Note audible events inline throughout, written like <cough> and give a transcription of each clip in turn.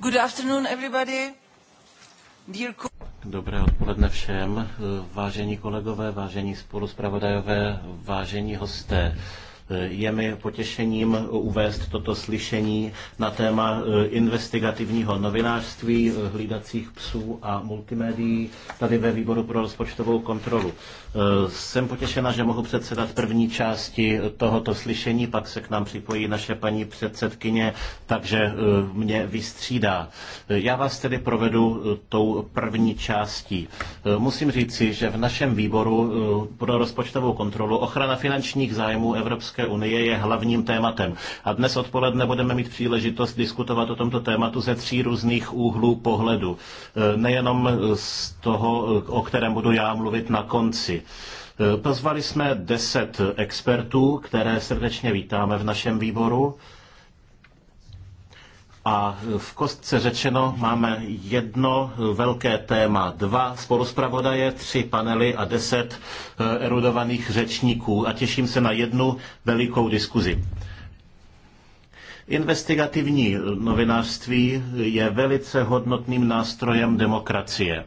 Good afternoon, everybody. Dear Dobré odpoledne všem, vážení kolegové, vážení spoluspravodajové, vážení hosté. Je mi potěšením uvést toto slyšení na téma eh, investigativního novinářství, eh, hlídacích psů a multimédií tady ve výboru pro rozpočtovou kontrolu. Eh, jsem potěšena, že mohu předsedat první části tohoto slyšení, pak se k nám připojí naše paní předsedkyně, takže mě vystřídá. Já vás tedy provedu tou první částí. Musím říci, že v našem výboru pro rozpočtovou kontrolu ochrana finančních zájmů Evropské Evropské unie je hlavním tématem. A dnes odpoledne budeme mít příležitost diskutovat o tomto tématu ze tří různých úhlů pohledu. E, nejenom z toho, e, o kterém budu já mluvit na konci. E, pozvali jsme deset expertů, které srdečně vítáme v našem výboru. A v kostce řečeno máme jedno velké téma, dva spoluspravodaje, tři panely a deset eh, erudovaných řečníků. A těším se na jednu velikou diskuzi. Investigativní novinářství je velice hodnotným nástrojem demokracie.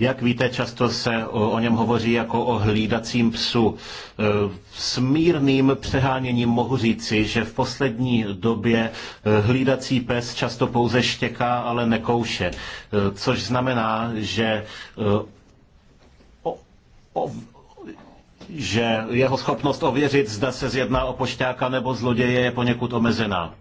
Jak víte, často se o, o něm hovoří jako o hlídacím psu. E, s mírným přeháněním mohu říci, že v poslední době e, hlídací pes často pouze štěká, ale nekouše. E, což znamená, že o, o, že jeho schopnost ověřit, zda se zjedná o pošťáka nebo zloděje, je poněkud omezená.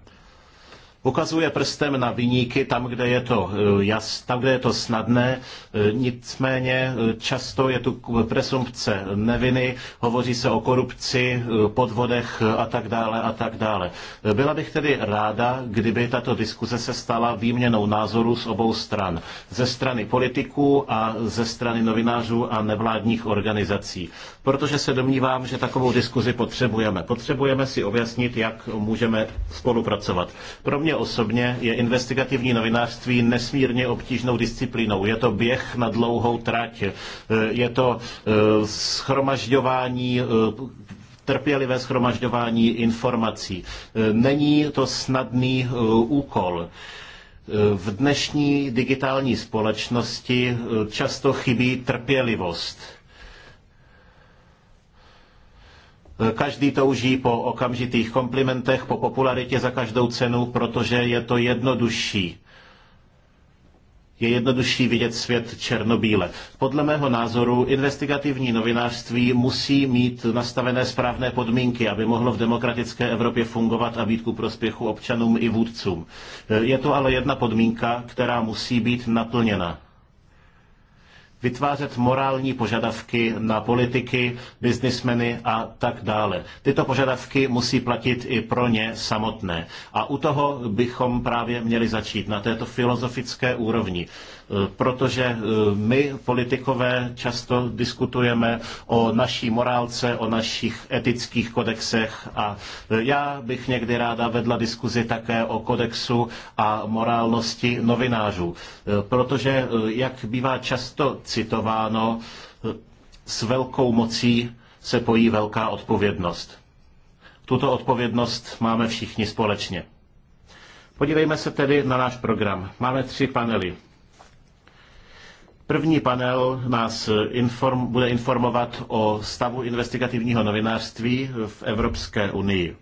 Ukazuje prstem na vyníky tam, kde je to, eh, jas, tam, kde je to snadné, eh, nicméně eh, často je tu presumpce neviny, hovoří se o korupci, podvodech a tak dále a tak dále. Byla bych tedy ráda, kdyby tato diskuze se stala výměnou názorů z obou stran. Ze strany politiků a ze strany novinářů a nevládních organizací. Protože se domnívám, že takovou diskuzi potřebujeme. Potřebujeme si objasnit, jak můžeme spolupracovat. Pro mě mě osobně je investigativní novinářství nesmírně obtížnou disciplínou. Je to běh na dlouhou trať. E, je to e, schromažďování e, trpělivé schromažďování informací. Není to snadný úkol. V dnešní digitální společnosti často chybí trpělivost Každý touží po okamžitých komplimentech, po popularitě za každou cenu, protože je to jednodušší je jednodušší vidět svět černobíle. Podle mého názoru investigativní novinářství musí mít nastavené správné podmínky, aby mohlo v demokratické Evropě fungovat a být ku prospěchu občanům i vůdcům. Je to ale jedna podmínka, která musí být naplněna vytvářet morální požadavky na politiky, biznismeny a tak dále. Tyto požadavky musí platit i pro ně samotné. A u toho bychom právě měli začít na této filozofické úrovni. Eh, protože eh, my, politikové, často diskutujeme o naší morálce, o našich etických kodexech a eh, já bych někdy ráda vedla diskuzi také o kodexu a morálnosti novinářů, protože, jak bývá často citováno, s velkou mocí se pojí velká odpovědnost. Tuto odpovědnost máme všichni společně. Podívejme se tedy na náš program. Máme tři panely. První panel nás inform, bude informovat o stavu investigativního novinářství v Evropské unii.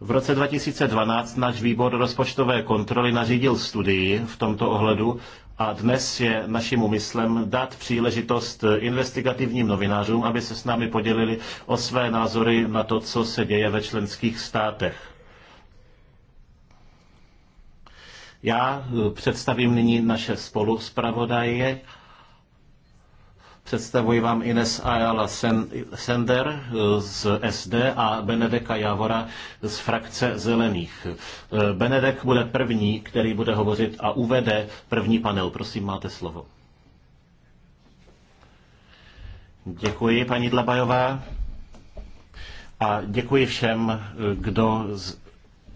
V roce 2012 náš výbor rozpočtové kontroly nařídil studii v tomto ohledu a dnes je naším úmyslem dát příležitost investigativním novinářům, aby se s námi podělili o své názory na to, co se děje ve členských státech. Já představím nyní naše spoluzpravodaje Představuji vám Ines Ayala Sender eh, z SD a Benedeka Javora z frakce Zelených. Eh, Benedek bude první, který bude hovořit a uvede první panel. Prosím, máte slovo. Děkuji, paní Dlabajová. A děkuji všem, eh, kdo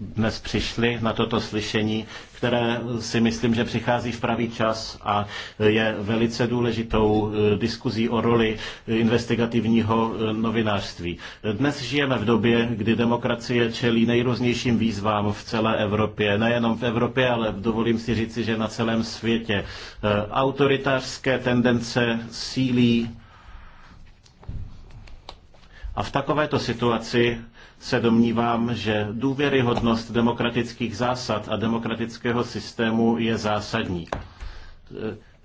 dnes přišli na toto slyšení, které si myslím, že přichází v pravý čas a je velice důležitou eh, diskuzí o roli investigativního eh, novinářství. Dnes žijeme v době, kdy demokracie čelí nejrůznějším výzvám v celé Evropě, nejenom v Evropě, ale dovolím si říci, že na celém světě. Eh, autoritářské tendence sílí a v takovéto situaci se domnívám, že důvěryhodnost demokratických zásad a demokratického systému je zásadní.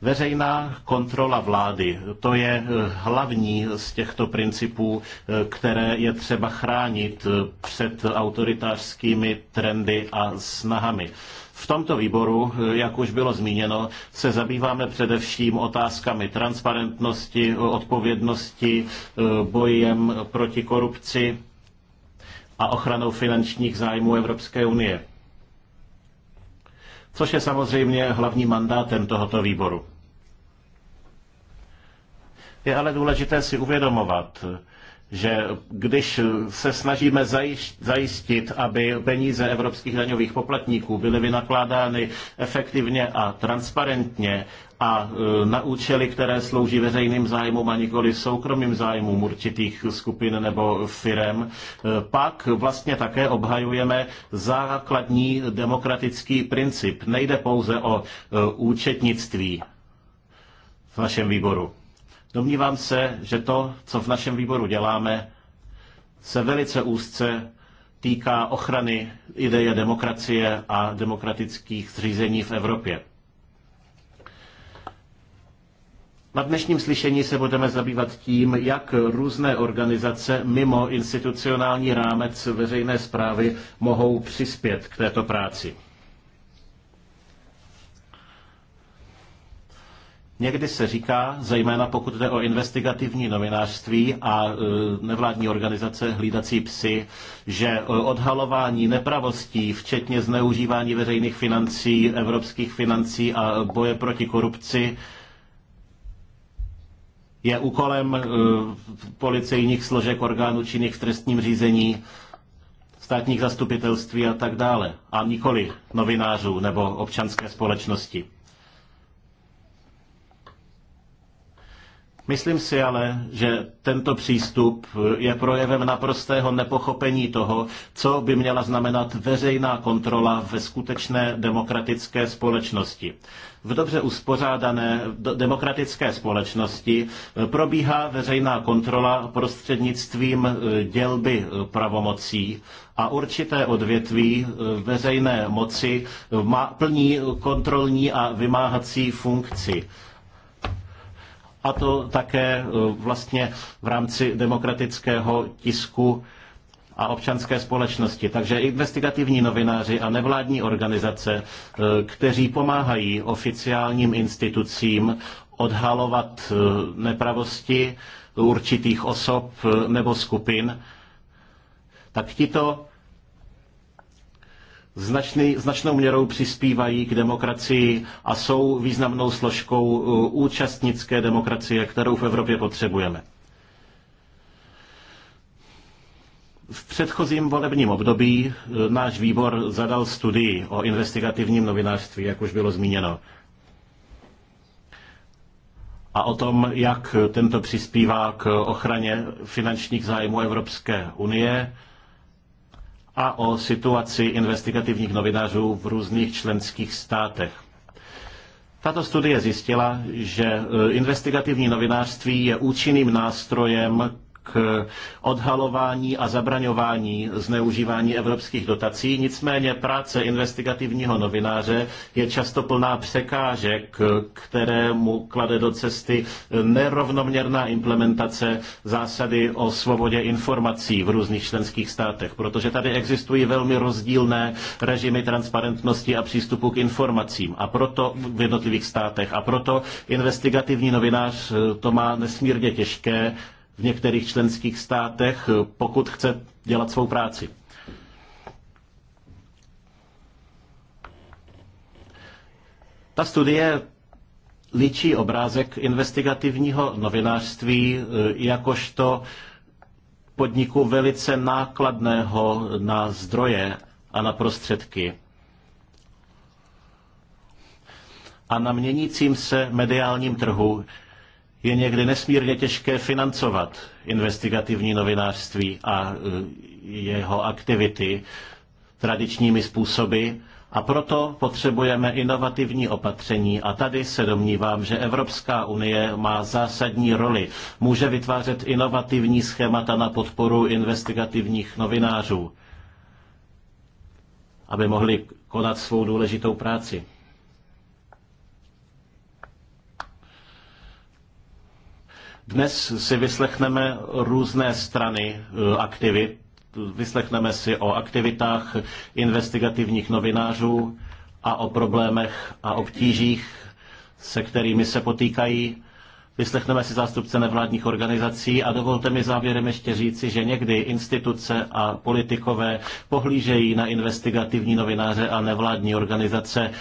Veřejná kontrola vlády, to je eh, hlavní z těchto principů, eh, které je třeba chránit eh, před autoritářskými trendy a snahami. V tomto výboru, jak už bylo zmíněno, se zabýváme především otázkami transparentnosti, odpovědnosti, bojem proti korupci a ochranou finančních zájmů Evropské unie. Což je samozřejmě hlavním mandátem tohoto výboru. Je ale důležité si uvědomovat, že když se snažíme zajistit, aby peníze evropských daňových poplatníků byly vynakládány efektivně a transparentně, a e, na účely, které slouží veřejným zájmům a nikoli soukromým zájmům určitých skupin nebo firem, e, pak vlastně také obhajujeme základní demokratický princip. Nejde pouze o e, účetnictví v našem výboru. Domnívám se, že to, co v našem výboru děláme, se velice úzce týká ochrany ideje demokracie a demokratických zřízení v Evropě. Na dnešním slyšení se budeme zabývat tím, jak různé organizace mimo institucionální rámec veřejné zprávy mohou přispět k této práci. Někdy se říká, zejména pokud jde o investigativní novinářství a e, nevládní organizace hlídací psy, že e, odhalování nepravostí, včetně zneužívání veřejných financí, evropských financí a boje proti korupci, je úkolem eh, policejních složek orgánů činných v trestním řízení, státních zastupitelství a tak dále. A nikoli novinářů nebo občanské společnosti. Myslím si ale, že tento přístup je projevem naprostého nepochopení toho, co by měla znamenat veřejná kontrola ve skutečné demokratické společnosti. V dobře uspořádané demokratické společnosti eh, probíhá veřejná kontrola prostřednictvím eh, dělby eh, pravomocí a určité odvětví veřejné moci plní kontrolní a vymáhací funkci a to také e, vlastně v rámci demokratického tisku a občanské společnosti. Takže investigativní novináři a nevládní organizace, e, kteří pomáhají oficiálním institucím odhalovat e, nepravosti určitých osob nebo skupin, tak tito značný, značnou měrou přispívají k demokracii a jsou významnou složkou uh, účastnické demokracie, kterou v Evropě potřebujeme. V předchozím volebním období uh, náš výbor zadal studii o investigativním novinářství, jak už bylo zmíněno. A o tom, jak tento přispívá k ochraně finančních zájmů Evropské unie, a o situaci investigativních novinářů v různých členských státech. Tato studie zjistila, že eh, investigativní novinářství je účinným nástrojem k odhalování a zabraňování zneužívání evropských dotací. Nicméně práce investigativního novináře je často plná překážek, které mu klade do cesty nerovnoměrná implementace zásady o svobodě informací v různých členských státech, protože tady existují velmi rozdílné režimy transparentnosti a přístupu k informacím a proto v jednotlivých státech a proto investigativní novinář eh, to má nesmírně těžké v některých členských státech, pokud chce dělat svou práci. Ta studie líčí obrázek investigativního novinářství e, jakožto podniku velice nákladného na zdroje a na prostředky. A na měnícím se mediálním trhu je někdy nesmírně těžké financovat investigativní novinářství a e, jeho aktivity tradičními způsoby, a proto potřebujeme inovativní opatření a tady se domnívám, že Evropská unie má zásadní roli. Může vytvářet inovativní schémata na podporu investigativních novinářů, aby mohli konat svou důležitou práci. Dnes si vyslechneme různé strany eh, aktivit. Vyslechneme si o aktivitách investigativních novinářů a o problémech a obtížích, se kterými se potýkají. Vyslechneme si zástupce nevládních organizací a dovolte mi závěrem ještě říci, že někdy instituce a politikové pohlížejí na investigativní novináře a nevládní organizace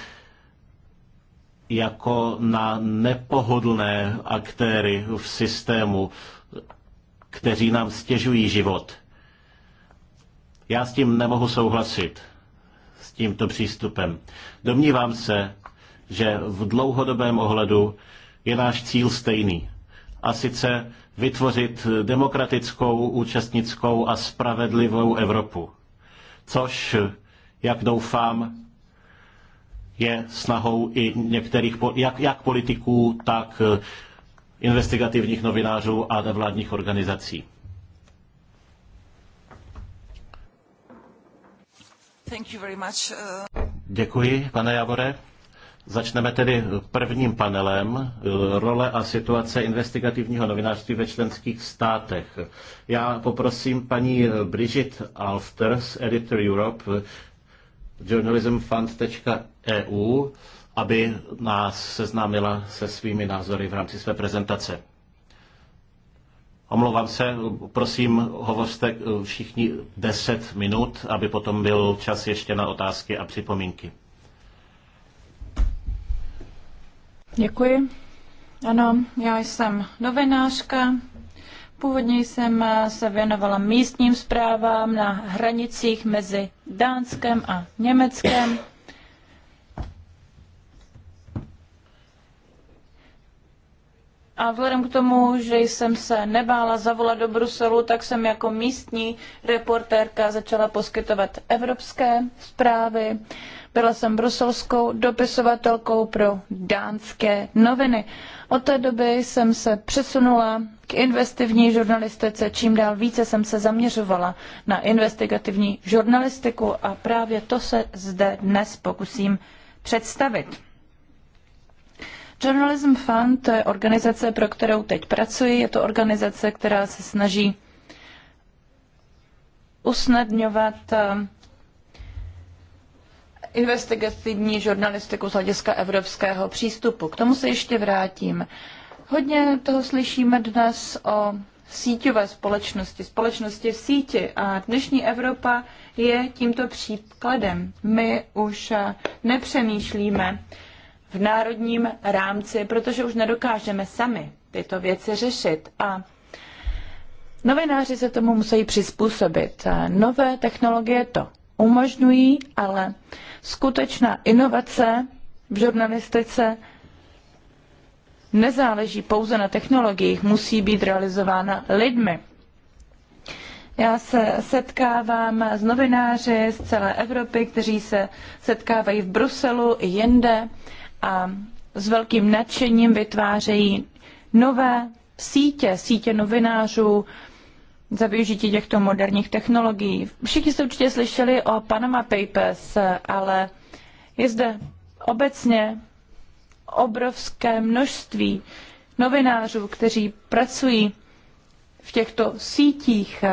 jako na nepohodlné aktéry v systému, kteří nám stěžují život. Já s tím nemohu souhlasit, s tímto přístupem. Domnívám se, že v dlouhodobém ohledu je náš cíl stejný. A sice vytvořit demokratickou, účastnickou a spravedlivou Evropu. Což, jak doufám, je snahou i některých, jak, jak politiků, tak eh, investigativních novinářů a nevládních organizací. Eh. Děkuji, pane Javore. Začneme tedy prvním panelem, eh, role a situace investigativního novinářství ve členských státech. Já poprosím paní Bridget Alfter z Editor Europe, journalismfund.eu EU, aby nás seznámila se svými názory v rámci své prezentace. Omlouvám se, prosím, hovořte eh, všichni 10 minut, aby potom byl čas ještě na otázky a připomínky. Děkuji. Ano, já jsem novinářka. Původně jsem eh, se věnovala místním zprávám na hranicích mezi Dánskem a Německem. A vzhledem k tomu, že jsem se nebála zavolat do Bruselu, tak jsem jako místní reportérka začala poskytovat evropské zprávy. Byla jsem bruselskou dopisovatelkou pro dánské noviny. Od té doby jsem se přesunula k investivní žurnalistice. Čím dál více jsem se zaměřovala na investigativní žurnalistiku a právě to se zde dnes pokusím představit. Journalism Fund to je organizace, pro kterou teď pracuji. Je to organizace, která se snaží usnadňovat eh, investigativní žurnalistiku z hlediska evropského přístupu. K tomu se ještě vrátím. Hodně toho slyšíme dnes o síťové společnosti, společnosti v síti a dnešní Evropa je tímto příkladem. My už eh, nepřemýšlíme v národním rámci, protože už nedokážeme sami tyto věci řešit. A novináři se tomu musí přizpůsobit. Nové technologie to umožňují, ale skutečná inovace v žurnalistice nezáleží pouze na technologiích, musí být realizována lidmi. Já se setkávám s novináři z celé Evropy, kteří se setkávají v Bruselu i jinde a s velkým nadšením vytvářejí nové sítě, sítě novinářů za využití těchto moderních technologií. Všichni jste určitě slyšeli o Panama Papers, ale je zde obecně obrovské množství novinářů, kteří pracují v těchto sítích.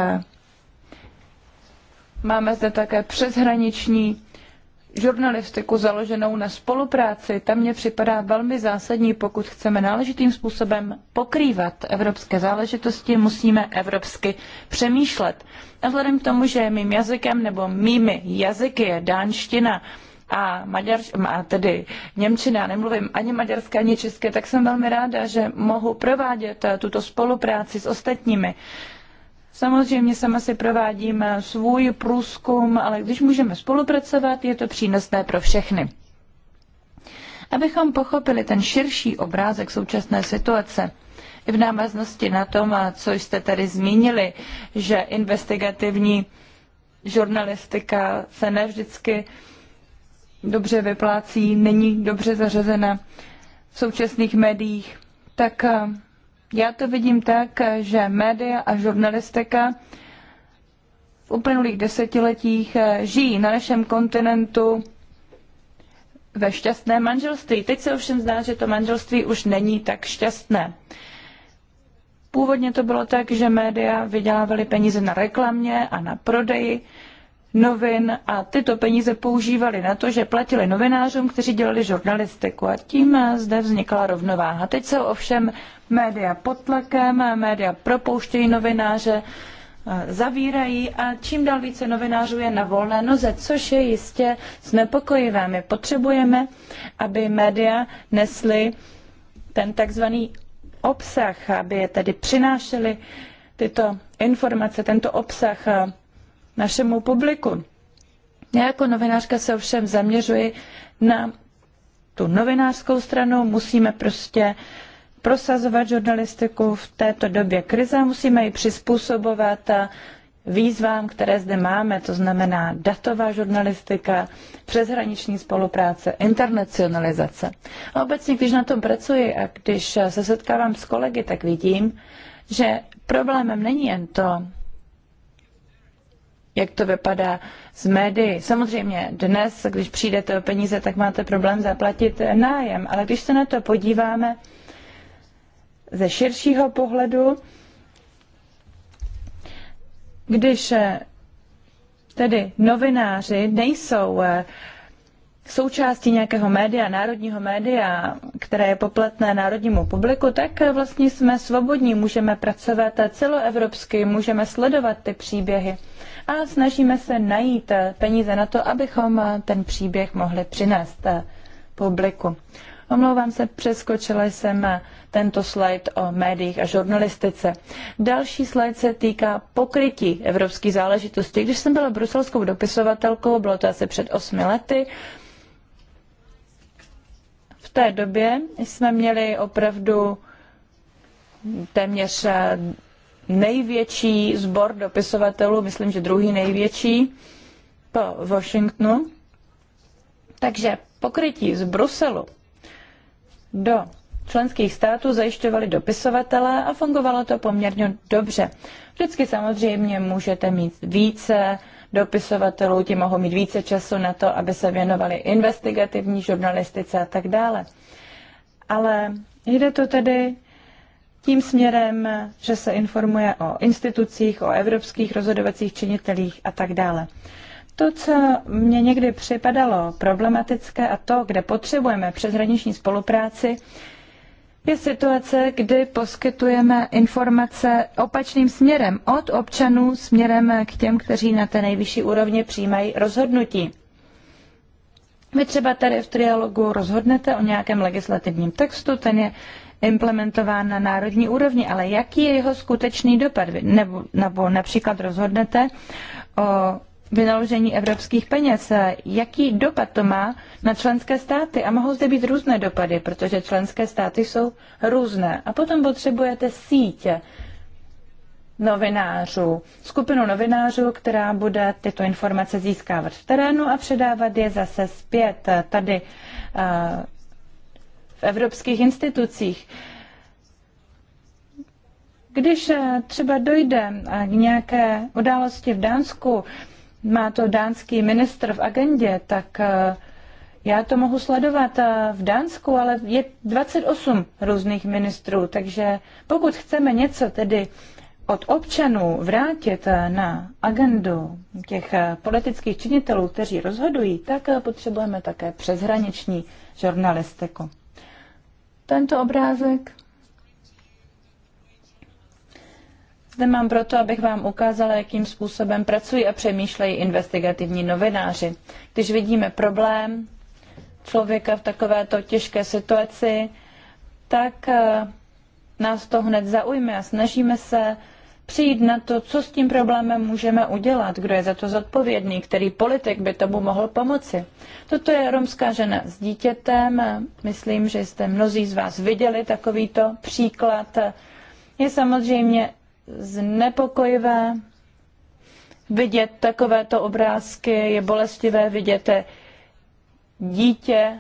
Máme zde také přeshraniční žurnalistiku založenou na spolupráci, tam mně připadá velmi zásadní, pokud chceme náležitým způsobem pokrývat evropské záležitosti, musíme evropsky přemýšlet. A vzhledem k tomu, že mým jazykem nebo mými jazyky je dánština, a, maďar, a tedy Němčina, nemluvím ani maďarské, ani české, tak jsem velmi ráda, že mohu provádět tuto spolupráci s ostatními. Samozřejmě sama si provádím eh, svůj průzkum, ale když můžeme spolupracovat, je to přínosné pro všechny. Abychom pochopili ten širší obrázek současné situace, i v návaznosti na tom, eh, co jste tady zmínili, že investigativní žurnalistika se nevždycky dobře vyplácí, není dobře zařazena v současných médiích, tak eh, já to vidím tak, že média a žurnalistika v uplynulých desetiletích eh, žijí na našem kontinentu ve šťastné manželství. Teď se ovšem zdá, že to manželství už není tak šťastné. Původně to bylo tak, že média vydělávaly peníze na reklamě a na prodeji novin a tyto peníze používali na to, že platili novinářům, kteří dělali žurnalistiku a tím eh, zde vznikla rovnováha. Teď jsou ovšem média pod tlakem, eh, média propouštějí novináře, eh, zavírají a čím dál více novinářů je na volné noze, což je jistě znepokojivé. My potřebujeme, aby média nesly ten takzvaný obsah, aby je tedy přinášely tyto informace, tento obsah našemu publiku. Já jako novinářka se ovšem zaměřuji na tu novinářskou stranu, musíme prostě prosazovat žurnalistiku v této době krize, musíme ji přizpůsobovat a výzvám, které zde máme, to znamená datová žurnalistika, přeshraniční spolupráce, internacionalizace. A obecně, když na tom pracuji a když se setkávám s kolegy, tak vidím, že problémem není jen to, jak to vypadá z médií. Samozřejmě dnes, když přijdete o peníze, tak máte problém zaplatit nájem, ale když se na to podíváme ze širšího pohledu, když eh, tedy novináři nejsou eh, součástí nějakého média, národního média, které je poplatné národnímu publiku, tak eh, vlastně jsme svobodní, můžeme pracovat celoevropsky, můžeme sledovat ty příběhy a snažíme se najít eh, peníze na to, abychom eh, ten příběh mohli přinést eh, publiku. Omlouvám se, přeskočila jsem tento slide o médiích a žurnalistice. Další slide se týká pokrytí evropských záležitostí. Když jsem byla bruselskou dopisovatelkou, bylo to asi před osmi lety, v té době jsme měli opravdu téměř největší sbor dopisovatelů, myslím, že druhý největší po Washingtonu. Takže pokrytí z Bruselu do členských států zajišťovali dopisovatelé a fungovalo to poměrně dobře. Vždycky samozřejmě můžete mít více dopisovatelů, ti mohou mít více času na to, aby se věnovali investigativní žurnalistice a tak dále. Ale jde to tedy tím směrem, že se informuje o institucích, o evropských rozhodovacích činitelích a tak dále. To, co mě někdy připadalo problematické a to, kde potřebujeme přeshraniční spolupráci, je situace, kdy poskytujeme informace opačným směrem od občanů směrem k těm, kteří na té nejvyšší úrovni přijímají rozhodnutí. Vy třeba tady v trialogu rozhodnete o nějakém legislativním textu, ten je implementován na národní úrovni, ale jaký je jeho skutečný dopad? Nebo, nebo například rozhodnete o vynaložení evropských peněz. Jaký dopad to má na členské státy? A mohou zde být různé dopady, protože členské státy jsou různé. A potom potřebujete sítě novinářů, skupinu novinářů, která bude tyto informace získávat v terénu a předávat je zase zpět. Tady v evropských institucích. Když eh, třeba dojde eh, k nějaké události v Dánsku, má to dánský ministr v agendě, tak eh, já to mohu sledovat v Dánsku, ale je 28 různých ministrů, takže pokud chceme něco tedy od občanů vrátit na agendu těch politických činitelů, kteří rozhodují, tak potřebujeme také přeshraniční žurnalistiku. Tento obrázek zde mám proto, abych vám ukázala, jakým způsobem pracují a přemýšlejí investigativní novináři. Když vidíme problém člověka v takovéto těžké situaci, tak eh, nás to hned zaujme a snažíme se přijít na to, co s tím problémem můžeme udělat, kdo je za to zodpovědný, který politik by tomu mohl pomoci. Toto je romská žena s dítětem. Myslím, že jste mnozí z vás viděli takovýto příklad. Je samozřejmě znepokojivé vidět takovéto obrázky, je bolestivé vidět dítě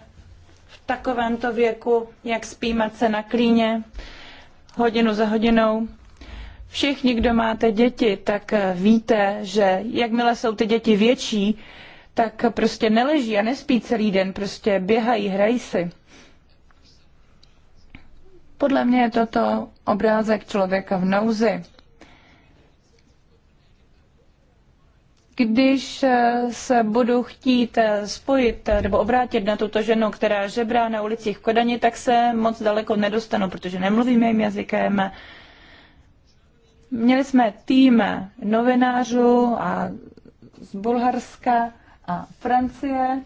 v takovémto věku, jak spímat se na klíně hodinu za hodinou. Všichni, kdo máte děti, tak eh, víte, že jakmile jsou ty děti větší, tak prostě neleží a nespí celý den, prostě běhají, hrají si. Podle mě je toto obrázek člověka v nouzi. Když eh, se budu chtít eh, spojit nebo obrátit na tuto ženu, která žebrá na ulicích v Kodani, tak se moc daleko nedostanu, protože nemluvím jejím jazykem, Měli jsme tým novinářů a z Bulharska a Francie.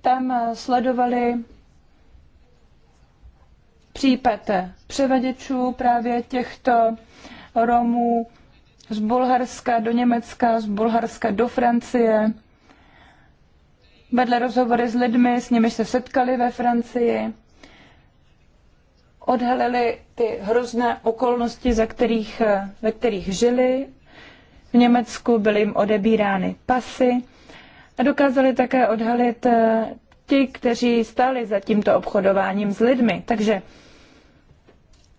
Tam sledovali případ převaděčů právě těchto Romů z Bulharska do Německa, z Bulharska do Francie. Vedle rozhovory s lidmi, s nimi se setkali ve Francii, odhalili ty hrozné okolnosti, za kterých, eh, ve kterých žili v Německu, byly jim odebírány pasy a dokázali také odhalit eh, ti, kteří stáli za tímto obchodováním s lidmi. Takže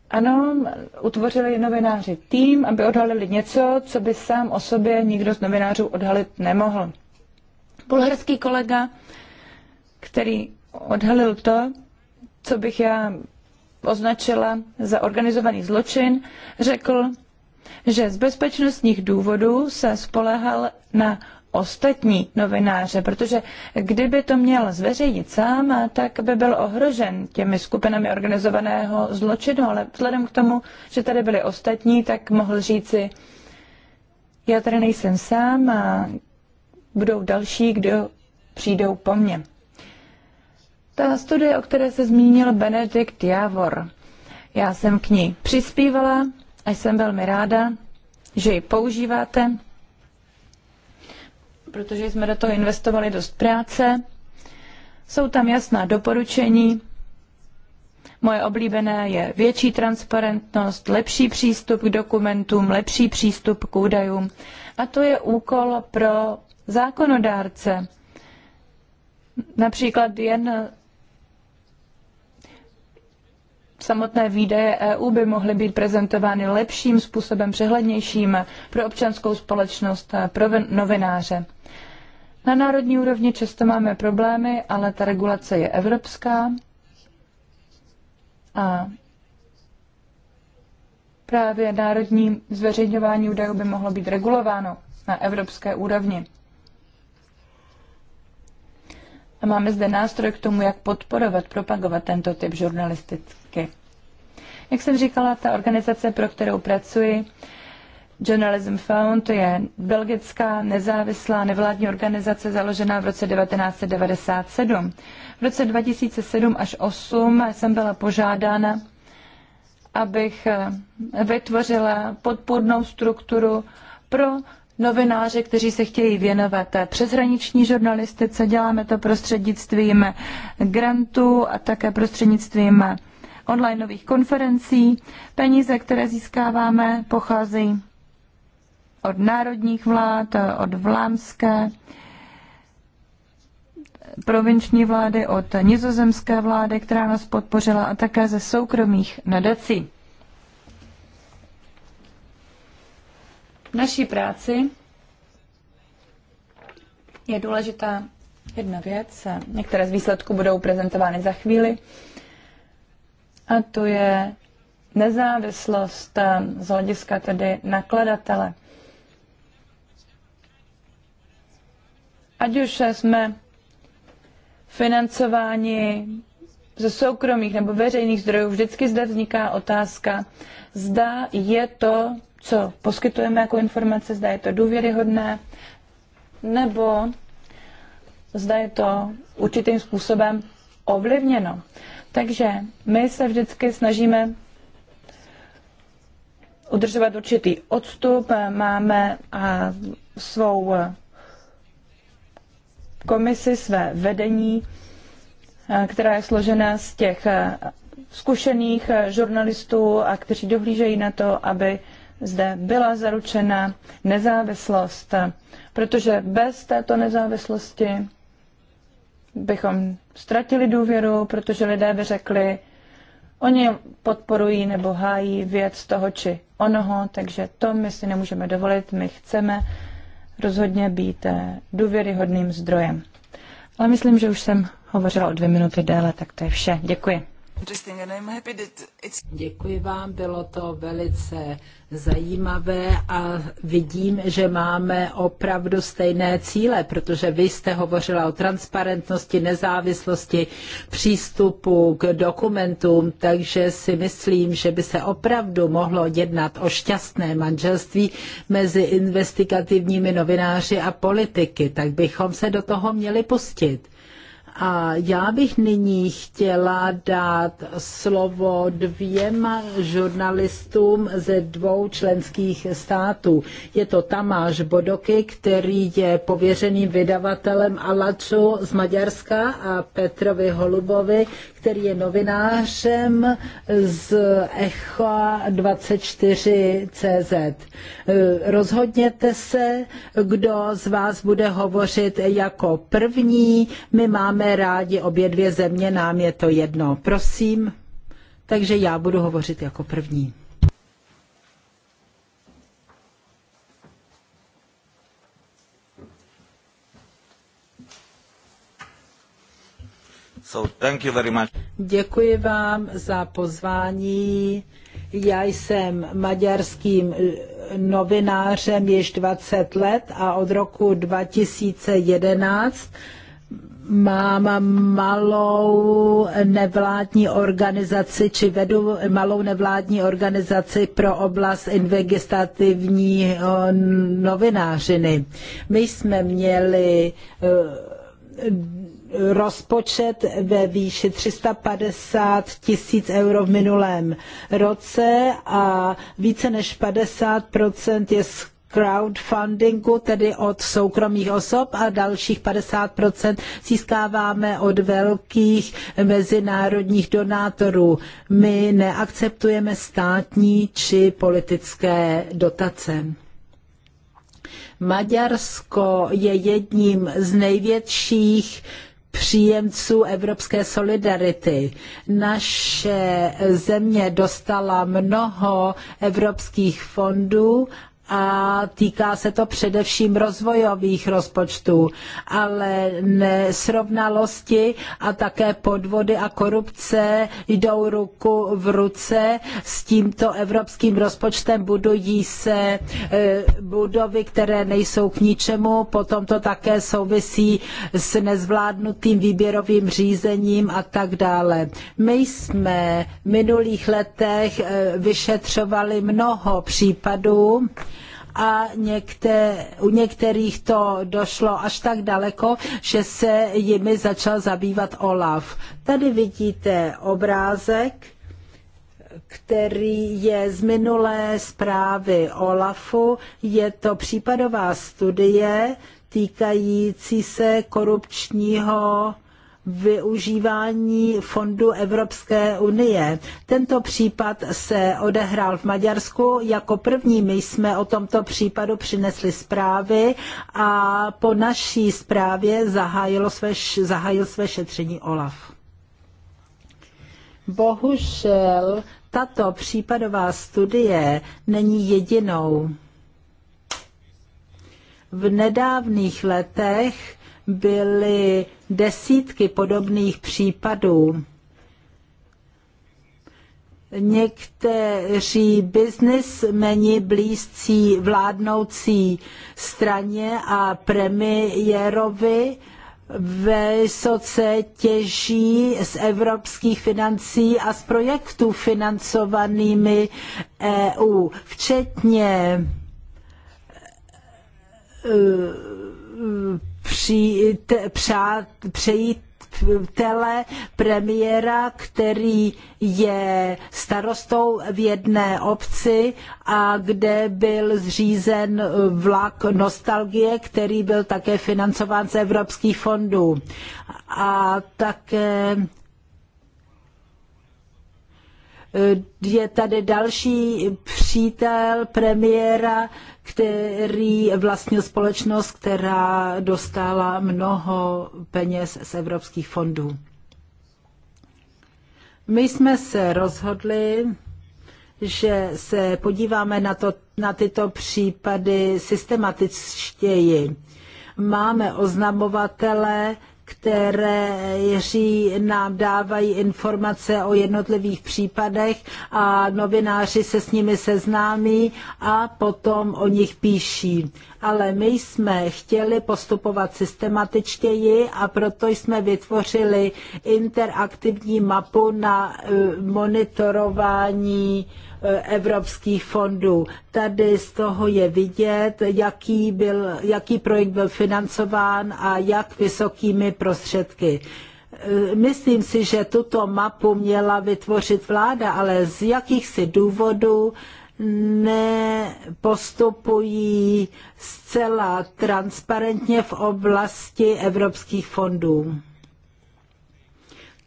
ano, utvořili novináři tým, aby odhalili něco, co by sám o sobě nikdo z novinářů odhalit nemohl. Bulharský kolega, který odhalil to, co bych já označila za organizovaný zločin, řekl, že z bezpečnostních důvodů se spolehal na ostatní novináře, protože kdyby to měl zveřejnit sám, tak by byl ohrožen těmi skupinami organizovaného zločinu, ale vzhledem k tomu, že tady byli ostatní, tak mohl říci, já tady nejsem sám a budou další, kdo přijdou po mně. Ta studie, o které se zmínil Benedikt Javor, já jsem k ní přispívala a jsem velmi ráda, že ji používáte, protože jsme do toho investovali dost práce. Jsou tam jasná doporučení. Moje oblíbené je větší transparentnost, lepší přístup k dokumentům, lepší přístup k údajům. A to je úkol pro zákonodárce. Například jen samotné výdaje EU by mohly být prezentovány lepším způsobem, přehlednějším pro občanskou společnost, pro novináře. Na národní úrovni často máme problémy, ale ta regulace je evropská a právě národní zveřejňování údajů by mohlo být regulováno na evropské úrovni a máme zde nástroj k tomu, jak podporovat, propagovat tento typ žurnalistiky. Jak jsem říkala, ta organizace, pro kterou pracuji, Journalism Fund je belgická nezávislá nevládní organizace založená v roce 1997. V roce 2007 až 2008 jsem byla požádána, abych eh, vytvořila podpůrnou strukturu pro novináři, kteří se chtějí věnovat přeshraniční žurnalistice. Děláme to prostřednictvím grantů a také prostřednictvím online nových konferencí. Peníze, které získáváme, pocházejí od národních vlád, od vlámské provinční vlády, od nizozemské vlády, která nás podpořila a také ze soukromých nadací. naší práci je důležitá jedna věc. Některé z výsledků budou prezentovány za chvíli. A to je nezávislost eh, z hlediska tedy nakladatele. Ať už jsme financováni ze soukromých nebo veřejných zdrojů, vždycky zde vzniká otázka, zda je to co poskytujeme jako informace, zda je to důvěryhodné, nebo zda je to určitým způsobem ovlivněno. Takže my se vždycky snažíme udržovat určitý odstup, máme a svou e, komisi, své vedení, e, která je složena z těch e, zkušených žurnalistů a kteří dohlížejí na to, aby zde byla zaručena nezávislost, protože bez této nezávislosti bychom ztratili důvěru, protože lidé by řekli, oni podporují nebo hájí věc toho či onoho, takže to my si nemůžeme dovolit, my chceme rozhodně být eh, důvěryhodným zdrojem. Ale myslím, že už jsem hovořila o dvě minuty déle, tak to je vše. Děkuji. Děkuji vám, bylo to velice zajímavé a vidím, že máme opravdu stejné cíle, protože vy jste hovořila o transparentnosti, nezávislosti, přístupu k dokumentům, takže si myslím, že by se opravdu mohlo jednat o šťastné manželství mezi investigativními novináři a politiky, tak bychom se do toho měli pustit a já bych nyní chtěla dát slovo dvěma žurnalistům ze dvou členských států. Je to Tamáš Bodoky, který je pověřeným vydavatelem Alaču z Maďarska a Petrovi Holubovi, který je novinářem z ECHO 24CZ. Rozhodněte se, kdo z vás bude hovořit jako první. My máme rádi obě dvě země, nám je to jedno. Prosím. Takže já budu hovořit jako první. So thank you very much. Děkuji vám za pozvání. Já jsem maďarským novinářem již 20 let a od roku 2011 mám malou nevládní organizaci, či vedu malou nevládní organizaci pro oblast investigativní novinářiny. My jsme měli eh, rozpočet ve výši 350 tisíc euro v minulém roce a více než 50 je z crowdfundingu, tedy od soukromých osob a dalších 50% získáváme od velkých mezinárodních donátorů. My neakceptujeme státní či politické dotace. Maďarsko je jedním z největších příjemců evropské solidarity. Naše země dostala mnoho evropských fondů a týká se to především rozvojových rozpočtů, ale nesrovnalosti a také podvody a korupce jdou ruku v ruce s tímto evropským rozpočtem. Budují se e, budovy, které nejsou k ničemu, potom to také souvisí s nezvládnutým výběrovým řízením a tak dále. My jsme v minulých letech e, vyšetřovali mnoho případů, a u některých to došlo až tak daleko, že se jimi začal zabývat Olaf. Tady vidíte obrázek, který je z minulé zprávy Olafu. Je to případová studie týkající se korupčního využívání fondu Evropské unie. Tento případ se odehrál v Maďarsku. Jako první my jsme o tomto případu přinesli zprávy a po naší zprávě zahájilo své, zahájil své šetření OLAF. Bohužel tato případová studie není jedinou. V nedávných letech byly desítky podobných případů. Někteří biznismeni blízcí vládnoucí straně a premiérovi vysoce těží z evropských financí a z projektů financovanými EU, včetně e, při, t, přát, přejít tele premiéra, který je starostou v jedné obci a kde byl zřízen vlak nostalgie, který byl také financován z evropských fondů. A také Eh, je tady další přítel premiéra, který vlastnil společnost, která dostala mnoho peněz z evropských fondů. My jsme se rozhodli, že se podíváme na, to, na tyto případy systematičtěji. Máme oznamovatele, které nám dávají informace o jednotlivých případech a novináři se s nimi seznámí a potom o nich píší ale my jsme chtěli postupovat systematičtěji a proto jsme vytvořili interaktivní mapu na e, monitorování e, evropských fondů. Tady z toho je vidět, jaký, byl, jaký projekt byl financován a jak vysokými prostředky. E, myslím si, že tuto mapu měla vytvořit vláda, ale z jakýchsi důvodů nepostupují zcela transparentně v oblasti evropských fondů.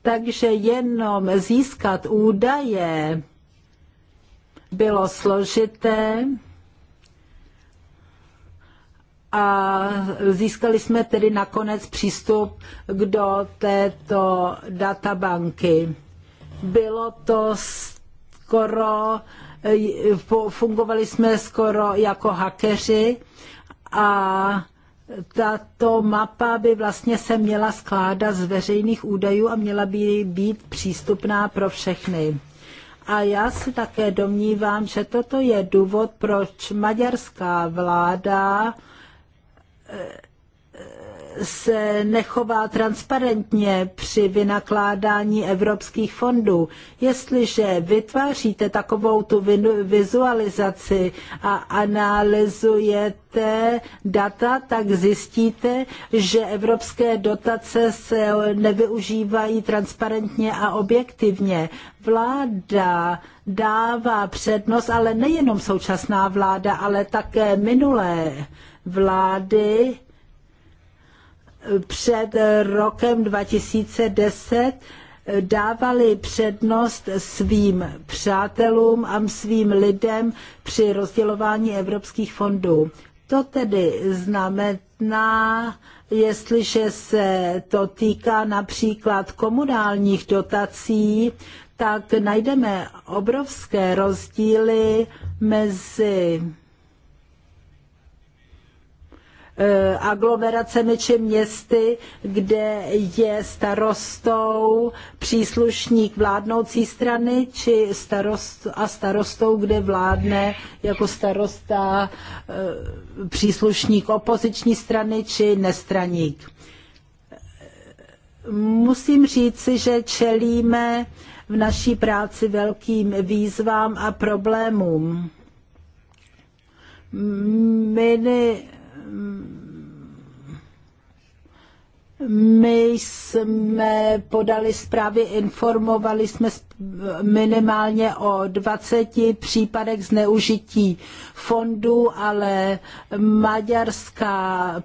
Takže jenom získat údaje bylo složité a získali jsme tedy nakonec přístup k do této databanky. Bylo to skoro Eh, eh, fungovali jsme skoro jako hakeři a tato mapa by vlastně se měla skládat z veřejných údajů a měla by být přístupná pro všechny. A já se také domnívám, že toto je důvod, proč maďarská vláda eh, se nechová transparentně při vynakládání evropských fondů. Jestliže vytváříte takovou tu vizualizaci a analyzujete data, tak zjistíte, že evropské dotace se nevyužívají transparentně a objektivně. Vláda dává přednost, ale nejenom současná vláda, ale také minulé vlády před rokem 2010 eh, dávali přednost svým přátelům a svým lidem při rozdělování evropských fondů. To tedy znamená, jestliže se to týká například komunálních dotací, tak najdeme obrovské rozdíly mezi Eh, aglomeracemi či městy, kde je starostou příslušník vládnoucí strany či starost, a starostou, kde vládne jako starosta eh, příslušník opoziční strany či nestraník. Musím říci, že čelíme v naší práci velkým výzvám a problémům. Mini, my jsme podali zprávy, informovali jsme minimálně o 20 případech zneužití fondů, ale maďarská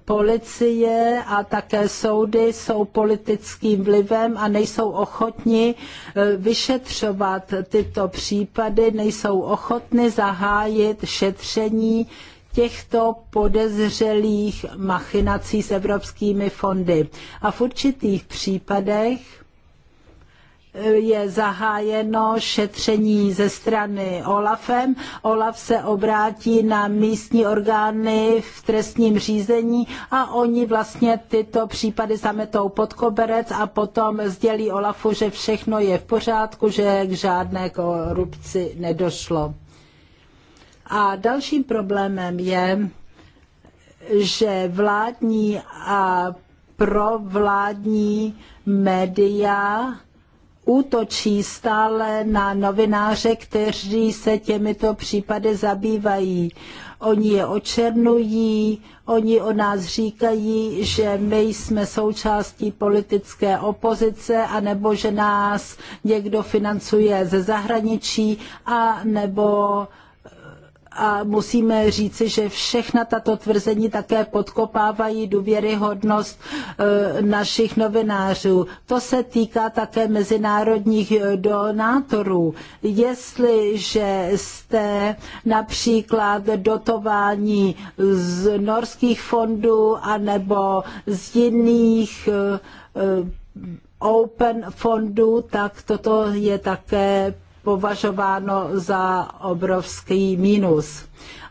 policie a také soudy jsou politickým vlivem a nejsou ochotni eh, vyšetřovat tyto případy, nejsou ochotni zahájit šetření těchto podezřelých machinací s evropskými fondy. A v určitých případech eh, je zahájeno šetření ze strany OLAFem. OLAF se obrátí na místní orgány v trestním řízení a oni vlastně tyto případy zametou pod koberec a potom sdělí OLAFu, že všechno je v pořádku, že k žádné korupci nedošlo. A dalším problémem je, že vládní a provládní média útočí stále na novináře, kteří se těmito případy zabývají. Oni je očernují, oni o nás říkají, že my jsme součástí politické opozice, anebo že nás někdo financuje ze zahraničí, a nebo a musíme říci, že všechna tato tvrzení také podkopávají důvěryhodnost eh, našich novinářů. To se týká také mezinárodních eh, donátorů. Jestliže jste například dotování z norských fondů anebo z jiných eh, Open fondů, tak toto je také považováno za obrovský mínus.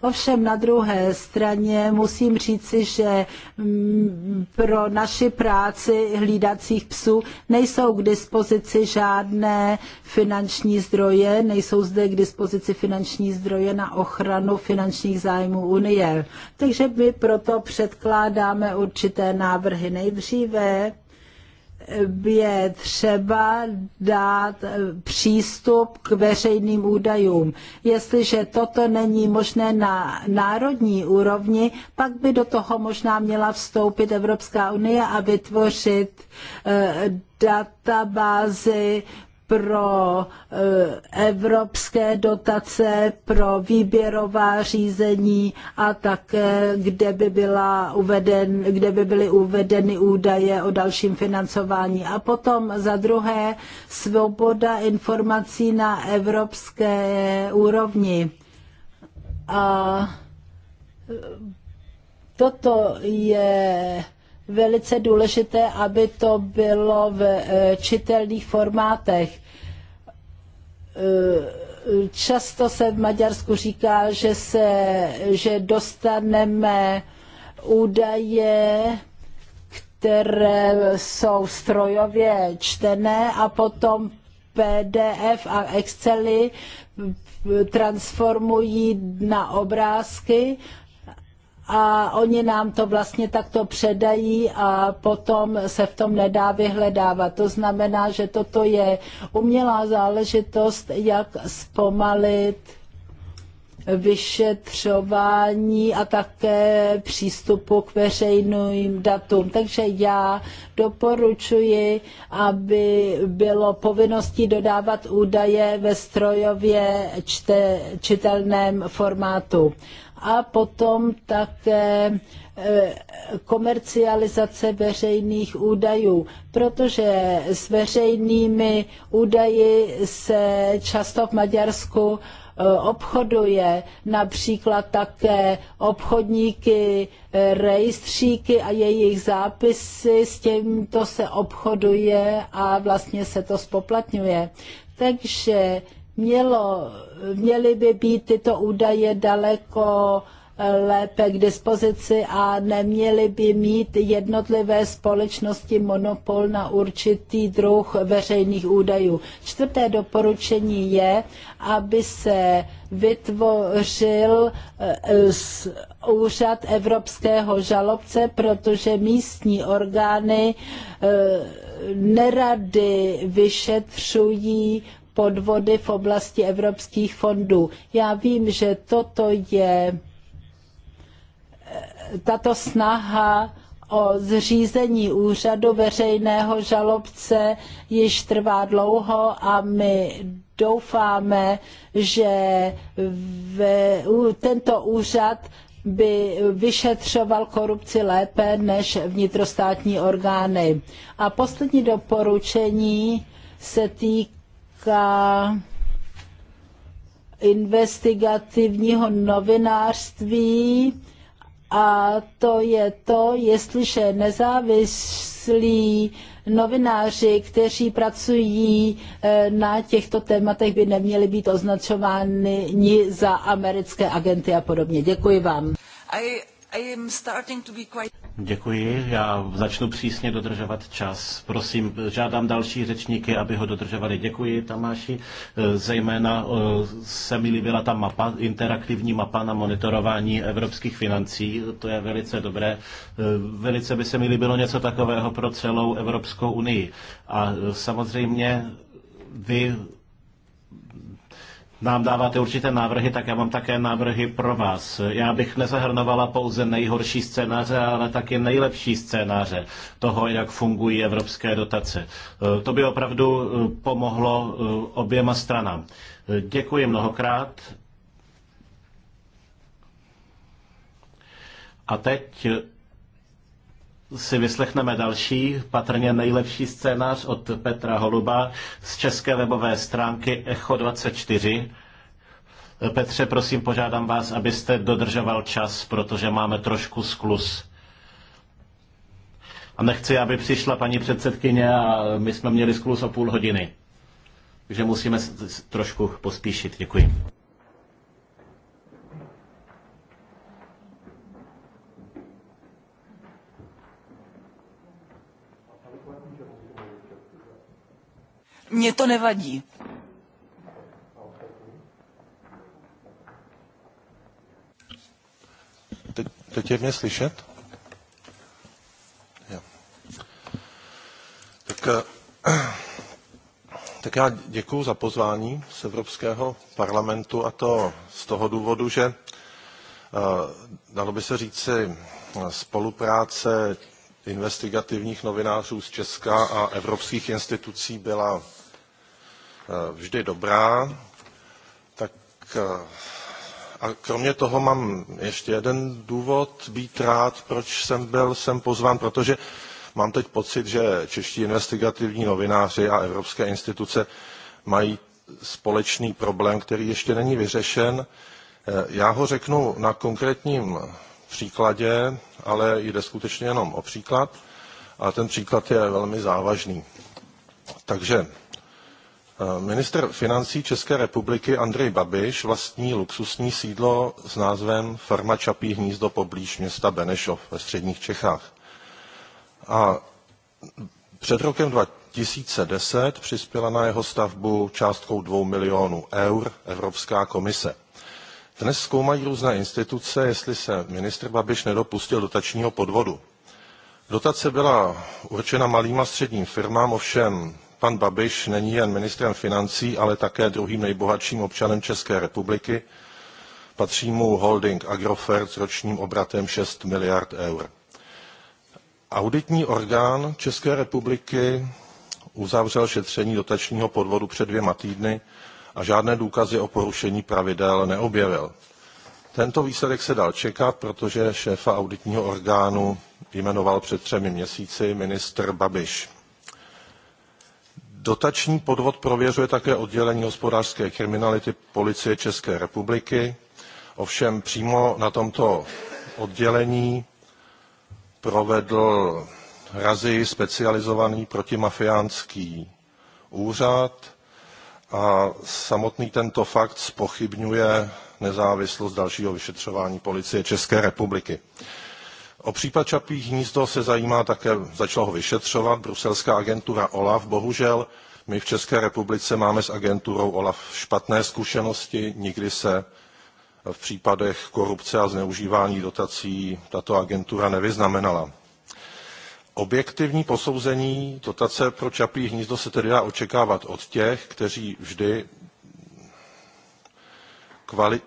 Ovšem na druhé straně musím říci, že mm, pro naši práci hlídacích psů nejsou k dispozici žádné finanční zdroje, nejsou zde k dispozici finanční zdroje na ochranu finančních zájmů Unie. Takže my proto předkládáme určité návrhy. Nejdříve je třeba dát eh, přístup k veřejným údajům. Jestliže toto není možné na národní úrovni, pak by do toho možná měla vstoupit Evropská unie a vytvořit eh, databázy pro eh, evropské dotace, pro výběrová řízení a také, kde by, byla uveden, kde by byly uvedeny údaje o dalším financování. A potom za druhé svoboda informací na evropské úrovni. A toto je velice důležité, aby to bylo v e, čitelných formátech. E, často se v Maďarsku říká, že, se, že dostaneme údaje, které jsou strojově čtené a potom PDF a Excely transformují na obrázky a oni nám to vlastně takto předají a potom se v tom nedá vyhledávat. To znamená, že toto je umělá záležitost, jak zpomalit vyšetřování a také přístupu k veřejným datům. Takže já doporučuji, aby bylo povinností dodávat údaje ve strojově čte, čitelném formátu a potom také eh, komercializace veřejných údajů, protože s veřejnými údaji se často v Maďarsku eh, obchoduje, například také obchodníky, eh, rejstříky a jejich zápisy, s tímto se obchoduje a vlastně se to spoplatňuje. Takže Mělo, měly by být tyto údaje daleko eh, lépe k dispozici a neměly by mít jednotlivé společnosti monopol na určitý druh veřejných údajů. Čtvrté doporučení je, aby se vytvořil eh, úřad evropského žalobce, protože místní orgány eh, nerady vyšetřují podvody v oblasti evropských fondů. Já vím, že toto je tato snaha o zřízení úřadu veřejného žalobce již trvá dlouho a my doufáme, že v, tento úřad by vyšetřoval korupci lépe než vnitrostátní orgány. A poslední doporučení se týká týká investigativního novinářství a to je to, jestliže nezávislí novináři, kteří pracují eh, na těchto tématech, by neměli být označováni za americké agenty a podobně. Děkuji vám. I, Děkuji, já začnu přísně dodržovat čas. Prosím, žádám další řečníky, aby ho dodržovali. Děkuji, Tamáši. Zejména eh, se mi líbila ta mapa, interaktivní mapa na monitorování evropských financí. To je velice dobré. Eh, velice by se mi líbilo něco takového pro celou Evropskou unii. A eh, samozřejmě vy nám dáváte určité návrhy, tak já mám také návrhy pro vás. Já bych nezahrnovala pouze nejhorší scénáře, ale také nejlepší scénáře toho, jak fungují evropské dotace. E, to by opravdu e, pomohlo e, oběma stranám. Děkuji mnohokrát. A teď si vyslechneme další, patrně nejlepší scénář od Petra Holuba z české webové stránky Echo24. Petře, prosím, požádám vás, abyste dodržoval čas, protože máme trošku sklus. A nechci, aby přišla paní předsedkyně a my jsme měli sklus o půl hodiny. Takže musíme trošku pospíšit. Děkuji. Mně to nevadí. Te, teď je mě slyšet? Jo. Tak, eh, tak já děkuji za pozvání z Evropského parlamentu a to z toho důvodu, že eh, dalo by se říci spolupráce investigativních novinářů z Česka a evropských institucí byla Eh, vždy dobrá. Tak eh, a kromě toho mám ještě jeden důvod být rád, proč jsem byl sem pozván, protože mám teď pocit, že čeští investigativní novináři a evropské instituce mají společný problém, který ještě není vyřešen. Eh, já ho řeknu na konkrétním příkladě, ale jde skutečně jenom o příklad. A ten příklad je velmi závažný. Takže Eh, Minister financí České republiky Andrej Babiš vlastní luxusní sídlo s názvem Farma Čapí hnízdo poblíž města Benešov ve středních Čechách. A před rokem 2010 přispěla na jeho stavbu částkou 2 milionů eur Evropská komise. Dnes zkoumají různé instituce, jestli se ministr Babiš nedopustil dotačního podvodu. Dotace byla určena malým a středním firmám, ovšem pan Babiš není jen ministrem financí, ale také druhým nejbohatším občanem České republiky. Patří mu holding Agrofert s ročním obratem 6 miliard eur. Auditní orgán České republiky uzavřel šetření dotačního podvodu před dvěma týdny a žádné důkazy o porušení pravidel neobjevil. Tento výsledek se dal čekat, protože šéfa auditního orgánu jmenoval před třemi měsíci ministr Babiš. Dotační podvod prověřuje také oddělení hospodářské kriminality Policie České republiky. Ovšem přímo na tomto oddělení provedl razy specializovaný protimafiánský úřad a samotný tento fakt spochybňuje nezávislost dalšího vyšetřování Policie České republiky. O případ Čapí hnízdo se zajímá také, začala ho vyšetřovat bruselská agentura OLAF. Bohužel my v České republice máme s agenturou OLAF špatné zkušenosti, nikdy se v případech korupce a zneužívání dotací tato agentura nevyznamenala. Objektivní posouzení dotace pro Čapí hnízdo se tedy dá očekávat od těch, kteří vždy kvali-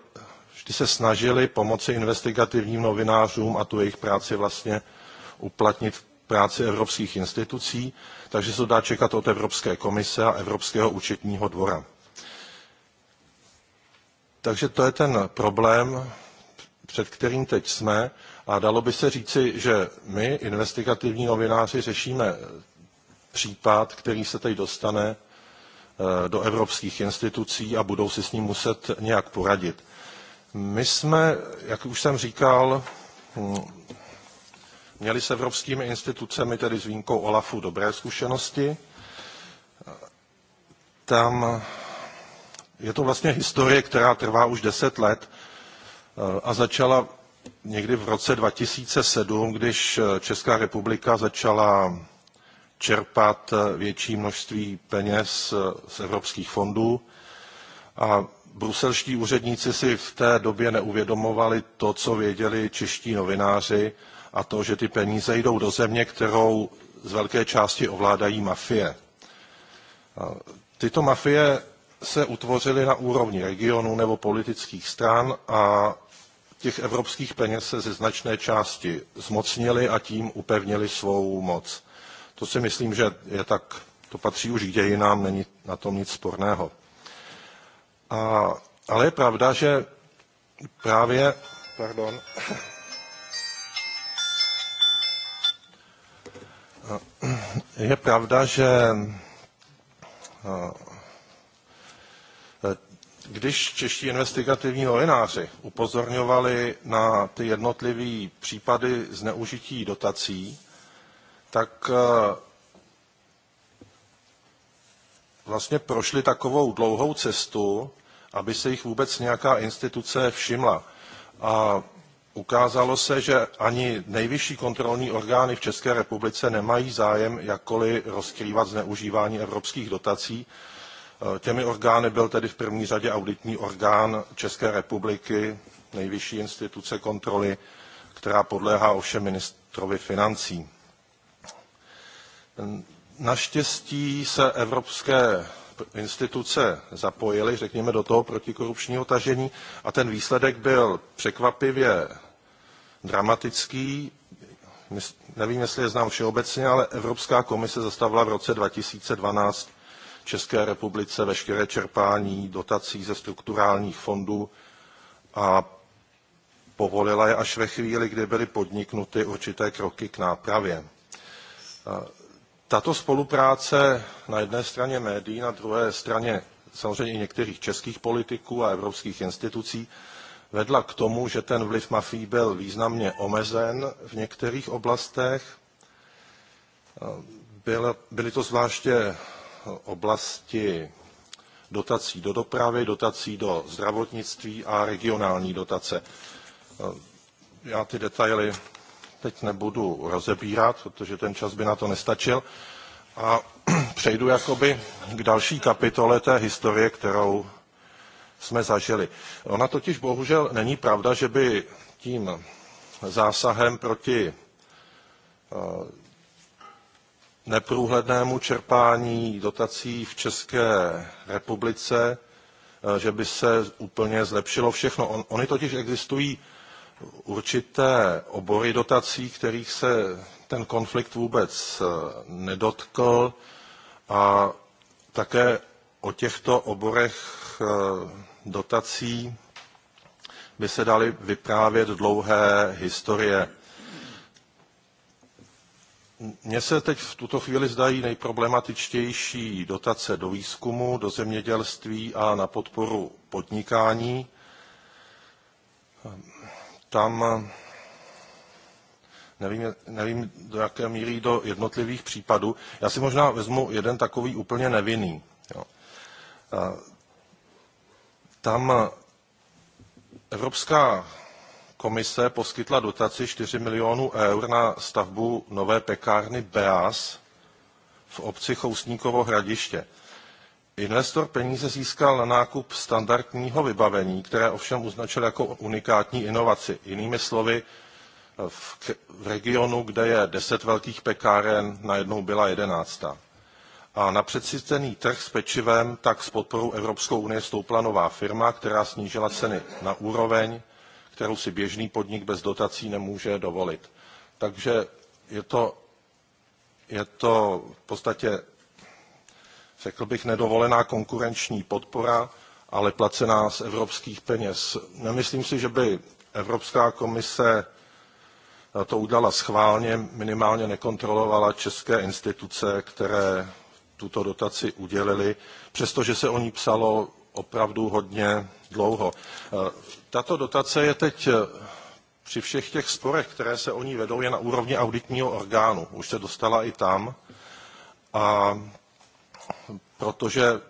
vždy se snažili pomoci investigativním novinářům a tu jejich práci vlastně uplatnit v práci evropských institucí, takže se to dá čekat od Evropské komise a Evropského účetního dvora. Takže to je ten problém, před kterým teď jsme. A dalo by se říci, že my, investigativní novináři, řešíme případ, který se teď dostane eh, do evropských institucí a budou si s ním muset nějak poradit. My jsme, jak už jsem říkal, hm, měli s evropskými institucemi, tedy s výjimkou OLAFu, dobré zkušenosti. Tam je to vlastně historie, která trvá už deset let eh, a začala někdy v roce 2007, když eh, Česká republika začala čerpat eh, větší množství peněz z evropských fondů. A bruselští úředníci si v té době neuvědomovali to, co věděli čeští novináři a to, že ty peníze jdou do země, kterou z velké části ovládají mafie. Tyto mafie se utvořily na úrovni regionů nebo politických stran a těch evropských peněz se ze značné části zmocnili a tím upevnili svou moc. To si myslím, že je tak, to patří už k dějinám, není na tom nic sporného. A, ale je pravda, že právě, pardon, je pravda, že když čeští investigativní novináři upozorňovali na ty jednotlivé případy zneužití dotací, tak vlastně prošli takovou dlouhou cestu, aby se jich vůbec nějaká instituce všimla. A ukázalo se, že ani nejvyšší kontrolní orgány v České republice nemají zájem jakkoliv rozkrývat zneužívání evropských dotací. Těmi orgány byl tedy v první řadě auditní orgán České republiky, nejvyšší instituce kontroly, která podléhá ovšem ministrovi financí. Naštěstí se evropské instituce zapojily, řekněme, do toho protikorupčního tažení a ten výsledek byl překvapivě dramatický. Nevím, jestli je znám všeobecně, ale Evropská komise zastavila v roce 2012 České republice veškeré čerpání dotací ze strukturálních fondů a povolila je až ve chvíli, kdy byly podniknuty určité kroky k nápravě. Tato spolupráce na jedné straně médií, na druhé straně samozřejmě i některých českých politiků a evropských institucí vedla k tomu, že ten vliv mafií byl významně omezen v některých oblastech. Byly to zvláště oblasti dotací do dopravy, dotací do zdravotnictví a regionální dotace. Já ty detaily teď nebudu rozebírat, protože ten čas by na to nestačil. A <clears throat> přejdu jakoby k další kapitole té historie, kterou jsme zažili. Ona totiž bohužel není pravda, že by tím zásahem proti eh, neprůhlednému čerpání dotací v České republice, eh, že by se úplně zlepšilo všechno. On, ony totiž existují určité obory dotací, kterých se ten konflikt vůbec eh, nedotkl a také o těchto oborech eh, dotací by se daly vyprávět dlouhé historie. Mně se teď v tuto chvíli zdají nejproblematičtější dotace do výzkumu, do zemědělství a na podporu podnikání tam eh, nevím, nevím, do jaké míry do jednotlivých případů. Já si možná vezmu jeden takový úplně nevinný. Jo. Eh, tam eh, Evropská komise poskytla dotaci 4 milionů eur na stavbu nové pekárny BEAS v obci Chousníkovo hradiště. Investor peníze získal na nákup standardního vybavení, které ovšem označil jako unikátní inovaci. Jinými slovy, v, v regionu, kde je deset velkých pekáren, najednou byla jedenáctá. A na předsycený trh s pečivem tak s podporou Evropskou unie stoupla nová firma, která snížila ceny na úroveň, kterou si běžný podnik bez dotací nemůže dovolit. Takže je to, je to v podstatě řekl bych, nedovolená konkurenční podpora, ale placená z evropských peněz. Nemyslím si, že by Evropská komise to udělala schválně, minimálně nekontrolovala české instituce, které tuto dotaci udělili, přestože se o ní psalo opravdu hodně dlouho. Tato dotace je teď při všech těch sporech, které se o ní vedou, je na úrovni auditního orgánu. Už se dostala i tam. A protože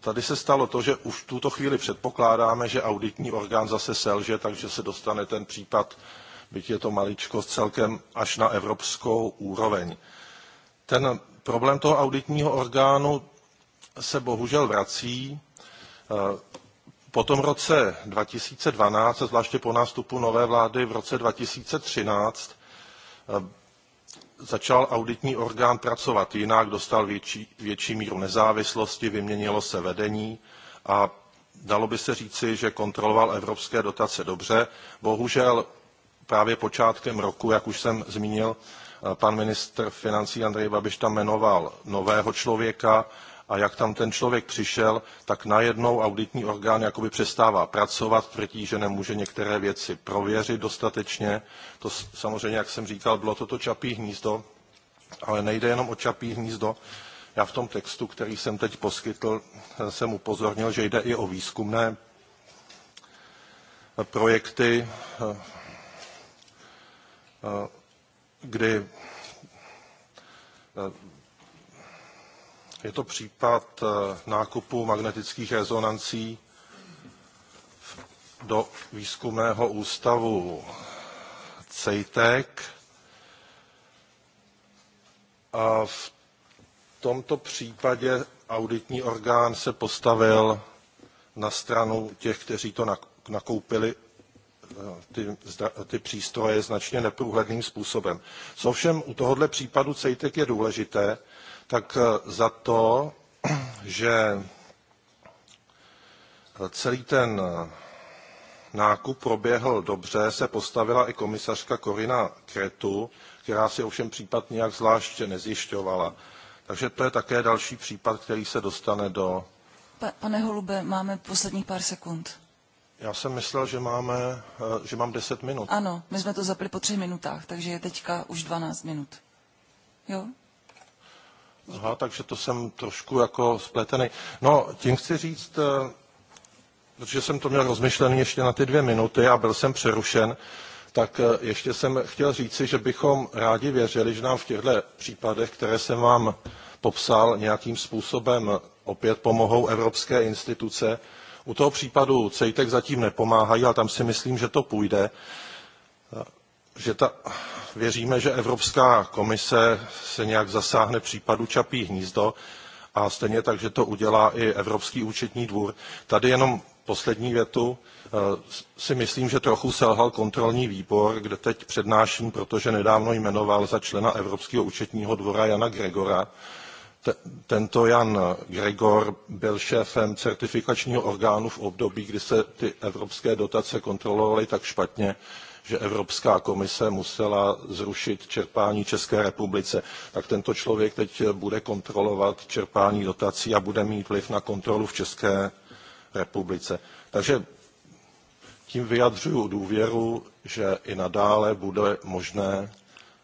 tady se stalo to, že už v tuto chvíli předpokládáme, že auditní orgán zase selže, takže se dostane ten případ, byť je to maličkost, celkem až na evropskou úroveň. Ten problém toho auditního orgánu se bohužel vrací. Eh, po tom roce 2012, zvláště po nástupu nové vlády v roce 2013, začal auditní orgán pracovat jinak, dostal větší, větší míru nezávislosti, vyměnilo se vedení a dalo by se říci, že kontroloval evropské dotace dobře. Bohužel právě počátkem roku, jak už jsem zmínil, eh, pan ministr financí Andrej Babiš tam jmenoval nového člověka a jak tam ten člověk přišel, tak najednou auditní orgán jakoby přestává pracovat, tvrdí, že nemůže některé věci prověřit dostatečně. To samozřejmě, jak jsem říkal, bylo toto čapí hnízdo, ale nejde jenom o čapí hnízdo. Já v tom textu, který jsem teď poskytl, jsem upozornil, že jde i o výzkumné projekty, eh, eh, kdy eh, je to případ eh, nákupu magnetických rezonancí do výzkumného ústavu CEJTEK. A v tomto případě auditní orgán se postavil na stranu těch, kteří to nakoupili eh, ty, ty přístroje značně neprůhledným způsobem. Co všem u tohohle případu CEJTEK je důležité, tak eh, za to, <clears throat> že eh, celý ten eh, nákup proběhl dobře, se postavila i komisařka Korina Kretu, která si ovšem případ nějak zvláště nezjišťovala. Takže to je také další případ, který se dostane do... Pane Holube, máme posledních pár sekund. Já jsem myslel, že, máme, že mám 10 minut. Ano, my jsme to zapli po třech minutách, takže je teďka už 12 minut. Jo? Aha, takže to jsem trošku jako spletený. No, tím chci říct, eh, protože jsem to měl rozmyšlený ještě na ty dvě minuty a byl jsem přerušen, tak eh, ještě jsem chtěl říci, že bychom rádi věřili, že nám v těchto případech, které jsem vám popsal, nějakým způsobem opět pomohou evropské instituce. U toho případu CEJTEK zatím nepomáhají, ale tam si myslím, že to půjde že ta, věříme, že Evropská komise se nějak zasáhne případu Čapí hnízdo a stejně tak, že to udělá i Evropský účetní dvůr. Tady jenom poslední větu. Eh, si myslím, že trochu selhal kontrolní výbor, kde teď přednáším, protože nedávno jmenoval za člena Evropského účetního dvora Jana Gregora. Tento Jan Gregor byl šéfem certifikačního orgánu v období, kdy se ty evropské dotace kontrolovaly tak špatně, že Evropská komise musela zrušit čerpání České republice, tak tento člověk teď bude kontrolovat čerpání dotací a bude mít vliv na kontrolu v České republice. Takže tím vyjadřuju důvěru, že i nadále bude možné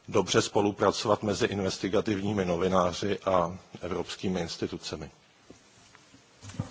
dobře spolupracovat mezi investigativními novináři a evropskými institucemi.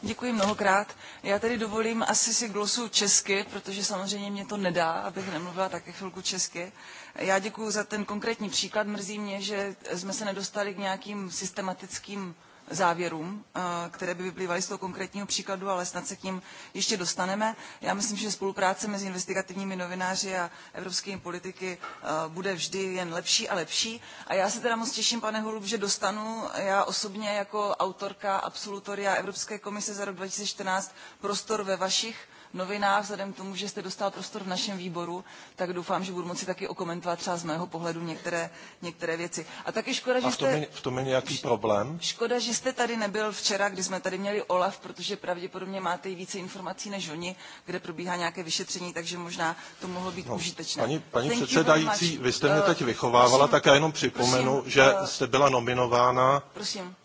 Děkuji mnohokrát. Já tedy dovolím asi si glosu česky, protože samozřejmě mě to nedá, abych nemluvila také chvilku česky. Já děkuji za ten konkrétní příklad. Mrzí mě, že jsme se nedostali k nějakým systematickým závěrům, eh, které by vyplývaly z toho konkrétního příkladu, ale snad se k ním ještě dostaneme. Já myslím, že spolupráce mezi investigativními novináři a evropskými politiky eh, bude vždy jen lepší a lepší. A já se teda moc těším, pane Holub, že dostanu já osobně jako autorka absolutoria Evropské komise za rok 2014 prostor ve vašich novinách, vzhledem k tomu, že jste dostal prostor v našem výboru, tak doufám, že budu moci taky okomentovat třeba z mého pohledu některé, některé věci. A taky škoda, že jste, v tom je nějaký problém? Škoda, že jste tady nebyl včera, kdy jsme tady měli OLAF, protože pravděpodobně máte i více informací než oni, kde probíhá nějaké vyšetření, takže možná to mohlo být no, užitečné. Paní, paní předsedající, vy jste mě eh, teď vychovávala, prosím, tak já jenom připomenu, prosím, že eh, jste byla nominována. Prosím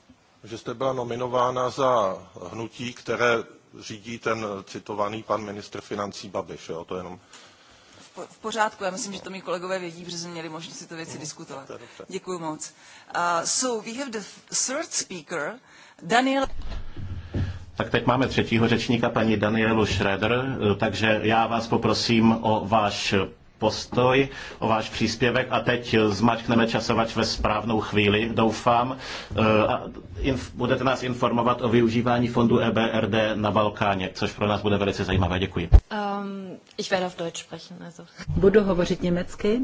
že jste byla nominována za hnutí, které řídí ten citovaný pan ministr financí Babiš. Jo? To jenom v pořádku. Já myslím, že to mý kolegové vědí, protože jsme měli možnost to věci mhm, diskutovat. Děkuji moc. Uh, so we have the third speaker, Daniel. Tak teď máme třetího řečníka, paní Danielu Schroeder, takže já vás poprosím o váš postoj, o váš příspěvek a teď zmačkneme časovač ve správnou chvíli, doufám. Eh, a inf, budete nás informovat o využívání fondu EBRD na Balkáně, což pro nás bude velice zajímavé. Děkuji. Um, ich werde auf Deutsch sprechen, also. Budu hovořit německy.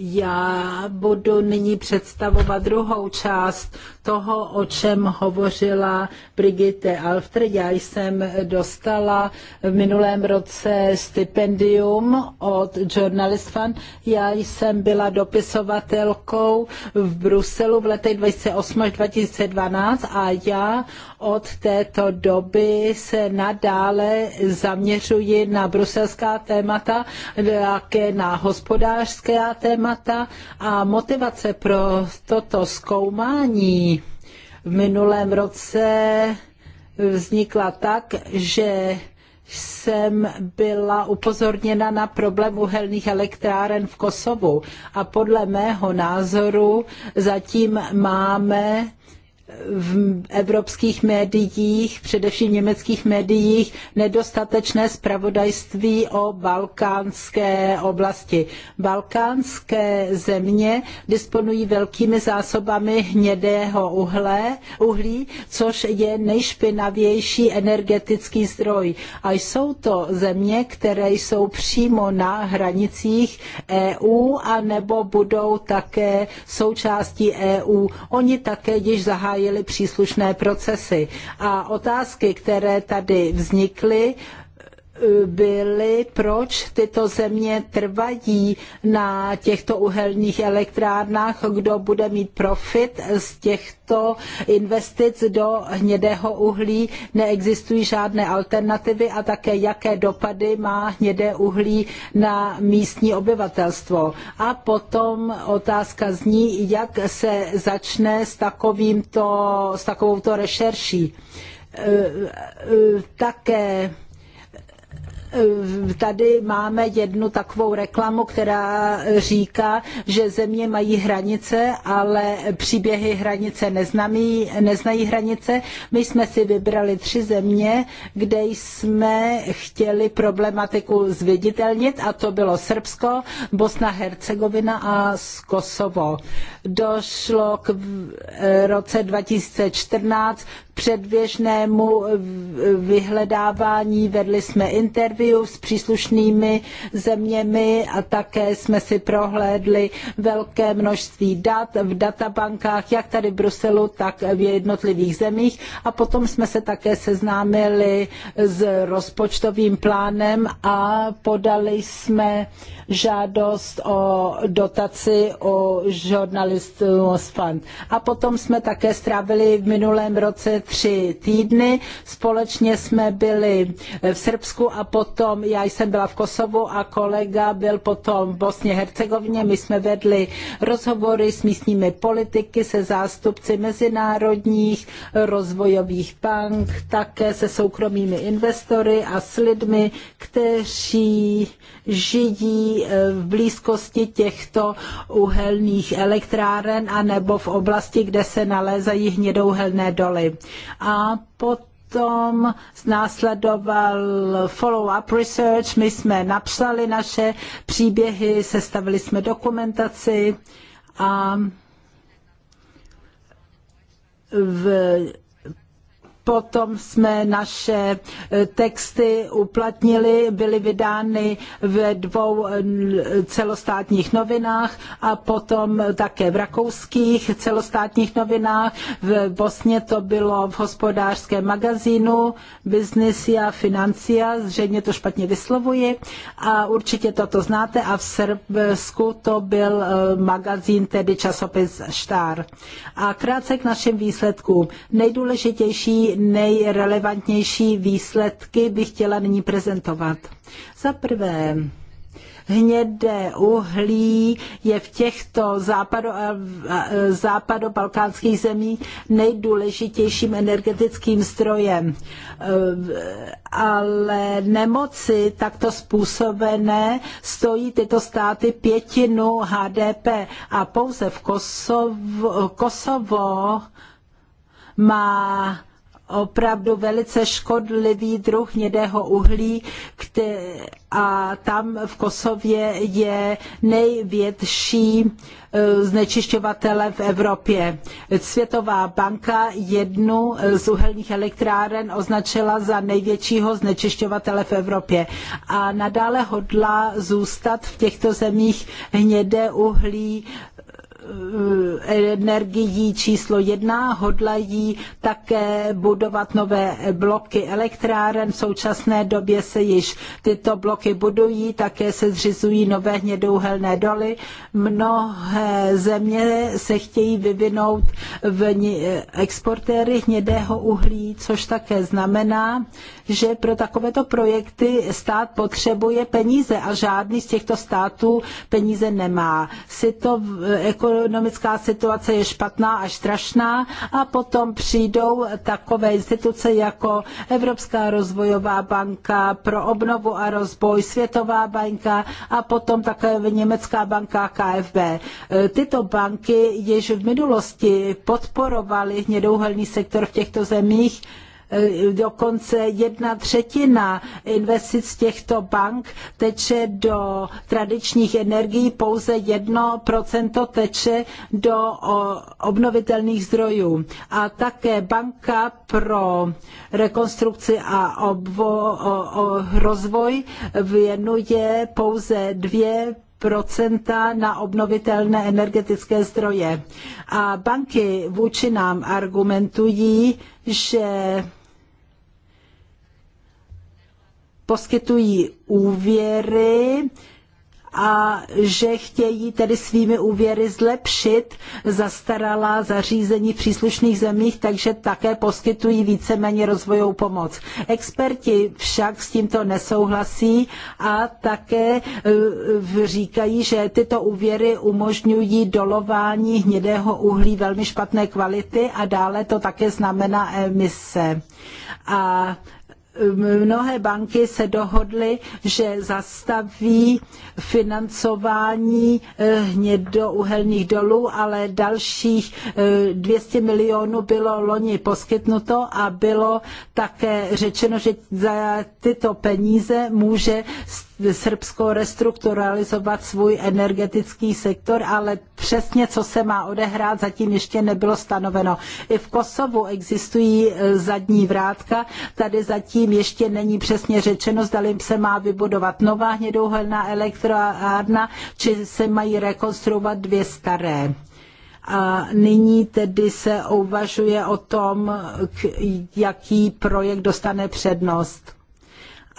Já budu nyní představovat druhou část toho, o čem hovořila Brigitte Alfred. Já jsem dostala v minulém roce stipendium od Journalist Fund. Já jsem byla dopisovatelkou v Bruselu v letech 2008 až 2012 a já od této doby se nadále zaměřuji na bruselská témata, také na hospodářská témata a motivace pro toto zkoumání v minulém roce vznikla tak, že jsem byla upozorněna na problém uhelných elektráren v Kosovu. A podle mého názoru zatím máme v evropských médiích, především německých médiích, nedostatečné zpravodajství o balkánské oblasti. Balkánské země disponují velkými zásobami hnědého uhle, uhlí, což je nejšpinavější energetický zdroj. A jsou to země, které jsou přímo na hranicích EU a nebo budou také součástí EU. Oni také již zahájí zahájily příslušné procesy. A otázky, které tady vznikly, byly, proč tyto země trvají na těchto uhelných elektrárnách, kdo bude mít profit z těchto investic do hnědého uhlí, neexistují žádné alternativy a také jaké dopady má hnědé uhlí na místní obyvatelstvo. A potom otázka zní, jak se začne s, takovýmto, s takovouto rešerší. E, e, také Eh, tady máme jednu takovou reklamu, která říká, že země mají hranice, ale příběhy hranice neznamí, neznají hranice. My jsme si vybrali tři země, kde jsme chtěli problematiku zviditelnit a to bylo Srbsko, Bosna Hercegovina a Kosovo. Došlo k eh, roce 2014 k předběžnému vyhledávání, vedli jsme interview, Libiu s příslušnými zeměmi a také jsme si prohlédli velké množství dat v databankách, jak tady v Bruselu, tak v jednotlivých zemích. A potom jsme se také seznámili s rozpočtovým plánem a podali jsme žádost o dotaci o Journalismus Fund. A potom jsme také strávili v minulém roce tři týdny. Společně jsme byli v Srbsku a potom potom já jsem byla v Kosovu a kolega byl potom v Bosně Hercegovině. My jsme vedli rozhovory s místními politiky, se zástupci mezinárodních rozvojových bank, také se soukromými investory a s lidmi, kteří žijí eh, v blízkosti těchto uhelných elektráren a nebo v oblasti, kde se nalézají hnědouhelné doly. A potom potom následoval follow-up research, my jsme napsali naše příběhy, sestavili jsme dokumentaci a v Potom jsme naše eh, texty uplatnili, byly vydány ve dvou celostátních novinách a potom také v rakouských celostátních novinách. V Bosně to bylo v hospodářském magazínu Businessia Financia, zřejmě to špatně vyslovuji a určitě toto znáte a v Srbsku to byl eh, magazín, tedy časopis Štár. A krátce k našim výsledkům. Nejdůležitější nejrelevantnější výsledky bych chtěla nyní prezentovat. Za prvé, hnědé uhlí je v těchto západo, e, západobalkánských zemí nejdůležitějším energetickým strojem. E, ale nemoci takto způsobené stojí tyto státy pětinu HDP a pouze v Kosovo, Kosovo má opravdu velice škodlivý druh hnědého uhlí a tam v Kosově je největší e, znečišťovatele v Evropě. Světová banka jednu z uhelných elektráren označila za největšího znečišťovatele v Evropě a nadále hodlá zůstat v těchto zemích hnědé uhlí Eh, energií číslo jedna, hodlají také budovat nové bloky elektráren. V současné době se již tyto bloky budují, také se zřizují nové hnědouhelné doly. Mnohé země se chtějí vyvinout v eh, exportéry hnědého uhlí, což také znamená, že pro takovéto projekty stát potřebuje peníze a žádný z těchto států peníze nemá. Si to jako ekonomická situace je špatná až strašná a potom přijdou takové instituce jako Evropská rozvojová banka pro obnovu a rozvoj, Světová banka a potom také Německá banka KFB. E, tyto banky již v minulosti podporovaly hnědouhelný sektor v těchto zemích, Eh, dokonce jedna třetina investic těchto bank teče do tradičních energií, pouze jedno procento teče do obnovitelných zdrojů. A také banka pro rekonstrukci a obvo, rozvoj věnuje pouze dvě procenta na obnovitelné energetické zdroje. A banky vůči nám argumentují, že poskytují úvěry a že chtějí tedy svými úvěry zlepšit zastaralá zařízení v příslušných zemích, takže také poskytují víceméně rozvojovou pomoc. Experti však s tímto nesouhlasí a také e, říkají, že tyto úvěry umožňují dolování hnědého uhlí velmi špatné kvality a dále to také znamená emise. A mnohé banky se dohodly, že zastaví financování eh, hnědouhelných dolů, ale dalších 200 eh, milionů bylo loni poskytnuto a bylo také řečeno, že za tyto peníze může Srbsko restrukturalizovat svůj energetický sektor, ale přesně co se má odehrát, zatím ještě nebylo stanoveno. I v Kosovu existují e, zadní vrátka, tady zatím ještě není přesně řečeno, zdali se má vybudovat nová hnědouhelná elektrárna, či se mají rekonstruovat dvě staré. A nyní tedy se uvažuje o tom, jaký projekt dostane přednost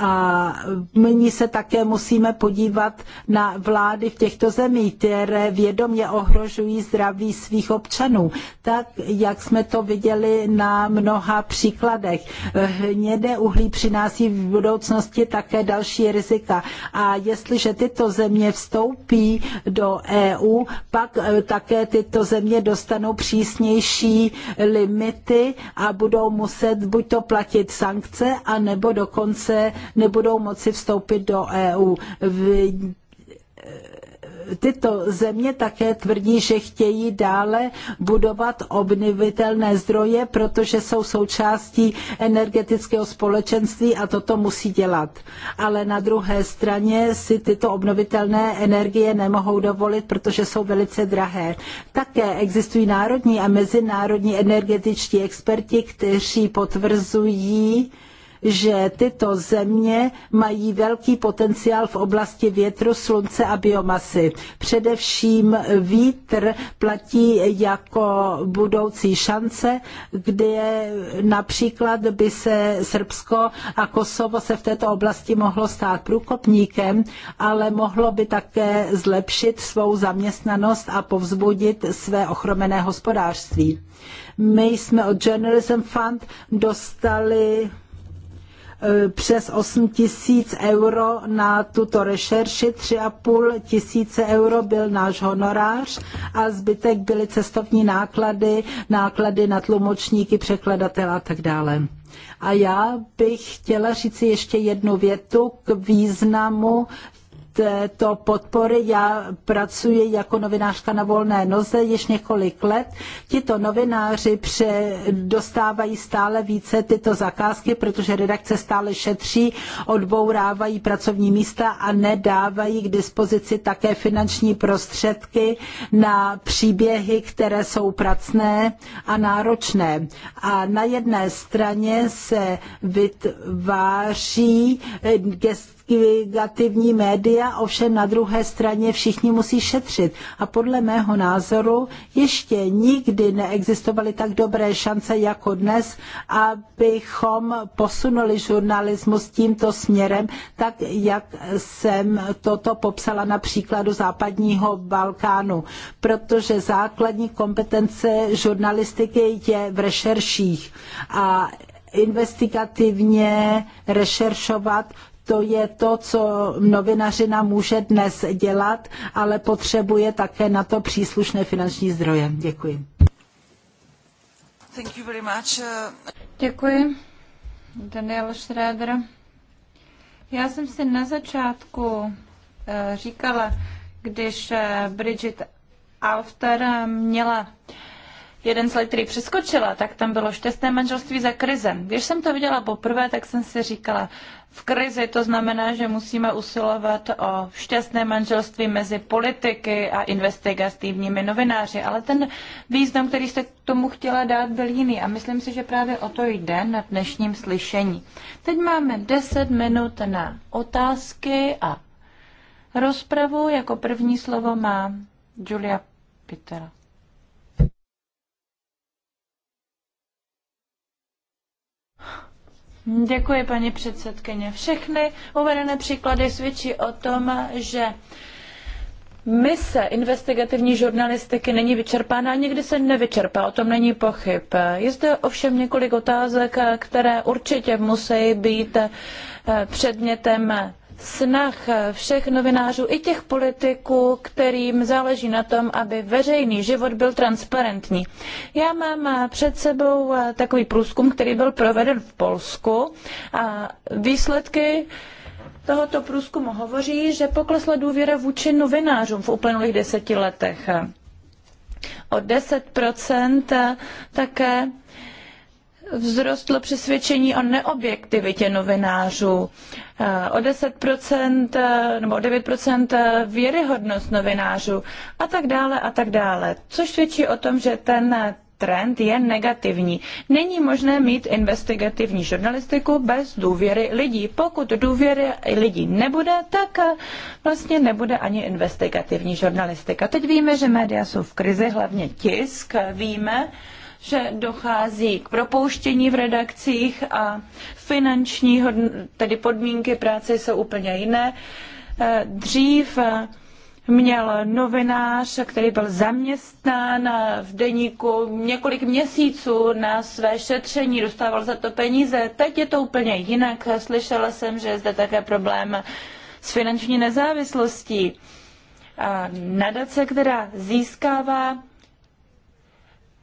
a my se také musíme podívat na vlády v těchto zemích, které vědomě ohrožují zdraví svých občanů. Tak, jak jsme to viděli na mnoha příkladech. Hnědé uhlí přináší v budoucnosti také další rizika. A jestliže tyto země vstoupí do EU, pak eh, také tyto země dostanou přísnější limity a budou muset buď to platit sankce, anebo dokonce nebudou moci vstoupit do EU. V e, tyto země také tvrdí, že chtějí dále budovat obnovitelné zdroje, protože jsou součástí energetického společenství a toto musí dělat. Ale na druhé straně si tyto obnovitelné energie nemohou dovolit, protože jsou velice drahé. Také existují národní a mezinárodní energetičtí experti, kteří potvrzují, že tyto země mají velký potenciál v oblasti větru, slunce a biomasy. Především vítr platí jako budoucí šance, kde například by se Srbsko a Kosovo se v této oblasti mohlo stát průkopníkem, ale mohlo by také zlepšit svou zaměstnanost a povzbudit své ochromené hospodářství. My jsme od Journalism Fund dostali Eh, přes 8 tisíc euro na tuto rešerši, 3,5 tisíce euro byl náš honorář a zbytek byly cestovní náklady, náklady na tlumočníky, překladatele a tak dále. A já bych chtěla říci ještě jednu větu k významu této podpory. Já pracuji jako novinářka na volné noze již několik let. Tito novináři dostávají stále více tyto zakázky, protože redakce stále šetří, odbourávají pracovní místa a nedávají k dispozici také finanční prostředky na příběhy, které jsou pracné a náročné. A na jedné straně se vytváří gest investigativní média, ovšem na druhé straně všichni musí šetřit. A podle mého názoru ještě nikdy neexistovaly tak dobré šance jako dnes, abychom posunuli žurnalismus tímto směrem, tak jak jsem toto popsala na příkladu západního Balkánu. Protože základní kompetence žurnalistiky je v rešerších a investigativně rešeršovat to je to, co novinařina může dnes dělat, ale potřebuje také na to příslušné finanční zdroje. Děkuji. Thank you very much. Děkuji. Daniel Schrader. Já jsem si na začátku eh, říkala, když eh, Bridget Alfter měla jeden slide, který přeskočila, tak tam bylo šťastné manželství za krize. Když jsem to viděla poprvé, tak jsem si říkala, v krizi. To znamená, že musíme usilovat o šťastné manželství mezi politiky a investigativními novináři. Ale ten význam, který jste k tomu chtěla dát, byl jiný. A myslím si, že právě o to jde na dnešním slyšení. Teď máme 10 minut na otázky a rozpravu. Jako první slovo má Julia Pitera. Děkuji, paní předsedkyně. Všechny uvedené příklady svědčí o tom, že mise investigativní žurnalistiky není vyčerpána a nikdy se nevyčerpá, o tom není pochyb. Je zde ovšem několik otázek, které určitě musí být eh, předmětem snah eh, všech novinářů i těch politiků, kterým záleží na tom, aby veřejný život byl transparentní. Já mám eh, před sebou eh, takový průzkum, který byl proveden v Polsku a výsledky tohoto průzkumu hovoří, že poklesla důvěra vůči novinářům v uplynulých deseti letech. O 10% také vzrostlo přesvědčení o neobjektivitě novinářů. Eh, o 10% eh, nebo o 9% eh, věryhodnost novinářů a tak dále a tak dále. Což svědčí o tom, že ten trend je negativní. Není možné mít investigativní žurnalistiku bez důvěry lidí. Pokud důvěry lidí nebude, tak vlastně nebude ani investigativní žurnalistika. Teď víme, že média jsou v krizi, hlavně tisk. Víme, že dochází k propouštění v redakcích a finanční tedy podmínky práce jsou úplně jiné. Eh, dřív eh, měl novinář, který byl zaměstnán eh, v deníku několik měsíců na své šetření, dostával za to peníze. Teď je to úplně jinak. Slyšela jsem, že je zde také problém s finanční nezávislostí. A nadace, která získává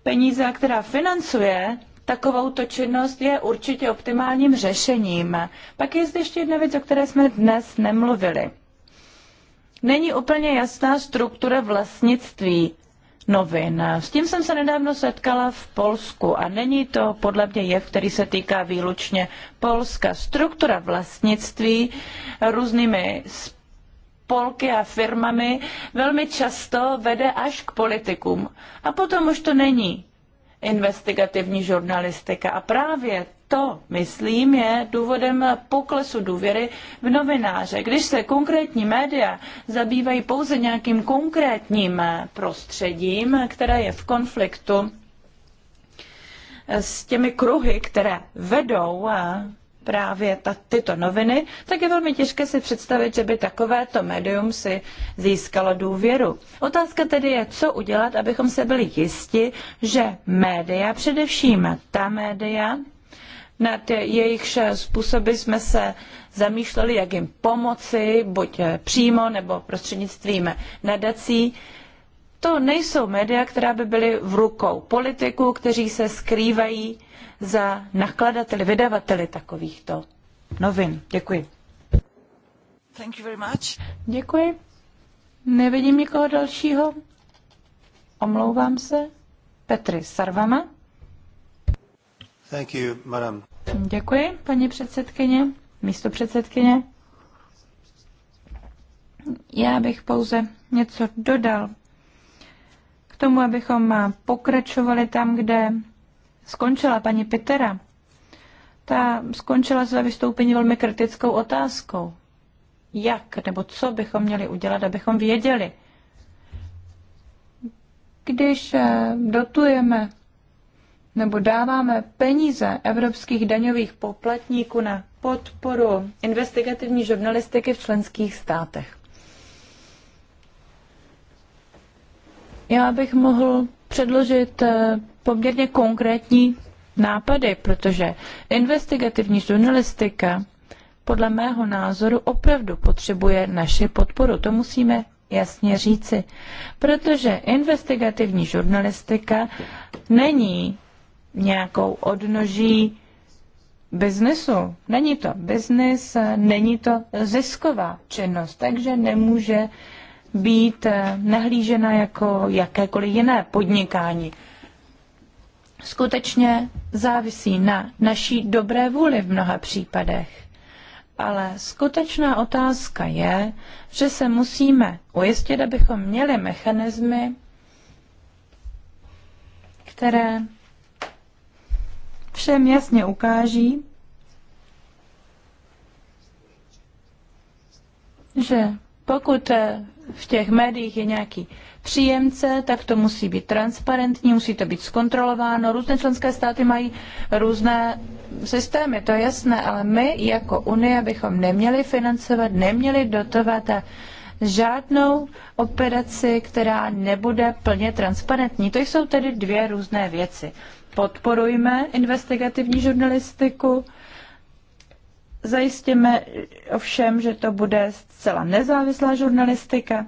peníze, která financuje takovouto činnost, je určitě optimálním řešením. Pak je zde ještě jedna věc, o které jsme dnes nemluvili. Není úplně jasná struktura vlastnictví novin. S tím jsem se nedávno setkala v Polsku a není to podle mě jev, který se týká výlučně Polska. Struktura vlastnictví různými spolky a firmami velmi často vede až k politikům. A potom už to není investigativní žurnalistika. A právě to, myslím, je důvodem poklesu důvěry v novináře. Když se konkrétní média zabývají pouze nějakým konkrétním prostředím, které je v konfliktu s těmi kruhy, které vedou právě ta, tyto noviny, tak je velmi těžké si představit, že by takovéto médium si získalo důvěru. Otázka tedy je, co udělat, abychom se byli jisti, že média, především ta média, nad jejich způsoby jsme se zamýšleli, jak jim pomoci, buď přímo nebo prostřednictvím nadací, to nejsou média, která by byly v rukou politiků, kteří se skrývají za nakladateli, vydavateli takovýchto novin. Děkuji. Thank you very much. Děkuji. Nevidím nikoho dalšího. Omlouvám se. Petry Sarvama. Thank you, madam. Děkuji, paní předsedkyně, místo předsedkyně. Já bych pouze něco dodal k tomu, abychom pokračovali tam, kde skončila paní Pitera. Ta skončila své vystoupení velmi kritickou otázkou. Jak nebo co bychom měli udělat, abychom věděli, když eh, dotujeme nebo dáváme peníze evropských daňových poplatníků na podporu investigativní žurnalistiky v členských státech. Já bych mohl předložit eh, poměrně konkrétní nápady, protože investigativní žurnalistika podle mého názoru opravdu potřebuje naši podporu. To musíme jasně říci, protože investigativní žurnalistika není nějakou odnoží biznesu. Není to biznis, není to zisková činnost, takže nemůže být eh, nehlížena jako jakékoliv jiné podnikání. Skutečně závisí na naší dobré vůli v mnoha případech. Ale skutečná otázka je, že se musíme ujistit, abychom měli mechanismy, které všem jasně ukáží, že pokud eh, v těch médiích je nějaký příjemce, tak to musí být transparentní, musí to být zkontrolováno. Různé členské státy mají různé systémy, to je jasné, ale my jako Unie bychom neměli financovat, neměli dotovat a žádnou operaci, která nebude plně transparentní. To jsou tedy dvě různé věci. Podporujme investigativní žurnalistiku, Zajistíme ovšem, že to bude zcela nezávislá žurnalistika.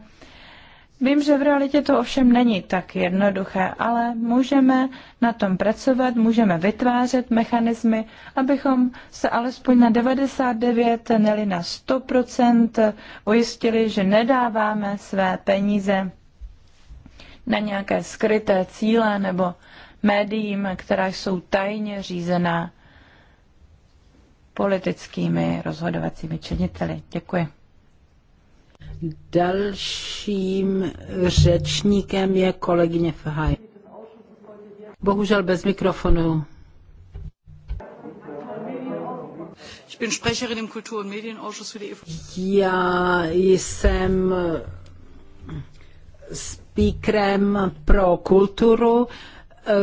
Vím, že v realitě to ovšem není tak jednoduché, ale můžeme na tom pracovat, můžeme vytvářet mechanismy, abychom se alespoň na 99, neli na 100% ujistili, že nedáváme své peníze na nějaké skryté cíle nebo médiím, která jsou tajně řízená politickými rozhodovacími činiteli. Děkuji. Dalším řečníkem je kolegyně Fahaj. Bohužel bez mikrofonu. Já jsem speakerem pro kulturu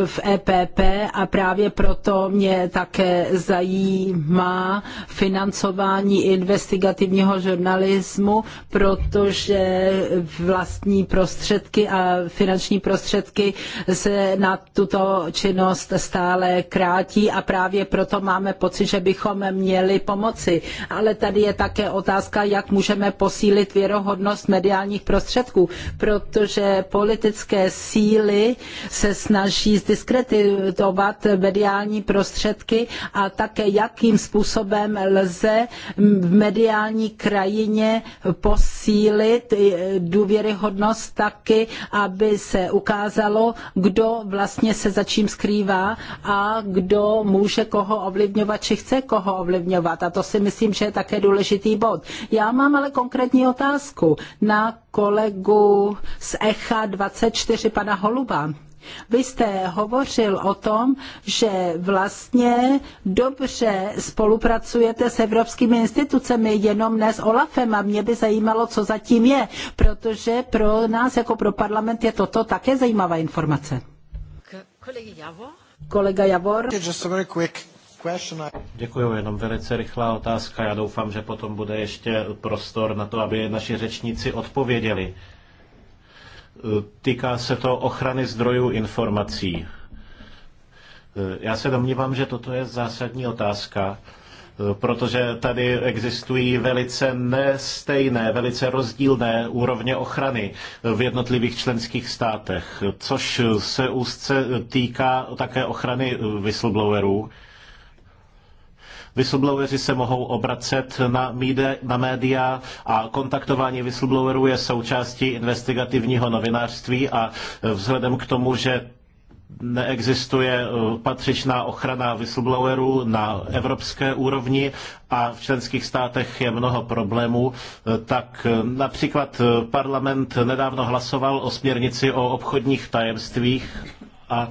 v EPP a právě proto mě také zajímá financování investigativního žurnalismu, protože vlastní prostředky a finanční prostředky se na tuto činnost stále krátí a právě proto máme pocit, že bychom měli pomoci. Ale tady je také otázka, jak můžeme posílit věrohodnost mediálních prostředků, protože politické síly se snaží zdiskreditovat mediální prostředky a také jakým způsobem lze v mediální krajině posílit důvěryhodnost taky, aby se ukázalo, kdo vlastně se za čím skrývá a kdo může koho ovlivňovat, či chce koho ovlivňovat. A to si myslím, že je také důležitý bod. Já mám ale konkrétní otázku na kolegu z ECHA 24, pana Holuba vy jste hovořil o tom, že vlastně dobře spolupracujete s evropskými institucemi, jenom ne s OLAFem a mě by zajímalo, co zatím je, protože pro nás jako pro parlament je toto také zajímavá informace. Kolega Javor? Děkuji, jenom velice rychlá otázka. Já doufám, že potom bude ještě prostor na to, aby naši řečníci odpověděli. Týká se to ochrany zdrojů informací. Já se domnívám, že toto je zásadní otázka, protože tady existují velice nestejné, velice rozdílné úrovně ochrany v jednotlivých členských státech, což se úzce týká také ochrany whistleblowerů Whistleblowery se mohou obracet na, míde, na média a kontaktování whistleblowerů je součástí investigativního novinářství a vzhledem k tomu, že neexistuje eh, patřičná ochrana whistleblowerů na evropské úrovni a v členských státech je mnoho problémů, eh, tak eh, například parlament nedávno hlasoval o směrnici o obchodních tajemstvích a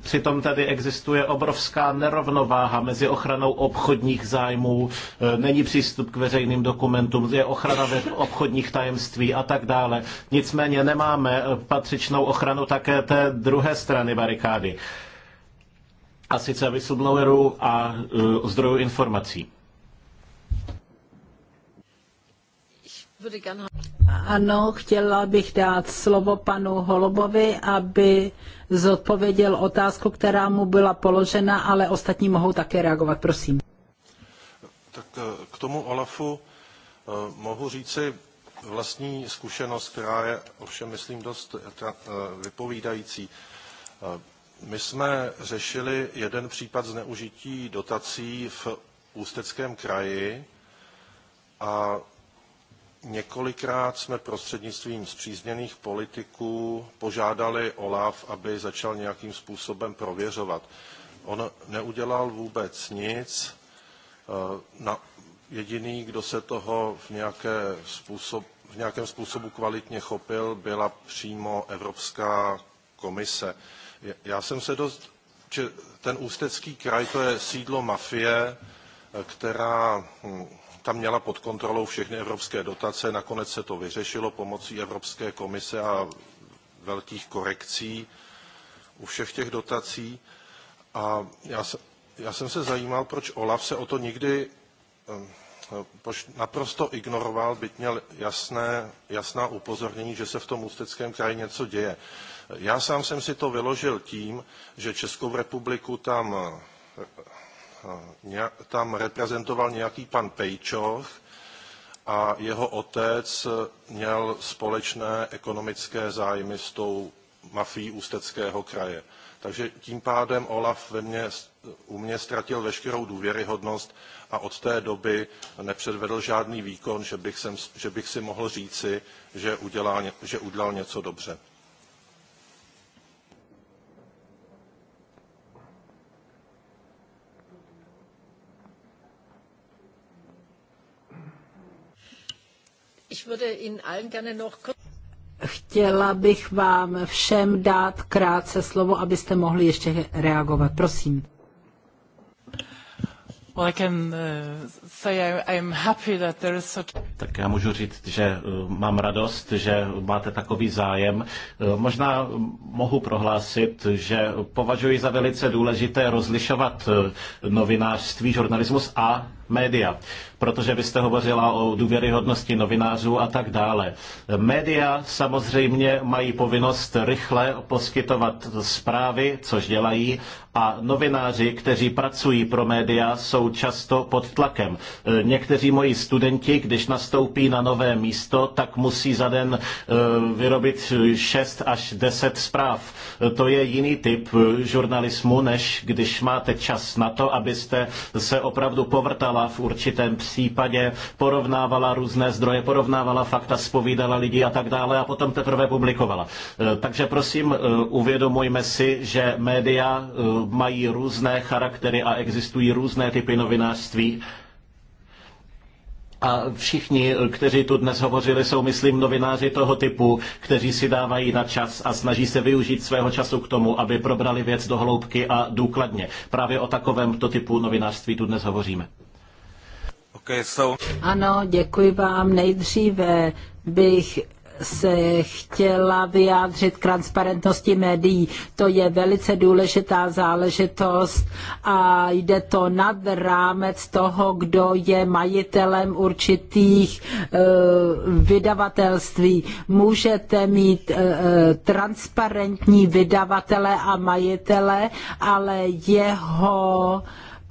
Přitom tady existuje obrovská nerovnováha mezi ochranou obchodních zájmů, e, není přístup k veřejným dokumentům, je ochrana obchodních tajemství a tak dále. Nicméně nemáme e, patřičnou ochranu také té druhé strany barikády. A sice whistleblowerů a e, zdrojů informací. Ano, chtěla bych dát slovo panu Holobovi, aby zodpověděl otázku, která mu byla položena, ale ostatní mohou také reagovat. Prosím. Tak eh, k tomu Olafu eh, mohu říci vlastní zkušenost, která je ovšem, myslím, dost eh, vypovídající. My jsme řešili jeden případ zneužití dotací v Ústeckém kraji a Několikrát jsme prostřednictvím zpřízněných politiků požádali OLAF, aby začal nějakým způsobem prověřovat. On neudělal vůbec nic. Eh, na, jediný, kdo se toho v, nějaké způsob, v nějakém způsobu kvalitně chopil, byla přímo Evropská komise. Já jsem se dost, ten ústecký kraj to je sídlo mafie, eh, která hm, ta měla pod kontrolou všechny evropské dotace, nakonec se to vyřešilo pomocí Evropské komise a velkých korekcí u všech těch dotací. A já, se, já jsem se zajímal, proč Olaf se o to nikdy eh, proč naprosto ignoroval, byť měl jasné, jasná upozornění, že se v tom ústeckém kraji něco děje. Já sám jsem si to vyložil tím, že Českou republiku tam Eh, tam reprezentoval nějaký pan Pejčoch a jeho otec eh, měl společné ekonomické zájmy s tou mafií Ústeckého kraje. Takže tím pádem Olaf ve u mě ztratil veškerou důvěryhodnost a od té doby nepředvedl žádný výkon, že bych, sem, že bych si mohl říci, že, udělá, že udělal něco dobře. Chtěla bych vám všem dát krátce slovo, abyste mohli ještě reagovat. Prosím. Uh, tak já můžu říct, že uh, mám radost, že máte takový zájem. Uh, možná um, mohu prohlásit, že považuji za velice důležité rozlišovat novinářství, žurnalismus a média, protože vy jste hovořila o důvěryhodnosti novinářů a tak dále. Média samozřejmě mají povinnost rychle poskytovat zprávy, což dělají, a novináři, kteří pracují pro média, jsou často pod tlakem. Někteří moji studenti, když nastoupí na nové místo, tak musí za den e, vyrobit 6 až 10 zpráv. To je jiný typ žurnalismu, než když máte čas na to, abyste se opravdu povrtala porovnávala v určitém případě, porovnávala různé zdroje, porovnávala fakta, spovídala lidi a tak dále a potom teprve publikovala. E, takže prosím, e, uvědomujme si, že média e, mají různé charaktery a existují různé typy novinářství. A všichni, kteří tu dnes hovořili, jsou, myslím, novináři toho typu, kteří si dávají na čas a snaží se využít svého času k tomu, aby probrali věc do hloubky a důkladně. Právě o takovémto typu novinářství tu dnes hovoříme. Okay, so... Ano, děkuji vám. Nejdříve bych se chtěla vyjádřit k transparentnosti médií. To je velice důležitá záležitost a jde to nad rámec toho, kdo je majitelem určitých eh, vydavatelství. Můžete mít eh, transparentní vydavatele a majitele, ale jeho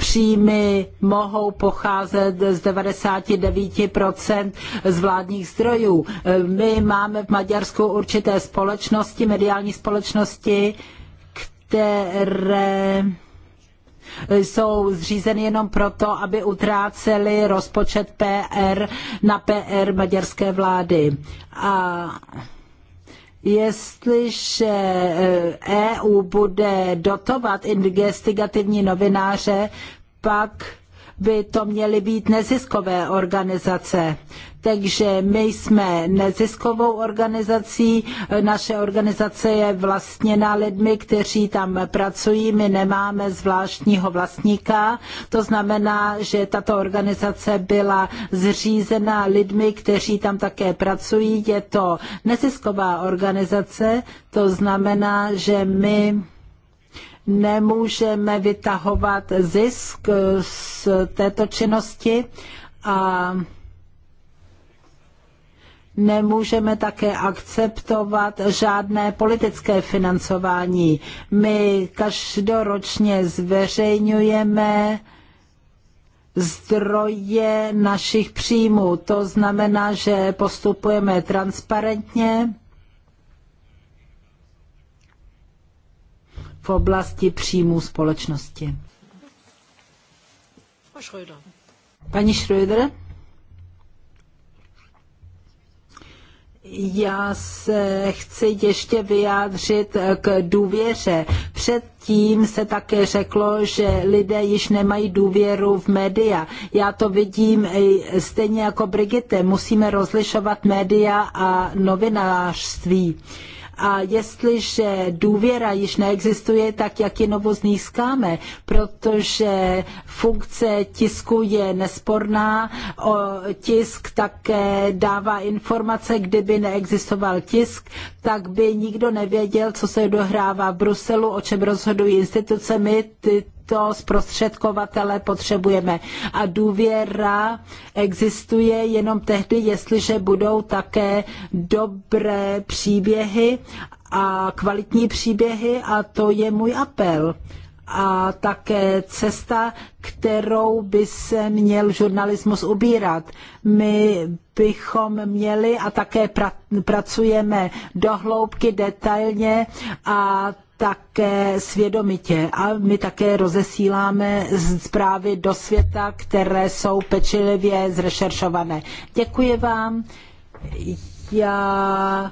příjmy mohou pocházet z 99% z vládních zdrojů. My máme v Maďarsku určité společnosti, mediální společnosti, které jsou zřízeny jenom proto, aby utráceli rozpočet PR na PR maďarské vlády. A jestliže EU eh, e bude dotovat investigativní novináře, pak by to měly být neziskové organizace. Takže my jsme neziskovou organizací, naše organizace je vlastněna lidmi, kteří tam pracují, my nemáme zvláštního vlastníka, to znamená, že tato organizace byla zřízena lidmi, kteří tam také pracují, je to nezisková organizace, to znamená, že my nemůžeme vytahovat zisk z této činnosti a nemůžeme také akceptovat žádné politické financování. My každoročně zveřejňujeme zdroje našich příjmů. To znamená, že postupujeme transparentně v oblasti příjmů společnosti. Paní Schröder? Já se chci ještě vyjádřit k důvěře. Předtím se také řeklo, že lidé již nemají důvěru v média. Já to vidím stejně jako Brigitte. Musíme rozlišovat média a novinářství. Uh, a jestliže důvěra již neexistuje, tak jak ji novou získáme, protože funkce tisku je nesporná, o, tisk také dává informace, kdyby neexistoval tisk, tak by nikdo nevěděl, co se dohrává v Bruselu, o čem rozhodují instituce, my ty tyto zprostředkovatele potřebujeme. A důvěra existuje jenom tehdy, jestliže budou také dobré příběhy a kvalitní příběhy a to je můj apel a také cesta, kterou by se měl žurnalismus ubírat. My bychom měli a také pra, pracujeme dohloubky detailně a také svědomitě a my také rozesíláme zprávy do světa, které jsou pečlivě zrešeršované. Děkuji vám. Já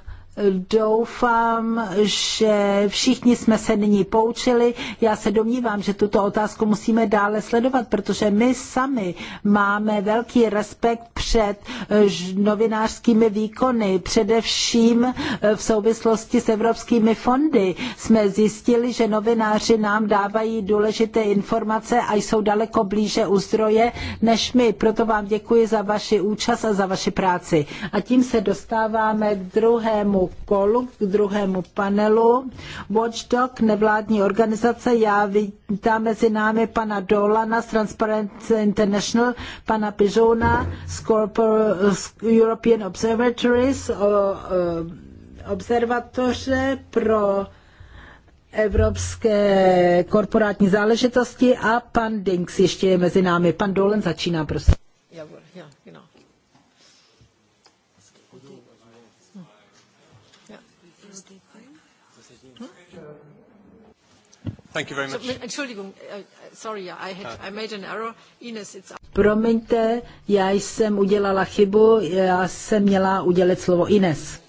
Doufám, že všichni jsme se nyní poučili. Já se domnívám, že tuto otázku musíme dále sledovat, protože my sami máme velký respekt před eh, novinářskými výkony, především eh, v souvislosti s evropskými fondy. Jsme zjistili, že novináři nám dávají důležité informace a jsou daleko blíže u zdroje než my. Proto vám děkuji za vaši účast a za vaši práci. A tím se dostáváme k druhému úkolu, k druhému panelu. Watchdog, nevládní organizace, já vítám mezi námi pana Dolana z Transparency International, pana Pižouna z, European Observatories, o, o, observatoře pro evropské korporátní záležitosti a pan Dings ještě je mezi námi. Pan Dolan začíná, prosím. Já, já. Promiňte, já jsem udělala chybu, já jsem měla udělat slovo Ines.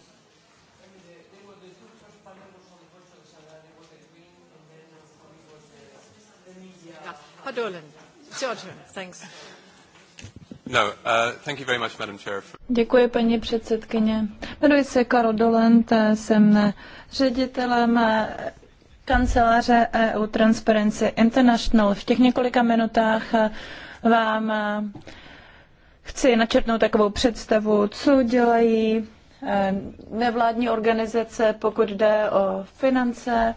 Thanks. No, uh, thank you very much, Madam Chair. Děkuji, paní předsedkyně. Jmenuji se Karol Dolent, jsem ředitelem kanceláře EU Transparency International. V těch několika minutách eh, vám eh, chci načrtnout takovou představu, co dělají eh, nevládní organizace, pokud jde o finance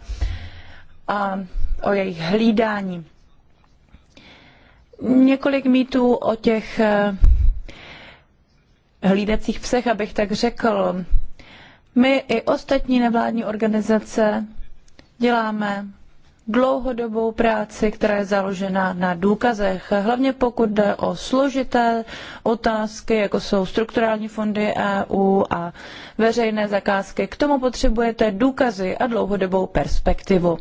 a o jejich hlídání. Několik mýtů o těch hlídacích psech, abych tak řekl. My i ostatní nevládní organizace děláme dlouhodobou práci, která je založena na důkazech, hlavně pokud jde o složité otázky, jako jsou strukturální fondy EU a veřejné zakázky. K tomu potřebujete důkazy a dlouhodobou perspektivu.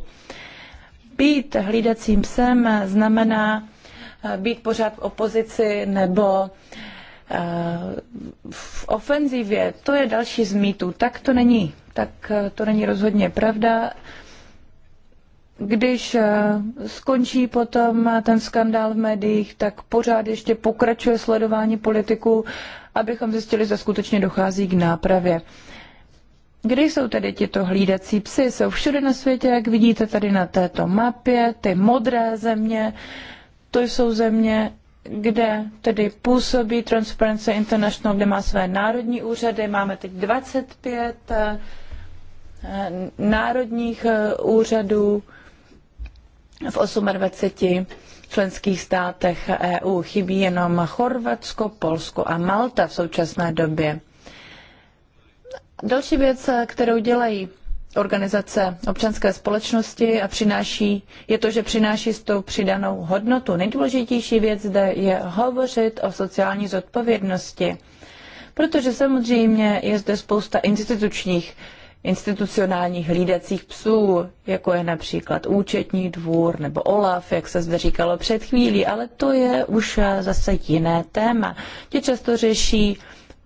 Být hlídacím psem znamená eh, být pořád v opozici nebo eh, v ofenzivě, to je další z mýtů. Tak to není. Tak eh, to není rozhodně pravda když eh, skončí potom ten skandál v médiích, tak pořád ještě pokračuje sledování politiků, abychom zjistili, že skutečně dochází k nápravě. Kde jsou tedy tito hlídací psy? Jsou všude na světě, jak vidíte tady na této mapě, ty modré země, to jsou země, kde tedy působí Transparency International, kde má své národní úřady. Máme teď 25 eh, národních eh, úřadů v 28 členských státech EU. Chybí jenom Chorvatsko, Polsko a Malta v současné době. Další věc, kterou dělají organizace občanské společnosti a přináší, je to, že přináší s tou přidanou hodnotu. Nejdůležitější věc zde je hovořit o sociální zodpovědnosti, protože samozřejmě je zde spousta institučních institucionálních hlídacích psů, jako je například účetní dvůr nebo OLAF, jak se zde říkalo před chvílí, ale to je už zase jiné téma. Ti často řeší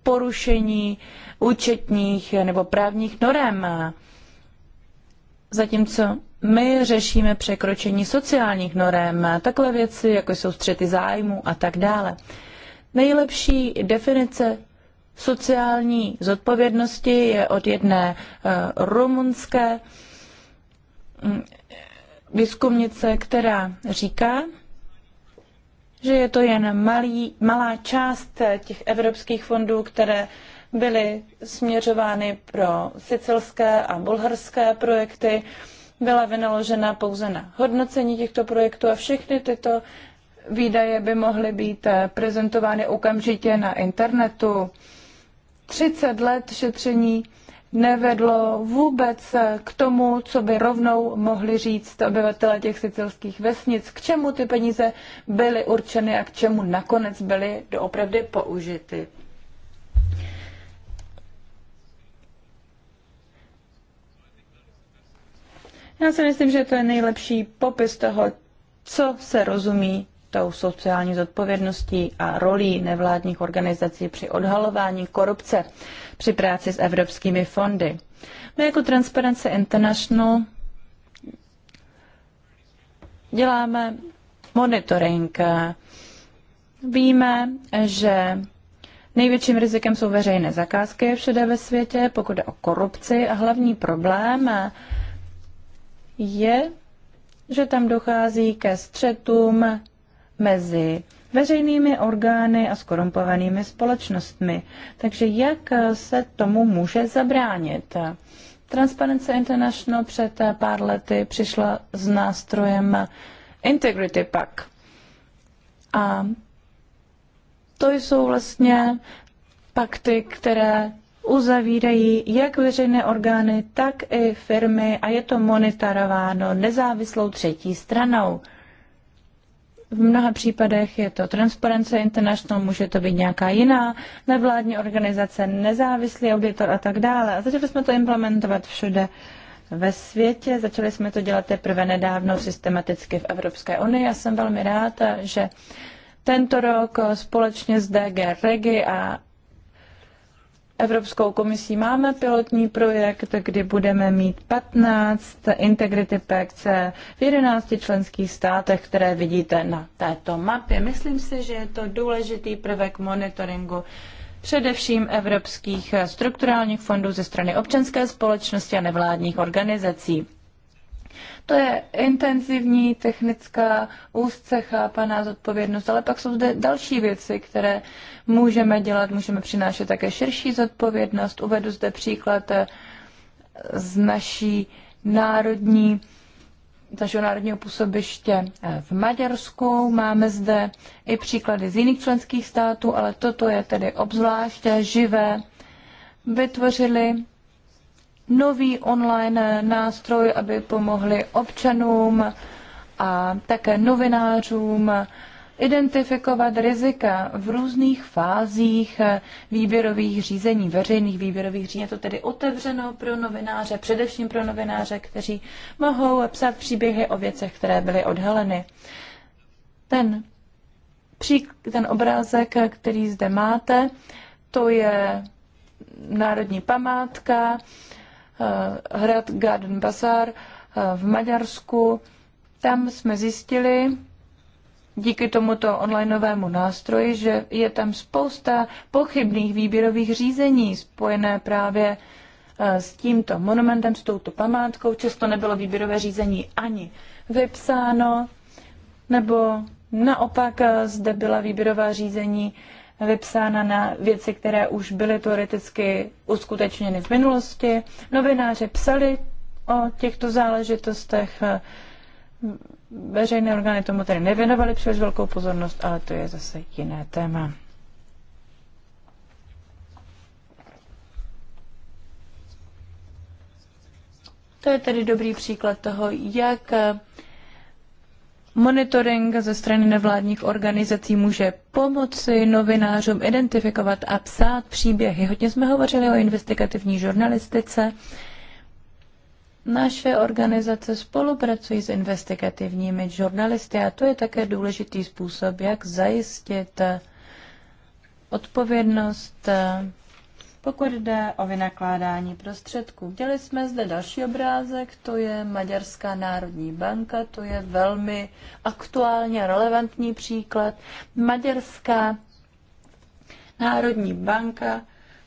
porušení účetních nebo právních norem, zatímco my řešíme překročení sociálních norem, takové věci, jako jsou střety zájmu a tak dále. Nejlepší definice sociální zodpovědnosti je od jedné eh, rumunské mm, výzkumnice, která říká, že je to jen malý, malá část eh, těch evropských fondů, které byly směřovány pro sicilské a bulharské projekty, byla vynaložena pouze na hodnocení těchto projektů a všechny tyto výdaje by mohly být eh, prezentovány okamžitě na internetu. 30 let šetření nevedlo vůbec k tomu, co by rovnou mohli říct obyvatele těch sicilských vesnic, k čemu ty peníze byly určeny a k čemu nakonec byly doopravdy použity. Já si myslím, že to je nejlepší popis toho, co se rozumí tou sociální zodpovědností a rolí nevládních organizací při odhalování korupce při práci s evropskými fondy. My jako Transparency International děláme monitoring. Víme, že největším rizikem jsou veřejné zakázky všude ve světě, pokud jde o korupci a hlavní problém je, že tam dochází ke střetům mezi veřejnými orgány a skorumpovanými společnostmi. Takže jak se tomu může zabránit? Transparency International před pár lety přišla s nástrojem Integrity Pack. A to jsou vlastně pakty, které uzavírají jak veřejné orgány, tak i firmy a je to monitorováno nezávislou třetí stranou v mnoha případech je to Transparency International, může to být nějaká jiná nevládní organizace, nezávislý auditor a tak dále. A začali jsme to implementovat všude ve světě, začali jsme to dělat teprve nedávno systematicky v Evropské unii Já jsem velmi ráda, že tento rok společně s DG Regi a Evropskou komisí máme pilotní projekt, kdy budeme mít 15 integrity PKC v 11 členských státech, které vidíte na této mapě. Myslím si, že je to důležitý prvek monitoringu především evropských strukturálních fondů ze strany občanské společnosti a nevládních organizací. To je intenzivní, technická, úzce chápaná zodpovědnost, ale pak jsou zde další věci, které můžeme dělat, můžeme přinášet také širší zodpovědnost. Uvedu zde příklad eh, z naší národní z našeho národního působiště eh, v Maďarsku. Máme zde i příklady z jiných členských států, ale toto je tedy obzvláště živé. Vytvořili nový online nástroj, aby pomohli občanům a také novinářům identifikovat rizika v různých fázích výběrových řízení, veřejných výběrových řízení. Je to tedy otevřeno pro novináře, především pro novináře, kteří mohou psát příběhy o věcech, které byly odhaleny. Ten, ten obrázek, který zde máte, to je národní památka, Eh, hrad Garden Bazar eh, v Maďarsku. Tam jsme zjistili díky tomuto onlineovému nástroji, že je tam spousta pochybných výběrových řízení spojené právě eh, s tímto monumentem, s touto památkou. Často nebylo výběrové řízení ani vypsáno, nebo naopak zde byla výběrová řízení vypsána na věci, které už byly teoreticky uskutečněny v minulosti. Novináři psali o těchto záležitostech. Veřejné orgány tomu tedy nevěnovaly příliš velkou pozornost, ale to je zase jiné téma. To je tedy dobrý příklad toho, jak Monitoring ze strany nevládních organizací může pomoci novinářům identifikovat a psát příběhy. Hodně jsme hovořili o investigativní žurnalistice. Naše organizace spolupracují s investigativními žurnalisty a to je také důležitý způsob, jak zajistit odpovědnost pokud jde o vynakládání prostředků, Viděli jsme zde další obrázek, to je Maďarská národní banka, to je velmi aktuálně relevantní příklad. Maďarská národní banka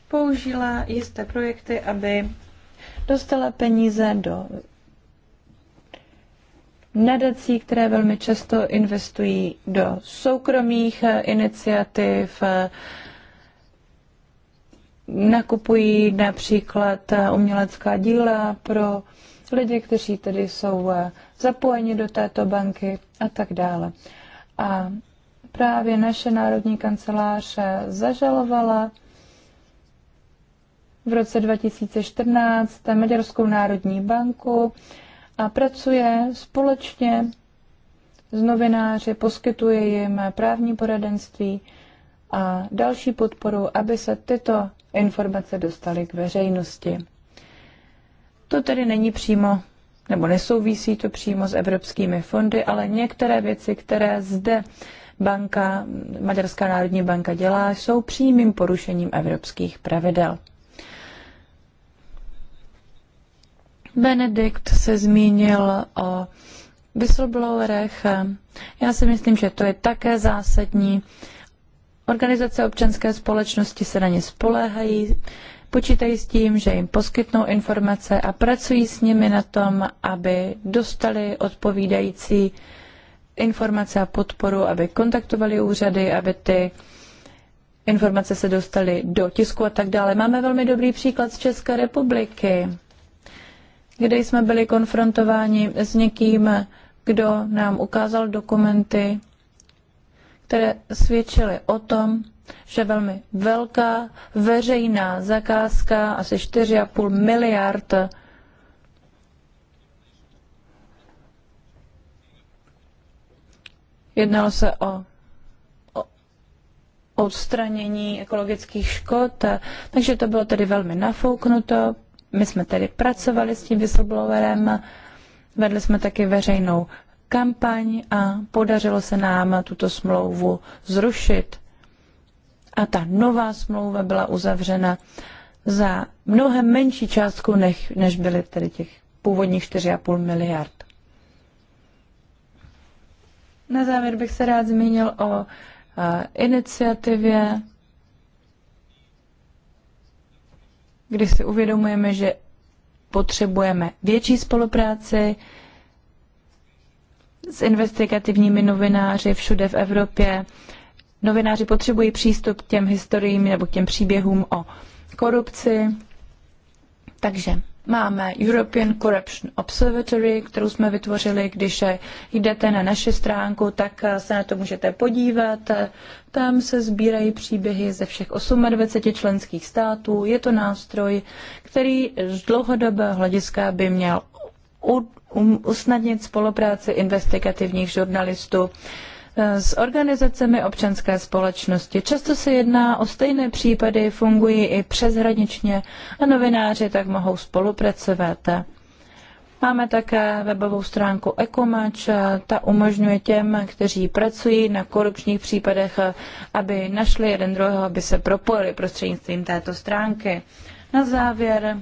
použila jisté projekty, aby dostala peníze do nadací, které velmi často investují do soukromých eh, iniciativ, eh, nakupují například eh, umělecká díla pro lidi, kteří tedy jsou eh, zapojeni do této banky a tak dále. A právě naše národní kancelář zažalovala v roce 2014 Maďarskou národní banku a pracuje společně s novináři, poskytuje jim právní poradenství a další podporu, aby se tyto informace dostaly k veřejnosti. To tedy není přímo, nebo nesouvisí to přímo s evropskými fondy, ale některé věci, které zde banka, Maďarská národní banka dělá, jsou přímým porušením evropských pravidel. Benedikt se zmínil o whistleblowerech. Já si myslím, že to je také zásadní Organizace občanské společnosti se na ně spoléhají, počítají s tím, že jim poskytnou informace a pracují s nimi na tom, aby dostali odpovídající informace a podporu, aby kontaktovali úřady, aby ty informace se dostaly do tisku a tak dále. Máme velmi dobrý příklad z České republiky, kde jsme byli konfrontováni s někým, kdo nám ukázal dokumenty které svědčily o tom, že velmi velká veřejná zakázka, asi 4,5 miliard Jednalo se o, o odstranění ekologických škod, takže to bylo tedy velmi nafouknuto. My jsme tedy pracovali s tím whistleblowerem, vedli jsme taky veřejnou kampaň a podařilo se nám tuto smlouvu zrušit. A ta nová smlouva byla uzavřena za mnohem menší částku, než, než byly tedy těch původních 4,5 miliard. Na závěr bych se rád zmínil o iniciativě, kdy si uvědomujeme, že potřebujeme větší spolupráci, s investigativními novináři všude v Evropě. Novináři potřebují přístup k těm historiím nebo k těm příběhům o korupci. Takže máme European Corruption Observatory, kterou jsme vytvořili. Když jdete na naši stránku, tak se na to můžete podívat. Tam se sbírají příběhy ze všech 28 členských států. Je to nástroj, který z dlouhodobého hlediska by měl Um, usnadnit spolupráci investigativních žurnalistů eh, s organizacemi občanské společnosti. Často se jedná o stejné případy, fungují i přeshraničně a novináři tak mohou spolupracovat. Máme také webovou stránku Ekomač, ta umožňuje těm, kteří pracují na korupčních případech, aby našli jeden druhého, aby se propojili prostřednictvím této stránky. Na závěr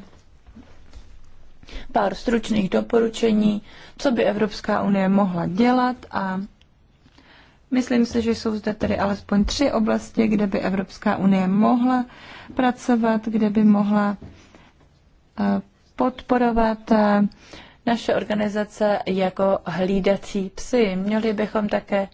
pár stručných doporučení, co by Evropská unie mohla dělat a myslím si, že jsou zde tedy alespoň tři oblasti, kde by Evropská unie mohla pracovat, kde by mohla eh, podporovat eh, naše organizace jako hlídací psy. Měli bychom také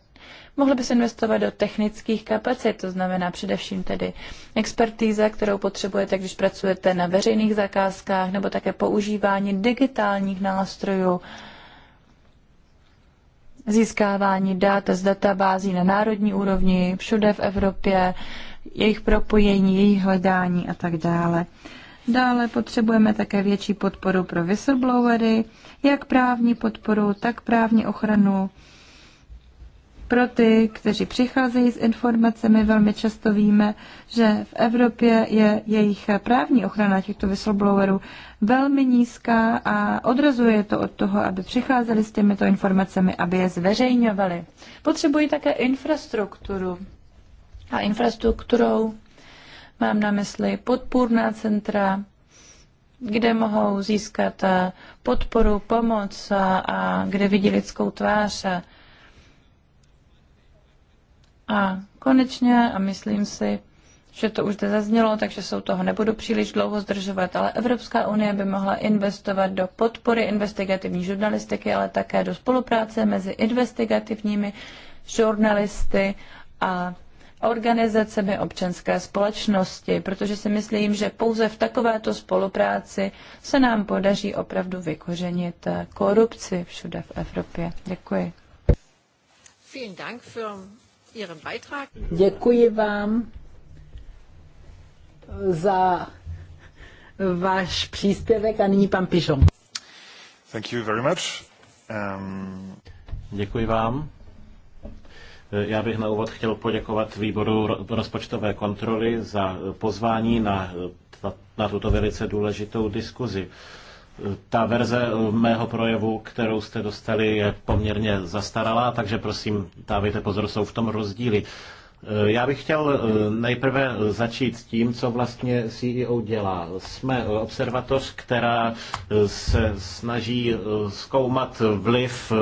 Mohli by se investovat do technických kapacit, to znamená především tedy expertíza, kterou potřebujete, když pracujete na veřejných zakázkách, nebo také používání digitálních nástrojů, získávání dat z databází na národní úrovni, všude v Evropě, jejich propojení, jejich hledání a tak dále. Dále potřebujeme také větší podporu pro whistleblowery, jak právní podporu, tak právní ochranu pro ty, kteří přicházejí s informacemi, velmi často víme, že v Evropě je jejich právní ochrana těchto whistleblowerů velmi nízká a odrazuje to od toho, aby přicházeli s těmito informacemi, aby je zveřejňovali. Potřebují také infrastrukturu. A infrastrukturou mám na mysli podpůrná centra, kde mohou získat podporu, pomoc a kde vidí lidskou tvář. A konečně, a myslím si, že to už zde zaznělo, takže se u toho nebudu příliš dlouho zdržovat, ale Evropská unie by mohla investovat do podpory investigativní žurnalistiky, ale také do spolupráce mezi investigativními žurnalisty a organizacemi občanské společnosti, protože si myslím, že pouze v takovéto spolupráci se nám podaří opravdu vykořenit korupci všude v Evropě. Děkuji. Děkuji vám za váš příspěvek a nyní pan Pižon. Thank you very much. Um... Děkuji vám. Já bych na úvod chtěl poděkovat výboru rozpočtové kontroly za pozvání na, na tuto velice důležitou diskuzi. Uh, ta verze eh, mého projevu, kterou jste dostali, je poměrně zastaralá, takže prosím, dávejte pozor, jsou v tom rozdíly. Eh, já bych chtěl eh, nejprve začít tím, co vlastně CEO dělá. Jsme observatoř, která se snaží zkoumat vliv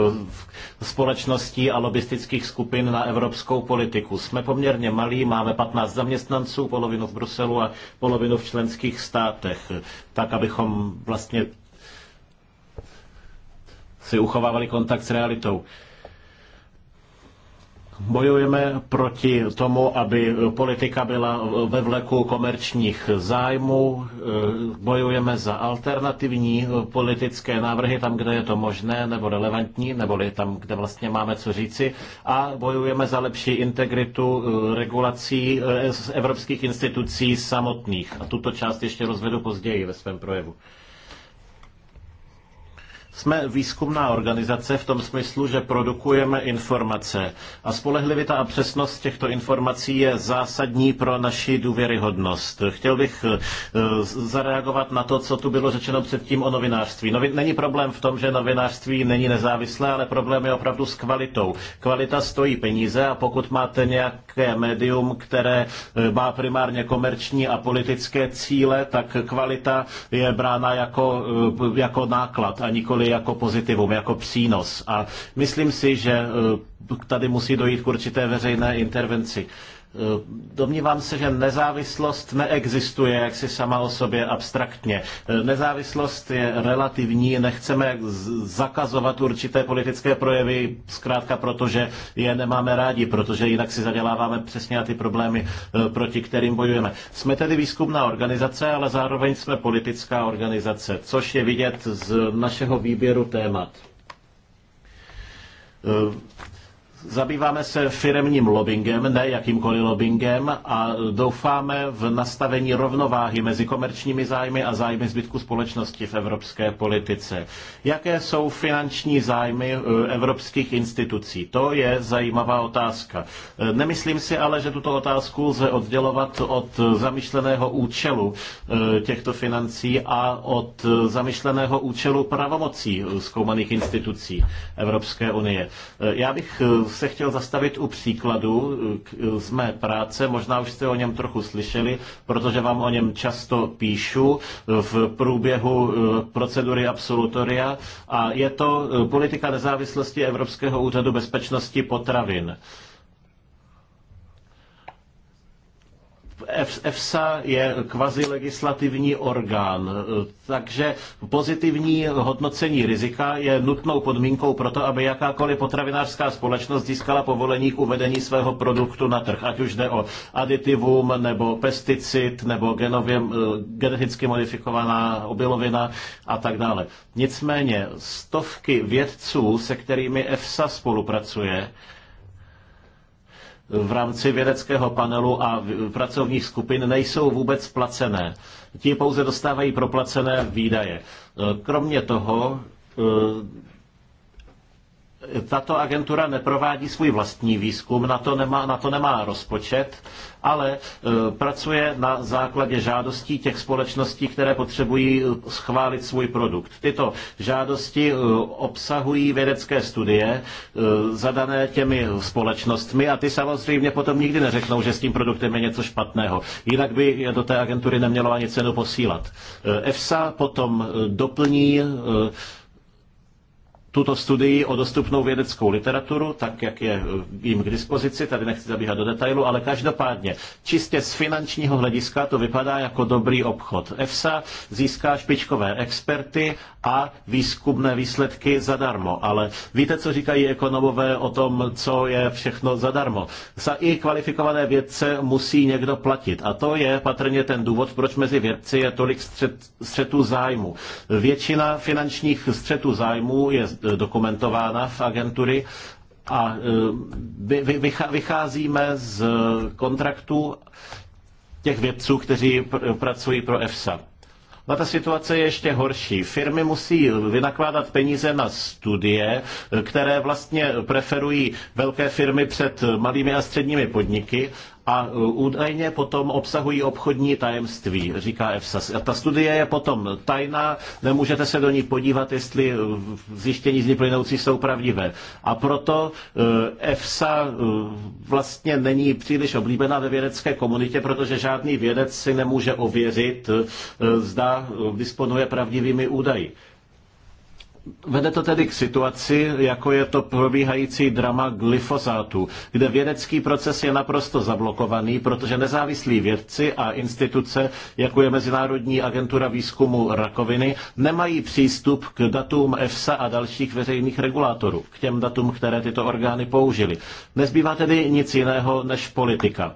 společností a lobistických skupin na evropskou politiku. Jsme poměrně malí, máme 15 zaměstnanců, polovinu v Bruselu a polovinu v členských státech, tak abychom vlastně si uchovávali kontakt s realitou. Bojujeme proti tomu, aby politika byla ve vleku komerčních zájmů. Bojujeme za alternativní politické návrhy tam, kde je to možné nebo relevantní, neboli tam, kde vlastně máme co říci. A bojujeme za lepší integritu eh, regulací eh, z evropských institucí samotných. A tuto část ještě rozvedu později ve svém projevu. Jsme výzkumná organizace v tom smyslu, že produkujeme informace a spolehlivita a přesnost těchto informací je zásadní pro naši důvěryhodnost. Chtěl bych eh, zareagovat na to, co tu bylo řečeno předtím o novinářství. Novi- není problém v tom, že novinářství není nezávislé, ale problém je opravdu s kvalitou. Kvalita stojí peníze a pokud máte nějaké médium, které eh, má primárně komerční a politické cíle, tak kvalita je brána jako, eh, jako náklad a nikoli vnímali jako pozitivum, jako přínos. A myslím si, že eh, tady musí dojít k určité veřejné intervenci. Eh, domnívám se, že nezávislost neexistuje jaksi sama o sobě abstraktně. Eh, nezávislost je relativní, nechceme zakazovat určité politické projevy, zkrátka proto, že je nemáme rádi, protože jinak si zaděláváme přesně na ty problémy, eh, proti kterým bojujeme. Jsme tedy výzkumná organizace, ale zároveň jsme politická organizace, což je vidět z našeho výběru témat. Zabýváme se firemním lobbyingem, ne jakýmkoliv lobbyingem a doufáme v nastavení rovnováhy mezi komerčními zájmy a zájmy zbytku společnosti v evropské politice. Jaké jsou finanční zájmy eh, evropských institucí? To je zajímavá otázka. Eh, nemyslím si ale, že tuto otázku lze oddělovat od zamýšleného účelu eh, těchto financí a od zamýšleného účelu pravomocí zkoumaných institucí Evropské unie. Já bych se chtěl zastavit u příkladu z mé práce. Možná už jste o něm trochu slyšeli, protože vám o něm často píšu v průběhu e, procedury absolutoria. A je to e, politika nezávislosti Evropského úřadu bezpečnosti potravin. EFSA je kvazilegislativní orgán, takže pozitivní hodnocení rizika je nutnou podmínkou pro to, aby jakákoliv potravinářská společnost získala povolení k uvedení svého produktu na trh, ať už jde o aditivum, nebo pesticid, nebo genově, eh, geneticky modifikovaná obilovina a tak dále. Nicméně stovky vědců, se kterými EFSA spolupracuje, v rámci vědeckého panelu a pracovních skupin nejsou vůbec placené. Ti pouze dostávají proplacené výdaje. E, kromě toho e, tato agentura neprovádí svůj vlastní výzkum, na to nemá, na to nemá rozpočet, ale e, pracuje na základě žádostí těch společností, které potřebují schválit svůj produkt. Tyto žádosti e, obsahují vědecké studie e, zadané těmi společnostmi a ty samozřejmě potom nikdy neřeknou, že s tím produktem je něco špatného. Jinak by je do té agentury nemělo ani cenu posílat. EFSA potom doplní tuto studii o dostupnou vědeckou literaturu, tak jak je eh, jim k dispozici, tady nechci zabíhat do detailu, ale každopádně čistě z finančního hlediska to vypadá jako dobrý obchod. EFSA získá špičkové experty a výzkumné výsledky zadarmo, ale víte, co říkají ekonomové o tom, co je všechno zadarmo. Za i kvalifikované vědce musí někdo platit a to je patrně ten důvod, proč mezi vědci je tolik střet, střetů zájmu. Většina finančních střetů zájmu je E, dokumentována v agentury a e, vycházíme z kontraktu těch vědců, kteří pracují pro EFSA. No ta situace je ještě horší. Firmy musí vynakládat peníze na studie, e, které vlastně preferují velké firmy před malými a středními podniky a e, údajně potom obsahují obchodní tajemství, říká EFSA. Ta studie je potom tajná, nemůžete se do ní podívat, jestli zjištění z ní plynoucí jsou pravdivé. A proto e, EFSA e, vlastně není příliš oblíbená ve vědecké komunitě, protože žádný vědec si nemůže ověřit, zda disponuje pravdivými údaji. Vede to tedy k situaci, jako je to probíhající drama glyfozátu, kde vědecký proces je naprosto zablokovaný, protože nezávislí vědci a instituce, jako je Mezinárodní agentura výzkumu rakoviny, nemají přístup k datům EFSA a dalších veřejných regulátorů, k těm datům, které tyto orgány použily. Nezbývá tedy nic jiného než politika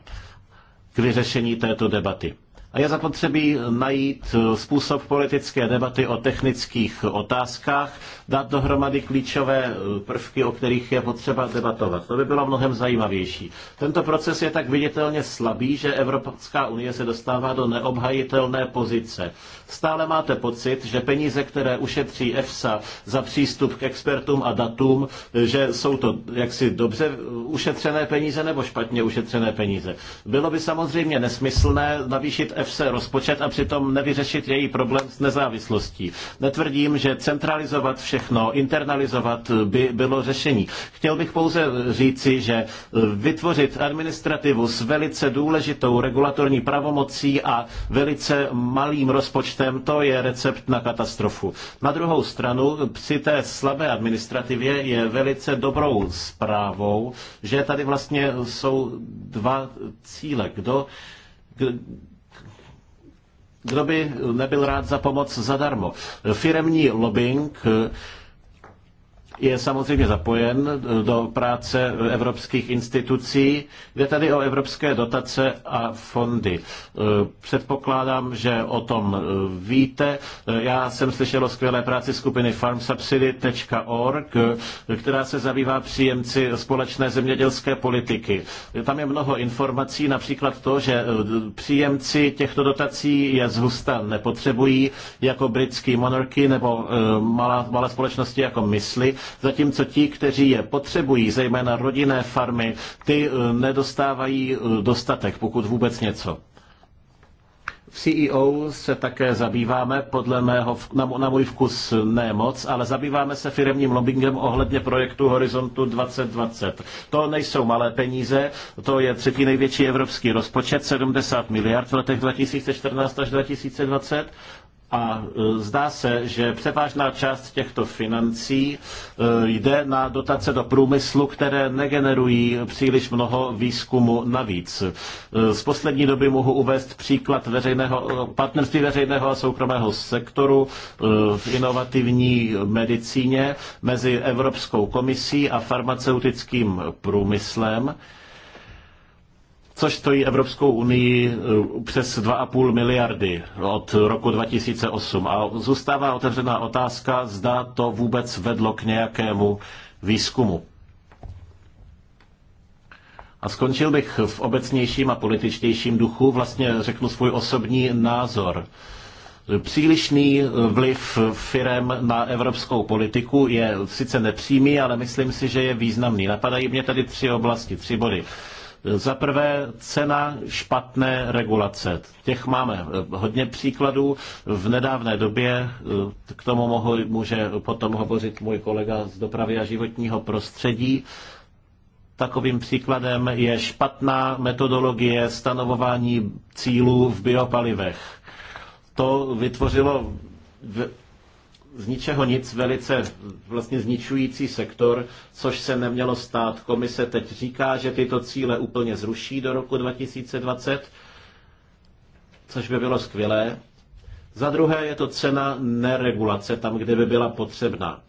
k vyřešení této debaty. A je zapotřebí najít eh, způsob politické debaty o technických otázkách, dát dohromady klíčové eh, prvky, o kterých je potřeba debatovat. To by bylo mnohem zajímavější. Tento proces je tak viditelně slabý, že Evropská unie se dostává do neobhajitelné pozice. Stále máte pocit, že peníze, které ušetří EFSA za přístup k expertům a datům, že jsou to jaksi dobře ušetřené peníze nebo špatně ušetřené peníze. Bylo by samozřejmě nesmyslné navýšit EFSA rozpočet a přitom nevyřešit její problém s nezávislostí. Netvrdím, že centralizovat všechno, internalizovat by bylo řešení. Chtěl bych pouze říci, že vytvořit administrativu s velice důležitou regulatorní pravomocí a velice malým rozpočtem rozpočtem, to je recept na katastrofu. Na druhou stranu, při té slabé administrativě je velice dobrou zprávou, že tady vlastně jsou dva cíle. Kdo, kdo by nebyl rád za pomoc zadarmo? Firemní lobbying je samozřejmě zapojen do práce evropských institucí. Jde tady o evropské dotace a fondy. E, předpokládám, že o tom e, víte. E, já jsem slyšel o skvělé práci skupiny farmsubsidy.org, která se zabývá příjemci společné zemědělské politiky. Tam je mnoho informací, například to, že příjemci těchto dotací je zhusta nepotřebují, jako britský monarchy nebo malé společnosti jako mysli zatímco ti, kteří je potřebují, zejména rodinné farmy, ty eh, nedostávají eh, dostatek, pokud vůbec něco. V CEO se také zabýváme, podle mého, na, můj vkus ne moc, ale zabýváme se firemním lobbyingem ohledně projektu Horizontu 2020. To nejsou malé peníze, to je třetí největší evropský rozpočet, 70 miliard v letech 2014 až 2020 a e, zdá se, že převážná část těchto financí e, jde na dotace do průmyslu, které negenerují příliš mnoho výzkumu navíc. E, z poslední doby mohu uvést příklad veřejného, partnerství veřejného a soukromého sektoru v inovativní medicíně mezi Evropskou komisí a farmaceutickým průmyslem což stojí Evropskou unii eh, přes 2,5 miliardy od roku 2008. A zůstává otevřená otázka, zda to vůbec vedlo k nějakému výzkumu. A skončil bych v obecnějším a političtějším duchu, vlastně řeknu svůj osobní názor. Přílišný eh, vliv firem na evropskou politiku je sice nepřímý, ale myslím si, že je významný. Napadají mě tady tři oblasti, tři body. Za prvé cena špatné regulace. Těch máme eh, hodně příkladů. V nedávné době eh, k tomu mohu, může potom hovořit můj kolega z dopravy a životního prostředí. Takovým příkladem je špatná metodologie stanovování cílů v biopalivech. To vytvořilo z ničeho nic velice vlastně zničující sektor, což se nemělo stát. Komise teď říká, že tyto cíle úplně zruší do roku 2020, což by bylo skvělé. Za druhé je to cena neregulace tam, kde by byla potřebná.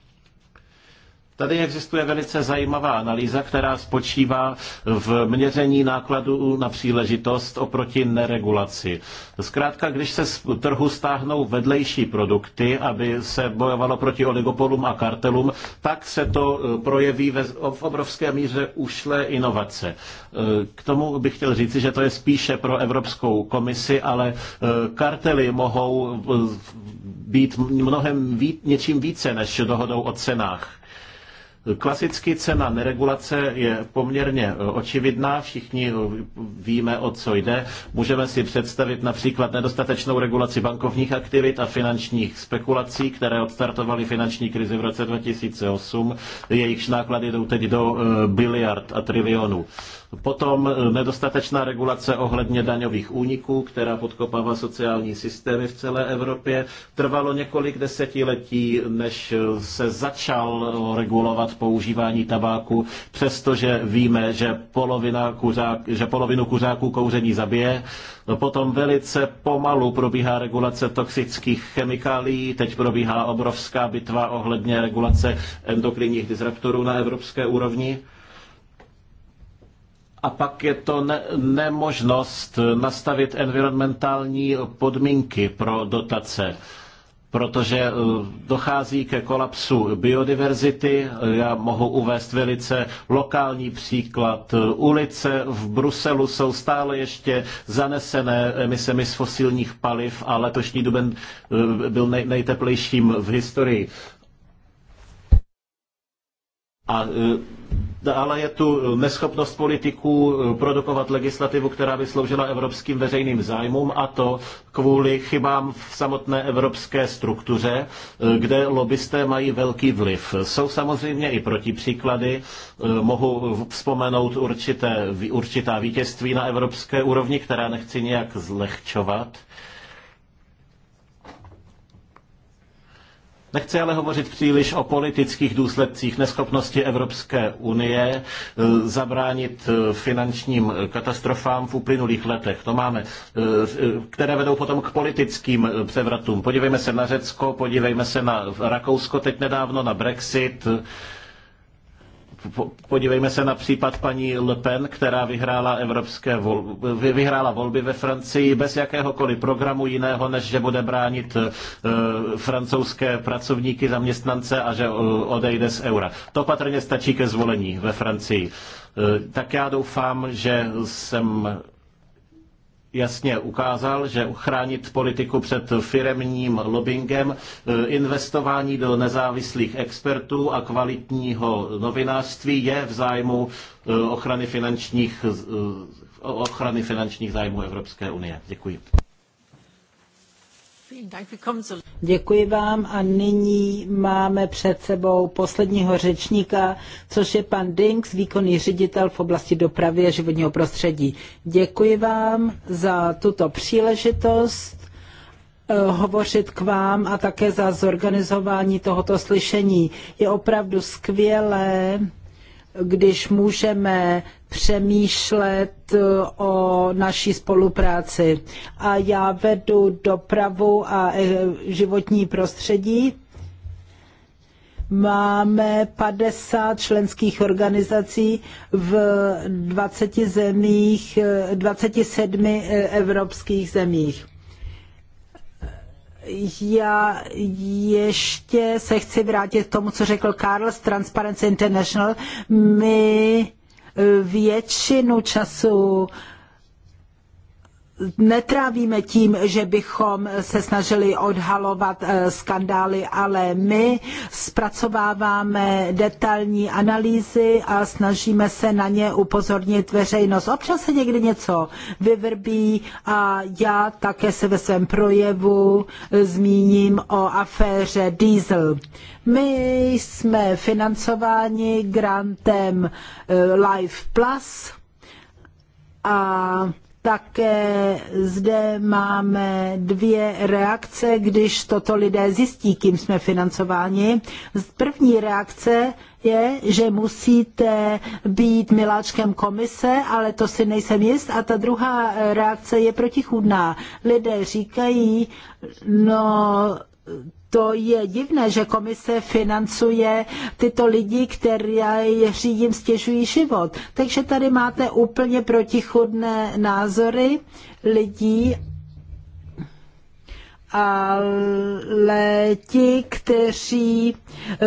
Tady existuje velice zajímavá analýza, která spočívá v měření nákladů na příležitost oproti neregulaci. Zkrátka, když se z trhu stáhnou vedlejší produkty, aby se bojovalo proti oligopolům a kartelům, tak se to eh, projeví v obrovské míře ušlé inovace. Eh, k tomu bych chtěl říci, že to je spíše pro Evropskou komisi, ale eh, kartely mohou být mnohem něčím více než dohodou o cenách. Klasicky cena neregulace je poměrně e, očividná, všichni e, víme, o co jde. Můžeme si představit například nedostatečnou regulaci bankovních aktivit a finančních spekulací, které odstartovaly finanční krizi v roce 2008. Jejichž náklady jdou teď do e, biliard a trilionů. Potom eh, nedostatečná regulace ohledně daňových úniků, která podkopává sociální systémy v celé Evropě. Trvalo několik desetiletí, než eh, se začal eh, regulovat používání tabáku, přestože víme, že, polovina kuřák, že polovinu kuřáků kouření zabije. Potom velice pomalu probíhá regulace toxických chemikálií, teď probíhá obrovská bitva ohledně regulace endokrinních disruptorů na evropské úrovni a pak je to ne- nemožnost nastavit environmentální podmínky pro dotace, protože eh, dochází ke kolapsu biodiverzity. Já mohu uvést velice lokální příklad. Ulice v Bruselu jsou stále ještě zanesené emisemi z fosilních paliv a letošní duben eh, byl nej- nejteplejším v historii. A e, Dále je tu neschopnost politiků e, produkovat legislativu, která by sloužila evropským veřejným zájmům a to kvůli chybám v samotné evropské struktuře, e, kde lobbysté mají velký vliv. Jsou samozřejmě i protipříklady, mohu vzpomenout určité, určitá vítězství na evropské úrovni, která nechci nějak zlehčovat. Nechci ale hovořit příliš o politických důsledcích neschopnosti Evropské unie eh, zabránit eh, finančním katastrofám v uplynulých letech. To máme, eh, které vedou potom k politickým převratům. Podívejme se na Řecko, podívejme se na Rakousko teď nedávno, na Brexit. Podívejme se na případ paní Le Pen, která vyhrála, evropské volby, vyhrála volby ve Francii bez jakéhokoliv programu jiného, než že bude bránit eh, francouzské pracovníky, zaměstnance a že eh, odejde z eura. To patrně stačí ke zvolení ve Francii. Eh, tak já doufám, že jsem jasně ukázal, že chránit politiku před firemním lobbyingem, e, investování do nezávislých expertů a kvalitního novinářství je v zájmu e, ochrany finančních, e, ochrany finančních zájmů Evropské unie. Děkuji. Děkuji vám a nyní máme před sebou posledního řečníka, což je pan Dings, výkonný ředitel v oblasti dopravy a životního prostředí. Děkuji vám za tuto příležitost eh, hovořit k vám a také za zorganizování tohoto slyšení. Je opravdu skvělé, když můžeme přemýšlet e, o naší spolupráci. A já vedu dopravu a e, životní prostředí. Máme 50 členských organizací v 20 zemích, 27 e, evropských zemích já ještě se chci vrátit k tomu, co řekl Karl z Transparency International. My většinu času netrávíme tím, že bychom se snažili odhalovat eh, skandály, ale my zpracováváme detailní analýzy a snažíme se na ně upozornit veřejnost. Občas se někdy něco vyvrbí a já také se ve svém projevu zmíním o aféře Diesel. My jsme financováni grantem eh, Life Plus a také zde máme dvě reakce, když toto lidé zjistí, kým jsme financováni. První reakce je, že musíte být miláčkem komise, ale to si nejsem jist. A ta druhá reakce je protichůdná. Lidé říkají, no to je divné, že komise financuje tyto lidi, kteří jim stěžují život. Takže tady máte úplně protichodné názory lidí, ale ti, kteří eh,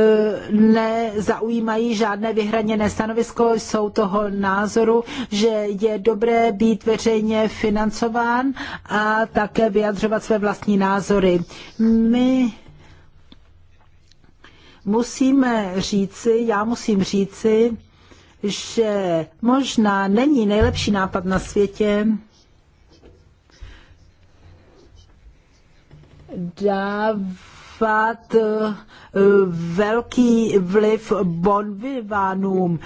nezaujímají žádné vyhraněné stanovisko, jsou toho názoru, že je dobré být veřejně financován a také vyjadřovat své vlastní názory. My musíme říci, já musím říci, že možná není nejlepší nápad na světě dávat dávat eh, velký vliv bonvivánům.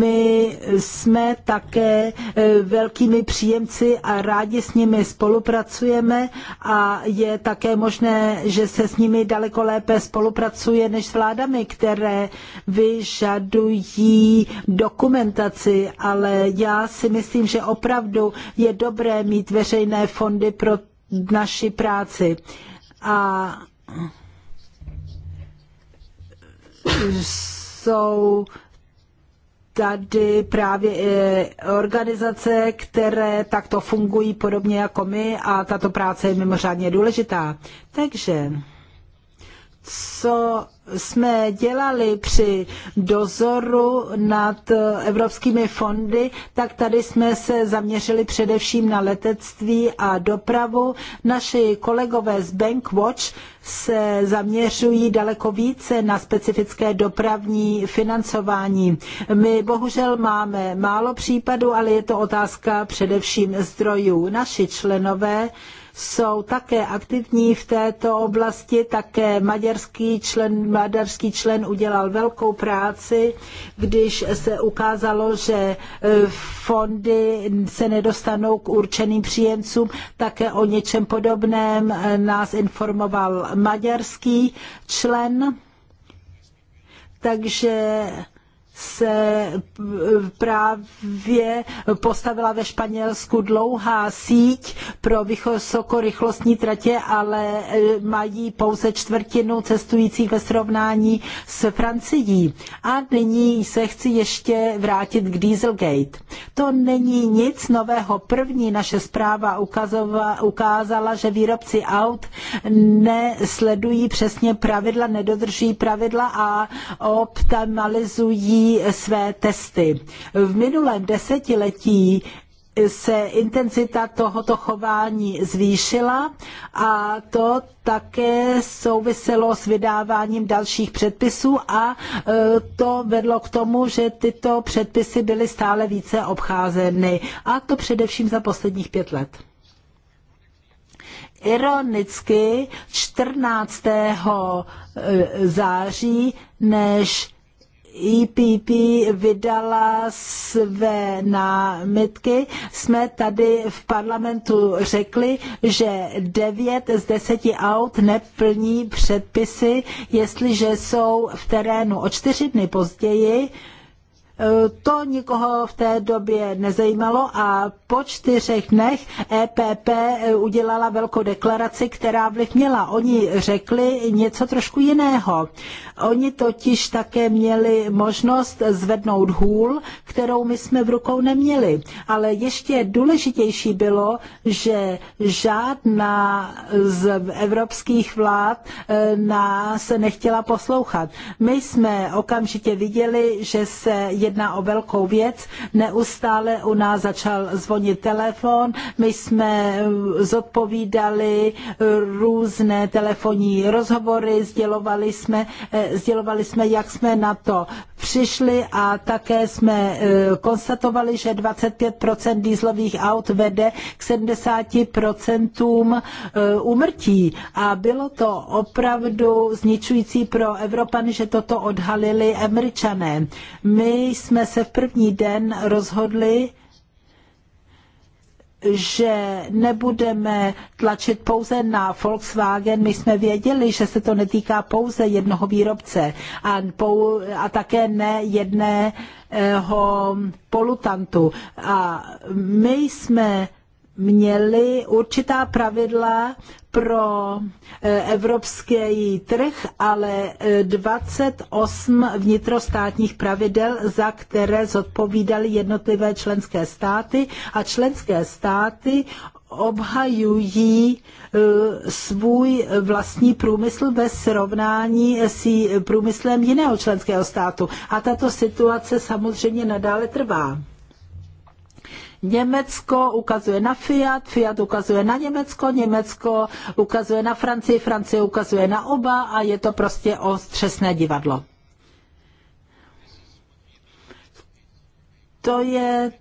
My jsme také eh, velkými příjemci a rádi s nimi spolupracujeme a je také možné, že se s nimi daleko lépe spolupracuje než s vládami, které vyžadují dokumentaci, ale já si myslím, že opravdu je dobré mít veřejné fondy pro naši práci. A jsou tady právě i organizace, které takto fungují podobně jako my a tato práce je mimořádně důležitá. Takže co jsme dělali při dozoru nad evropskými fondy, tak tady jsme se zaměřili především na letectví a dopravu. Naši kolegové z Bankwatch se zaměřují daleko více na specifické dopravní financování. My bohužel máme málo případů, ale je to otázka především zdrojů. Naši členové jsou také aktivní v této oblasti, také maďarský člen, maďarský člen udělal velkou práci, když se ukázalo, že e, fondy se nedostanou k určeným příjemcům, také o něčem podobném e, nás informoval maďarský člen. Takže se eh, právě postavila ve Španělsku dlouhá síť pro vysokorychlostní tratě, ale eh, mají pouze čtvrtinu cestujících ve srovnání s Francií. A nyní se chci ještě vrátit k Dieselgate. To není nic nového. První naše zpráva ukázala, že výrobci aut nesledují přesně pravidla, nedodržují pravidla a optimalizují své testy. V minulém desetiletí se intenzita tohoto chování zvýšila a to také souviselo s vydáváním dalších předpisů a e, to vedlo k tomu, že tyto předpisy byly stále více obcházeny a to především za posledních pět let. Ironicky 14. E, září, než EPP vydala své námitky, jsme tady v parlamentu řekli, že 9 z 10 aut neplní předpisy, jestliže jsou v terénu. O čtyři dny později Eh, to nikoho v té době nezajímalo a po čtyřech dnech EPP eh, udělala velkou deklaraci, která vliv měla. Oni řekli něco trošku jiného. Oni totiž také měli možnost zvednout hůl, kterou my jsme v rukou neměli. Ale ještě důležitější bylo, že žádná z evropských vlád eh, nás nechtěla poslouchat. My jsme okamžitě viděli, že se je jedná o velkou věc. Neustále u nás začal zvonit telefon, my jsme eh, zodpovídali eh, různé telefonní rozhovory, sdělovali jsme, eh, sdělovali jsme, jak jsme na to přišli a také jsme konstatovali, že 25% dýzlových aut vede k 70% úmrtí a bylo to opravdu zničující pro Evropany, že toto odhalili Američané. My jsme se v první den rozhodli, že nebudeme tlačit pouze na Volkswagen. My jsme věděli, že se to netýká pouze jednoho výrobce a, pou, a také ne jedného polutantu. A my jsme měli určitá pravidla pro eh, evropský trh, ale 28 eh, vnitrostátních pravidel, za které zodpovídaly jednotlivé členské státy a členské státy obhajují eh, svůj vlastní průmysl ve srovnání s průmyslem jiného členského státu. A tato situace samozřejmě nadále trvá. Německo ukazuje na Fiat, Fiat ukazuje na Německo, Německo ukazuje na Francii, Francie ukazuje na oba a je to prostě ostřesné divadlo. To je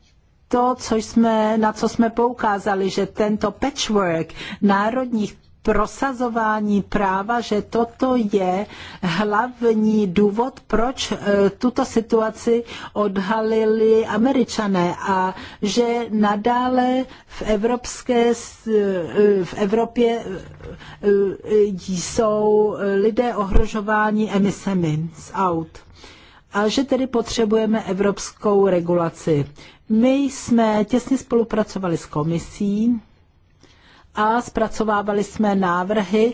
to, co jsme, na co jsme poukázali, že tento patchwork národních prosazování práva, že toto je hlavní důvod, proč eh, tuto situaci odhalili američané a že nadále v, evropské, eh, v Evropě eh, jsou lidé ohrožováni emisemi z aut a že tedy potřebujeme evropskou regulaci. My jsme těsně spolupracovali s komisí, a zpracovávali jsme návrhy,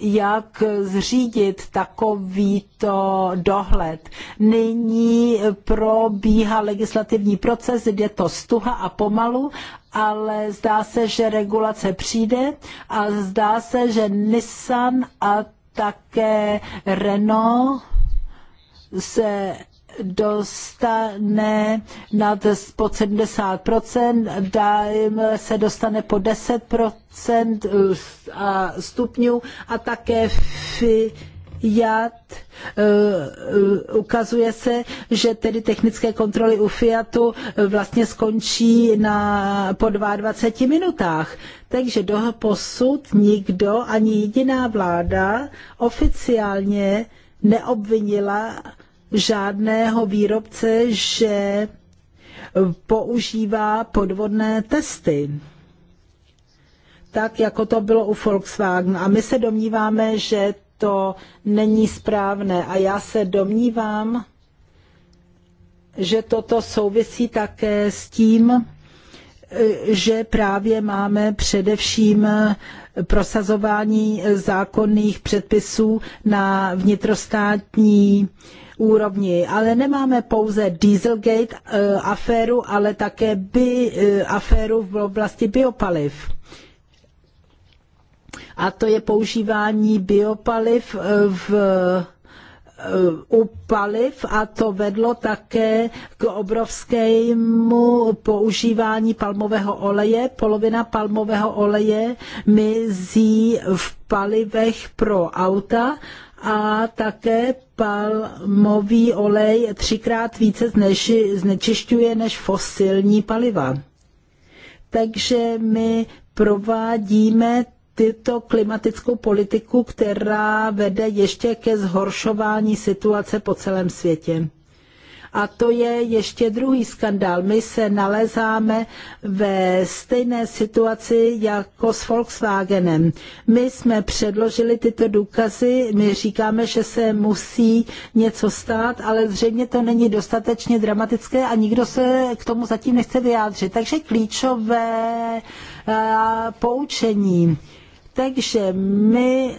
jak zřídit takovýto dohled. Nyní probíhá legislativní proces, jde to stuha a pomalu, ale zdá se, že regulace přijde a zdá se, že Nissan a také Renault se dostane nad pod 70%, dajm se dostane po 10% eh, a stupňů a také Fiat eh, eh, ukazuje se, že tedy technické kontroly u Fiatu vlastně skončí na, po 22 minutách. Takže do posud nikdo, ani jediná vláda oficiálně neobvinila žádného výrobce, že používá podvodné testy tak, jako to bylo u Volkswagen. A my se domníváme, že to není správné. A já se domnívám, že toto souvisí také s tím, že právě máme především prosazování zákonných předpisů na vnitrostátní uh, úrovni. Ale nemáme pouze Dieselgate eh, aféru, ale také by, eh, aféru v oblasti biopaliv a to je používání biopaliv eh, v u paliv a to vedlo také k obrovskému používání palmového oleje. Polovina palmového oleje mizí v palivech pro auta a také palmový olej třikrát více znečišťuje než fosilní paliva. Takže my provádíme tyto klimatickou politiku, která vede ještě ke zhoršování situace po celém světě. A to je ještě druhý skandál. My se nalezáme ve stejné situaci jako s Volkswagenem. My jsme předložili tyto důkazy, my říkáme, že se musí něco stát, ale zřejmě to není dostatečně dramatické a nikdo se k tomu zatím nechce vyjádřit. Takže klíčové eh, poučení. Takže my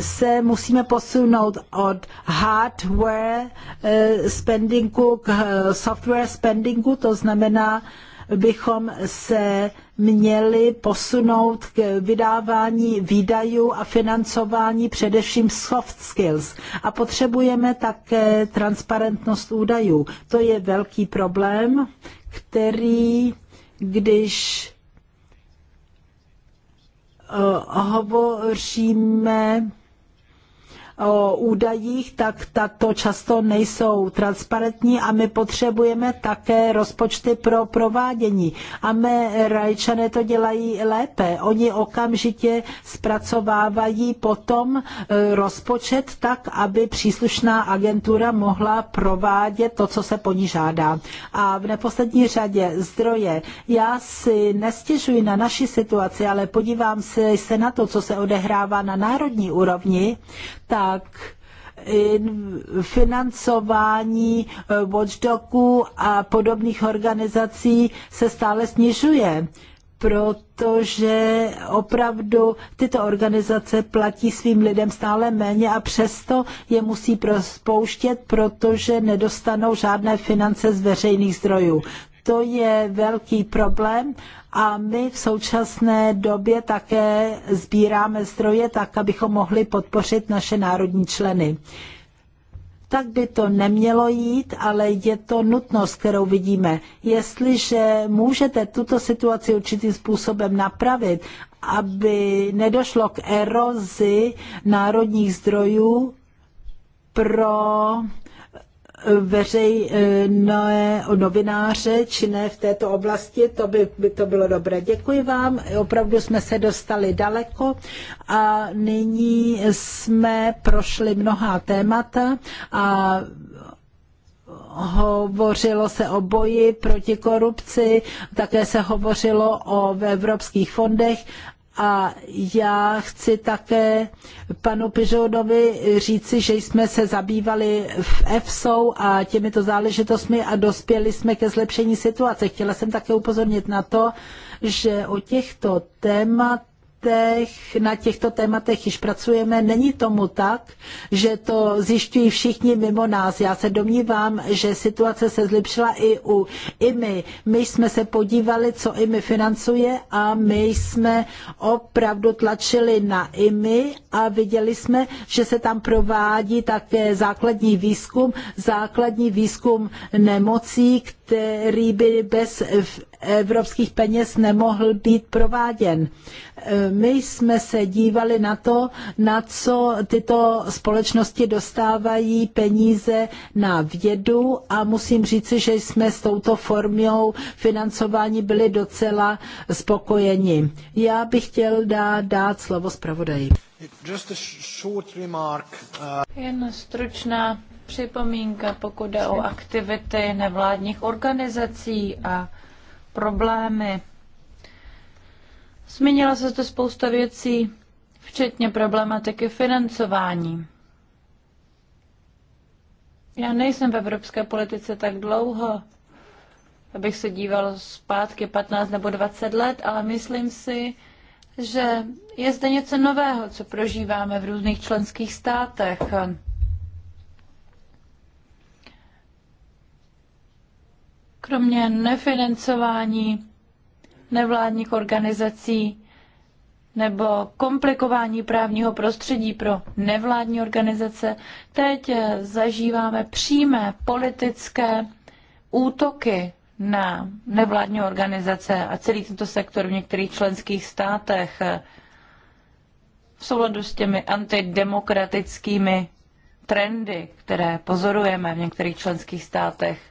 se musíme posunout od hardware eh, spendingu k eh, software spendingu, to znamená, bychom se měli posunout k vydávání výdajů a financování především soft skills. A potřebujeme také transparentnost údajů. To je velký problém, který, když eh, hovoříme o údajích, tak tato často nejsou transparentní a my potřebujeme také rozpočty pro provádění. A rajčané to dělají lépe. Oni okamžitě zpracovávají potom e, rozpočet tak, aby příslušná agentura mohla provádět to, co se po ní žádá. A v neposlední řadě zdroje. Já si nestěžuji na naši situaci, ale podívám se, se na to, co se odehrává na národní úrovni, tak financování eh, watchdogů a podobných organizací se stále snižuje, protože opravdu tyto organizace platí svým lidem stále méně a přesto je musí spouštět, protože nedostanou žádné finance z veřejných zdrojů. To je velký problém a my v současné době také sbíráme zdroje tak, abychom mohli podpořit naše národní členy. Tak by to nemělo jít, ale je to nutnost, kterou vidíme. Jestliže můžete tuto situaci určitým způsobem napravit, aby nedošlo k erozi národních zdrojů pro veřejné novináře činné v této oblasti, to by, by to bylo dobré. Děkuji vám, opravdu jsme se dostali daleko a nyní jsme prošli mnohá témata a hovořilo se o boji proti korupci, také se hovořilo o evropských fondech a já chci také panu Pižoudovi říci, že jsme se zabývali v EFSOU a těmito záležitostmi a dospěli jsme ke zlepšení situace. Chtěla jsem také upozornit na to, že o těchto témat tématech, na těchto tématech již pracujeme. Není tomu tak, že to zjišťují všichni mimo nás. Já se domnívám, že situace se zlepšila i u IMI. My jsme se podívali, co IMI financuje a my jsme opravdu tlačili na IMI a viděli jsme, že se tam provádí také základní výzkum, základní výzkum nemocí, který by bez evropských peněz nemohl být prováděn. E, my jsme se dívali na to, na co tyto společnosti dostávají peníze na vědu a musím říci, že jsme s touto formou financování byli docela spokojeni. Já bych chtěl dát, dát slovo zpravodaji. Uh, Jen stručná připomínka, pokud jde o aktivity nevládních organizací a problémy. Zmínila se to spousta věcí, včetně problematiky financování. Já nejsem v evropské politice tak dlouho, abych se díval zpátky 15 nebo 20 let, ale myslím si, že je zde něco nového, co prožíváme v různých členských státech. Kromě nefinancování nevládních organizací nebo komplikování právního prostředí pro nevládní organizace, teď zažíváme přímé politické útoky na nevládní organizace a celý tento sektor v některých členských státech v souladu s těmi antidemokratickými trendy, které pozorujeme v některých členských státech.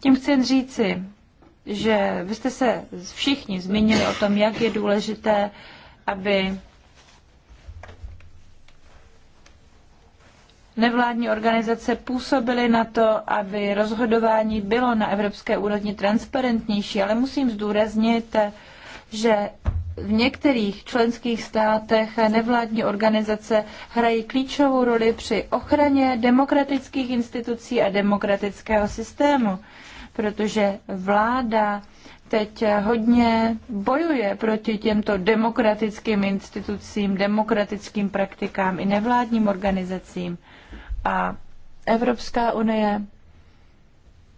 Tím chci jen říci, že vy jste se všichni zmínili o tom, jak je důležité, aby nevládní organizace působily na to, aby rozhodování bylo na evropské úrovni transparentnější, ale musím zdůraznit, že v některých členských státech nevládní organizace hrají klíčovou roli při ochraně demokratických institucí a demokratického systému protože vláda teď hodně bojuje proti těmto demokratickým institucím, demokratickým praktikám i nevládním organizacím. A Evropská unie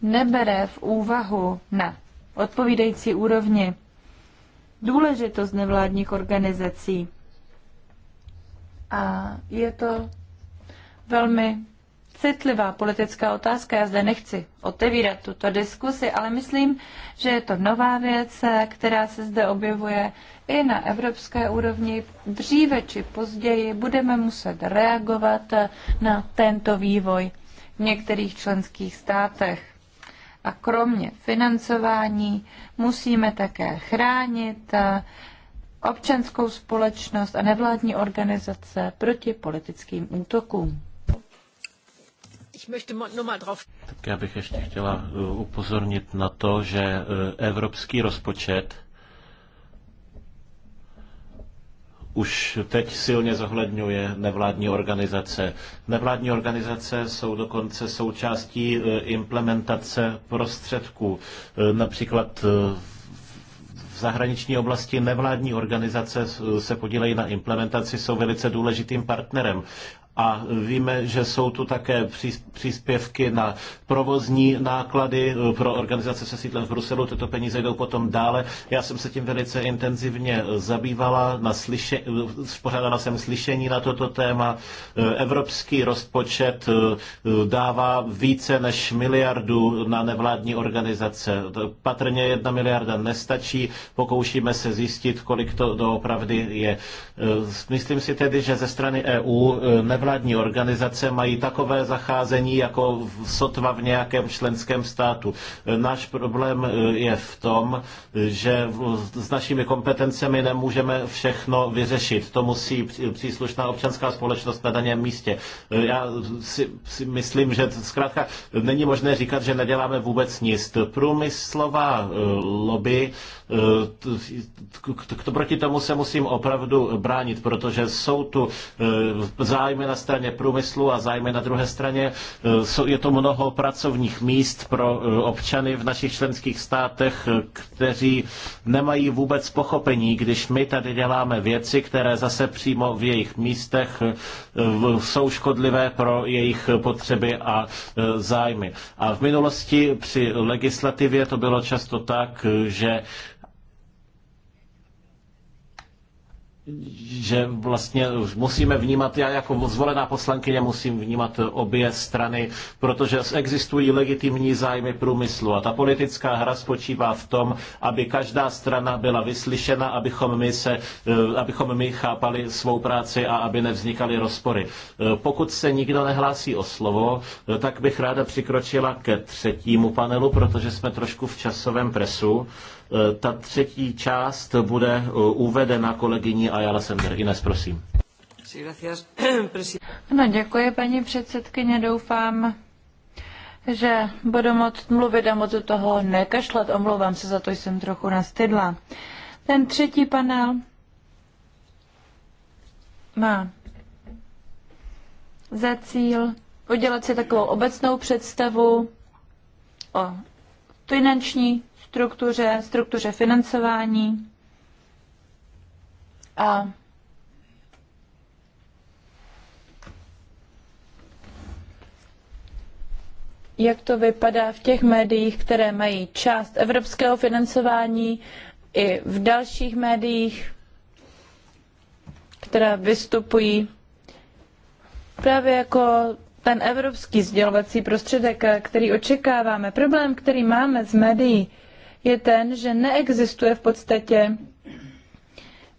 nebere v úvahu na odpovídající úrovni důležitost nevládních organizací. A je to velmi citlivá politická otázka. Já zde nechci otevírat tuto diskusi, ale myslím, že je to nová věc, která se zde objevuje i na evropské úrovni. Dříve či později budeme muset reagovat na tento vývoj v některých členských státech. A kromě financování musíme také chránit občanskou společnost a nevládní organizace proti politickým útokům. Tak já bych ještě chtěla eh, upozornit na to, že eh, evropský rozpočet už teď silně zohledňuje nevládní organizace. Nevládní organizace jsou dokonce součástí eh, implementace prostředků. Například v zahraniční oblasti nevládní organizace se podílejí na implementaci, jsou velice důležitým partnerem. A víme, že jsou tu také příspěvky na provozní náklady e, pro organizace se sídlem v Bruselu. Tyto peníze jdou potom dále. Já jsem se tím velice intenzivně e, zabývala. Na sliše... E, spořádala jsem slyšení na toto téma. Evropský rozpočet dává více než miliardu na nevládní organizace. Patrně jedna miliarda nestačí. Pokoušíme se zjistit, kolik to doopravdy je. Myslím si tedy, že ze strany EU nevládní nevládní organizace mají takové zacházení jako sotva v nějakém členském státu. Náš problém eh, je v tom, že s našimi kompetencemi nemůžeme všechno vyřešit. To musí příslušná občanská společnost na daném místě. Eh, já si, si myslím, že zkrátka není možné říkat, že neděláme vůbec nic. Průmyslová eh, lobby, proti tomu se musím opravdu bránit, protože jsou tu zájmy na straně průmyslu a zájmy na druhé straně. Eh, je to mnoho pracovních míst pro eh, občany v našich členských státech, kteří nemají vůbec pochopení, když my tady děláme věci, které zase přímo v jejich místech eh, jsou škodlivé pro jejich potřeby a zájmy. A v minulosti při legislativě to bylo často tak, že že vlastně musíme vnímat, já jako zvolená poslankyně musím vnímat obě strany, protože existují legitimní zájmy průmyslu a ta politická hra spočívá v tom, aby každá strana byla vyslyšena, abychom my, se, eh, abychom my chápali svou práci a aby nevznikaly rozpory. Eh, pokud se nikdo nehlásí o slovo, eh, tak bych ráda přikročila ke třetímu panelu, protože jsme trošku v časovém presu. Eh, ta třetí část bude eh, uvedena kolegyní Ayala Sender. Ines, prosím. <clears throat> No, děkuji, paní předsedkyně. Doufám, že budu moc mluvit a moc toho nekašlat. Omlouvám se za to, že jsem trochu nastydla. Ten třetí panel má za cíl udělat si takovou obecnou představu o finanční struktuře, struktuře financování a jak to vypadá v těch médiích, které mají část evropského financování i v dalších médiích, která vystupují právě jako ten evropský sdělovací prostředek, který očekáváme. Problém, který máme s médií, je ten, že neexistuje v podstatě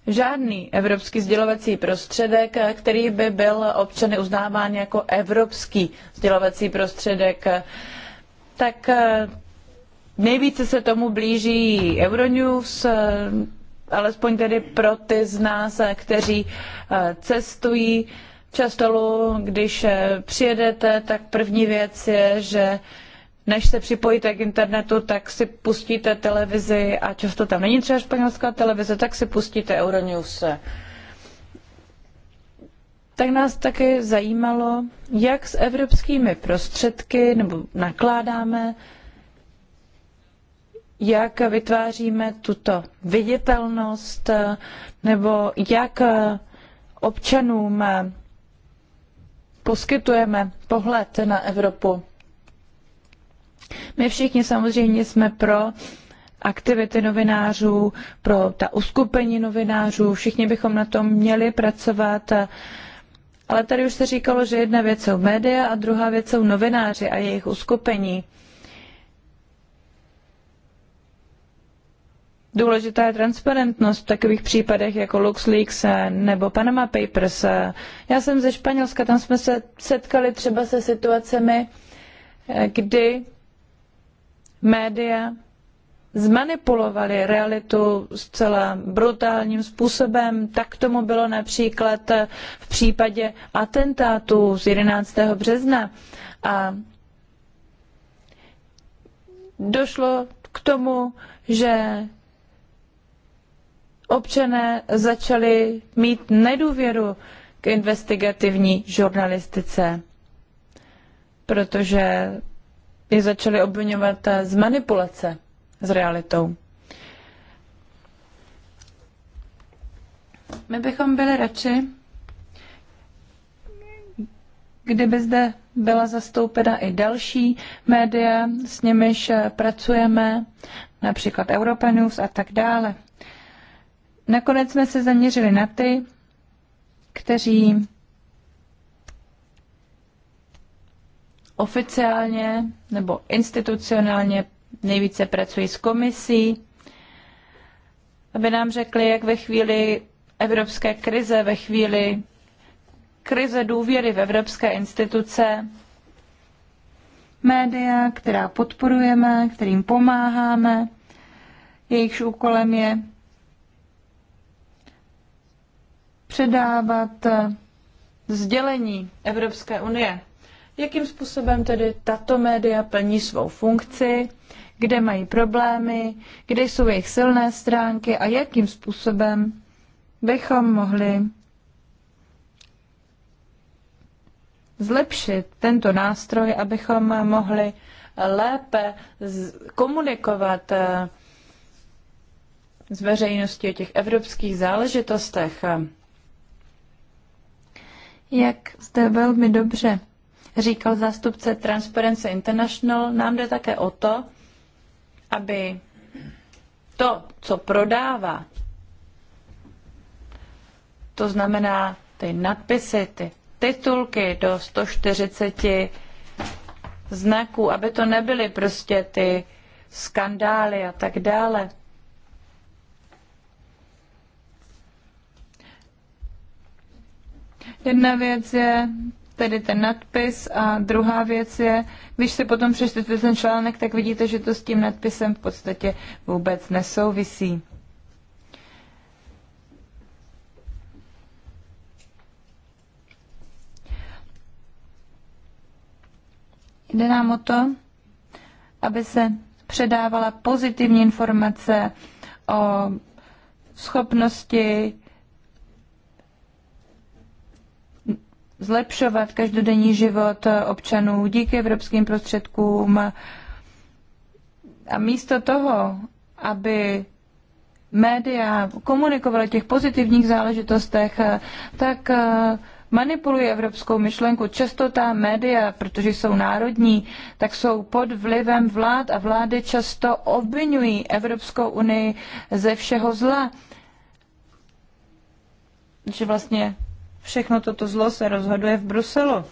žádný evropský sdělovací prostředek, který by byl občany uznáván jako evropský sdělovací prostředek. Tak eh, nejvíce se tomu blíží Euronews, eh, alespoň tedy pro ty z nás, eh, kteří cestují. Často, když přijedete, tak první věc je, že než se připojíte k internetu, tak si pustíte televizi a často tam není třeba španělská televize, tak si pustíte Euronews. Tak nás také zajímalo, jak s evropskými prostředky nebo nakládáme, jak vytváříme tuto viditelnost, nebo jak občanům poskytujeme pohled na Evropu. My všichni samozřejmě jsme pro aktivity novinářů, pro ta uskupení novinářů, všichni bychom na tom měli pracovat. Ale tady už se říkalo, že jedna věc jsou média a druhá věc jsou novináři a jejich uskupení. Důležitá je transparentnost v takových případech jako LuxLeaks nebo Panama Papers. Já jsem ze Španělska, tam jsme se setkali třeba se situacemi, kdy média zmanipulovali realitu zcela brutálním způsobem. Tak tomu bylo například v případě atentátu z 11. března. A došlo k tomu, že občané začali mít nedůvěru k investigativní žurnalistice, protože je začali obvinovat eh, z manipulace s realitou. My bychom byli radši, kdyby zde byla zastoupena i další média, s nimiž eh, pracujeme, například Europa News a tak dále. Nakonec jsme se zaměřili na ty, kteří oficiálně nebo institucionálně nejvíce pracují s komisí, aby nám řekli, jak ve chvíli evropské krize, ve chvíli krize důvěry v evropské instituce, média, která podporujeme, kterým pomáháme, jejichž úkolem je předávat sdělení Evropské unie Jakým způsobem tedy tato média plní svou funkci, kde mají problémy, kde jsou jejich silné stránky a jakým způsobem bychom mohli zlepšit tento nástroj, abychom mohli lépe komunikovat eh, s veřejností o těch evropských záležitostech. Jak zde velmi dobře říkal zástupce Transparency International, nám jde také o to, aby to, co prodává, to znamená ty nadpisy, ty titulky do 140 znaků, aby to nebyly prostě ty skandály a tak dále. Jedna věc je tedy ten nadpis. A druhá věc je, když si potom přečtete ten článek, tak vidíte, že to s tím nadpisem v podstatě vůbec nesouvisí. Jde nám o to, aby se předávala pozitivní informace o schopnosti zlepšovat každodenní život občanů díky evropským prostředkům. A místo toho, aby média komunikovala těch pozitivních záležitostech, tak eh, manipuluje evropskou myšlenku. Často ta média, protože jsou národní, tak jsou pod vlivem vlád a vlády často obvinují Evropskou unii ze všeho zla. Že vlastně Všechno toto zlo se rozhoduje v Bruselu.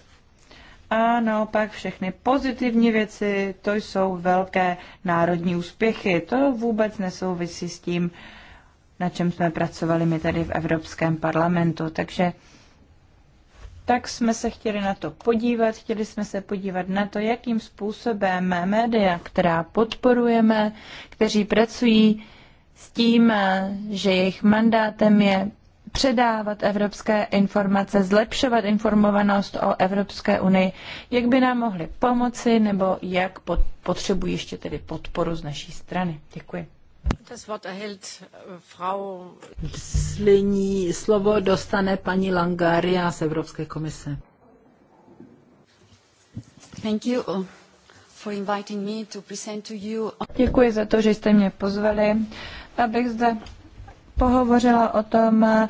A naopak všechny pozitivní věci, to jsou velké národní úspěchy. To vůbec nesouvisí s tím, na čem jsme pracovali my tady v Evropském parlamentu. Takže tak jsme se chtěli na to podívat. Chtěli jsme se podívat na to, jakým způsobem média, která podporujeme, kteří pracují s tím, že jejich mandátem je předávat evropské informace, zlepšovat informovanost o Evropské unii, jak by nám mohli pomoci nebo jak pod, potřebují ještě tedy podporu z naší strany. Děkuji. Das Wort erhält äh, Frau... Slyní slovo dostane paní Langaria z Evropské komise. Thank you for inviting me to present to you. Děkuji za to, že jste mě pozvali, abych zde pohovořila o tom,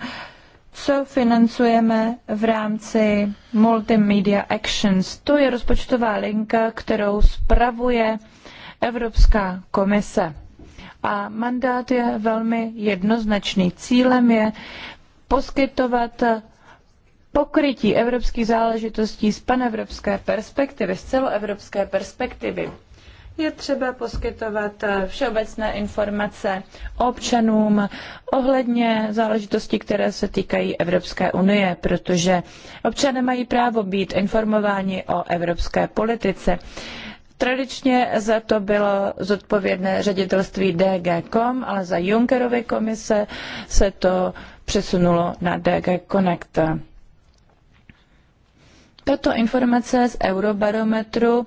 co financujeme v rámci Multimedia Actions. To je rozpočtová linka, kterou spravuje Evropská komise. A mandát je velmi jednoznačný. Cílem je poskytovat pokrytí evropských záležitostí z panevropské perspektivy, z celoevropské perspektivy je třeba poskytovat eh, všeobecné informace občanům ohledně záležitostí, které se týkají Evropské unie, protože občané mají právo být informováni o evropské politice. Tradičně za to bylo zodpovědné ředitelství DG.com, ale za Junckerovy komise se to přesunulo na DG Connect. Tato informace z Eurobarometru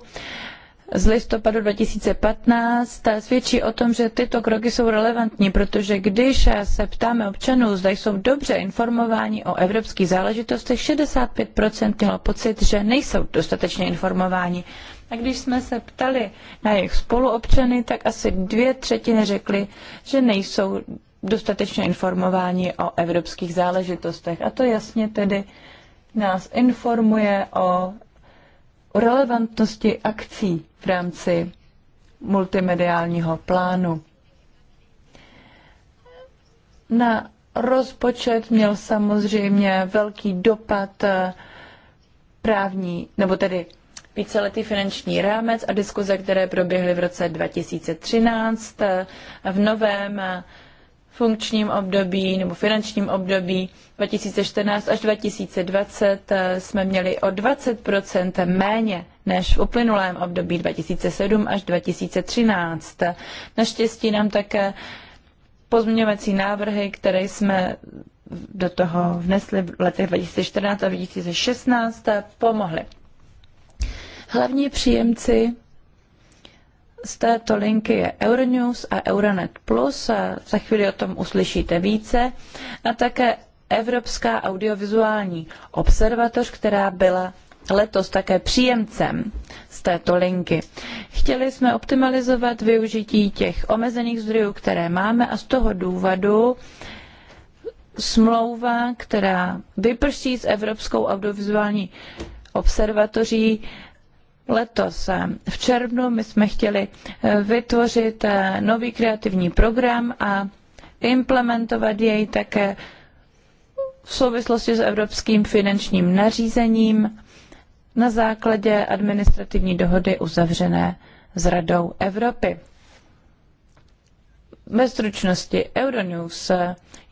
z listopadu 2015 svědčí o tom, že tyto kroky jsou relevantní, protože když se ptáme občanů, zda jsou dobře informováni o evropských záležitostech, 65% mělo pocit, že nejsou dostatečně informováni. A když jsme se ptali na jejich spoluobčany, tak asi dvě třetiny řekly, že nejsou dostatečně informováni o evropských záležitostech. A to jasně tedy nás informuje o o relevantnosti akcí v rámci multimediálního plánu. Na rozpočet měl samozřejmě velký dopad eh, právní, nebo tedy víceletý finanční rámec a diskuze, které proběhly v roce 2013 eh, v novém eh, funkčním období nebo finančním období 2014 až 2020 eh, jsme měli o 20 méně než v uplynulém období 2007 až 2013. Naštěstí nám také pozměňovací návrhy, které jsme do toho vnesli v letech 2014 a 2016, eh, pomohly. Hlavní příjemci z této linky je Euronews a Euronet Plus, a za chvíli o tom uslyšíte více, a také Evropská audiovizuální observatoř, která byla letos také příjemcem z této linky. Chtěli jsme optimalizovat využití těch omezených zdrojů, které máme a z toho důvodu smlouva, která vyprší s Evropskou audiovizuální observatoří, letos eh, v červnu. My jsme chtěli eh, vytvořit eh, nový kreativní program a implementovat jej také v souvislosti s evropským finančním nařízením na základě administrativní dohody uzavřené s Radou Evropy. Ve stručnosti Euronews,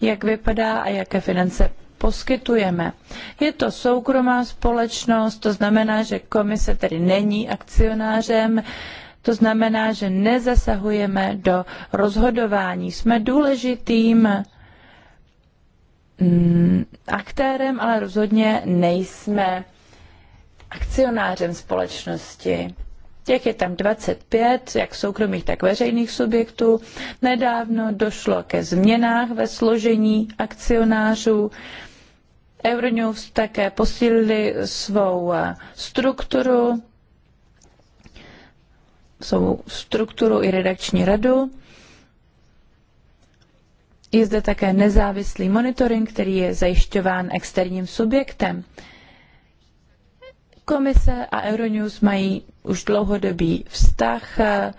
jak vypadá a jaké finance poskytujeme. Je to soukromá společnost, to znamená, že komise tedy není akcionářem, to znamená, že nezasahujeme do rozhodování. Jsme důležitým mm, aktérem, ale rozhodně nejsme akcionářem společnosti. Těch je tam 25, jak soukromých, tak veřejných subjektů. Nedávno došlo ke změnách ve složení akcionářů. Euronews také posílili svou eh, strukturu, svou strukturu i redakční radu. Je zde také nezávislý monitoring, který je zajišťován externím subjektem. Komise a Euronews mají už dlouhodobý vztah eh,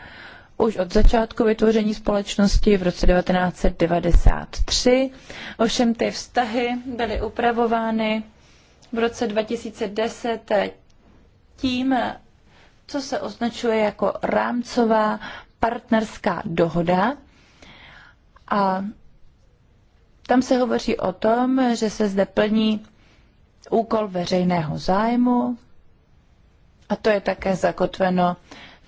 už od začátku vytvoření společnosti v roce 1993. Ovšem ty vztahy byly upravovány v roce 2010 tím, co se označuje jako rámcová partnerská dohoda. A tam se hovoří o tom, že se zde plní úkol veřejného zájmu a to je také zakotveno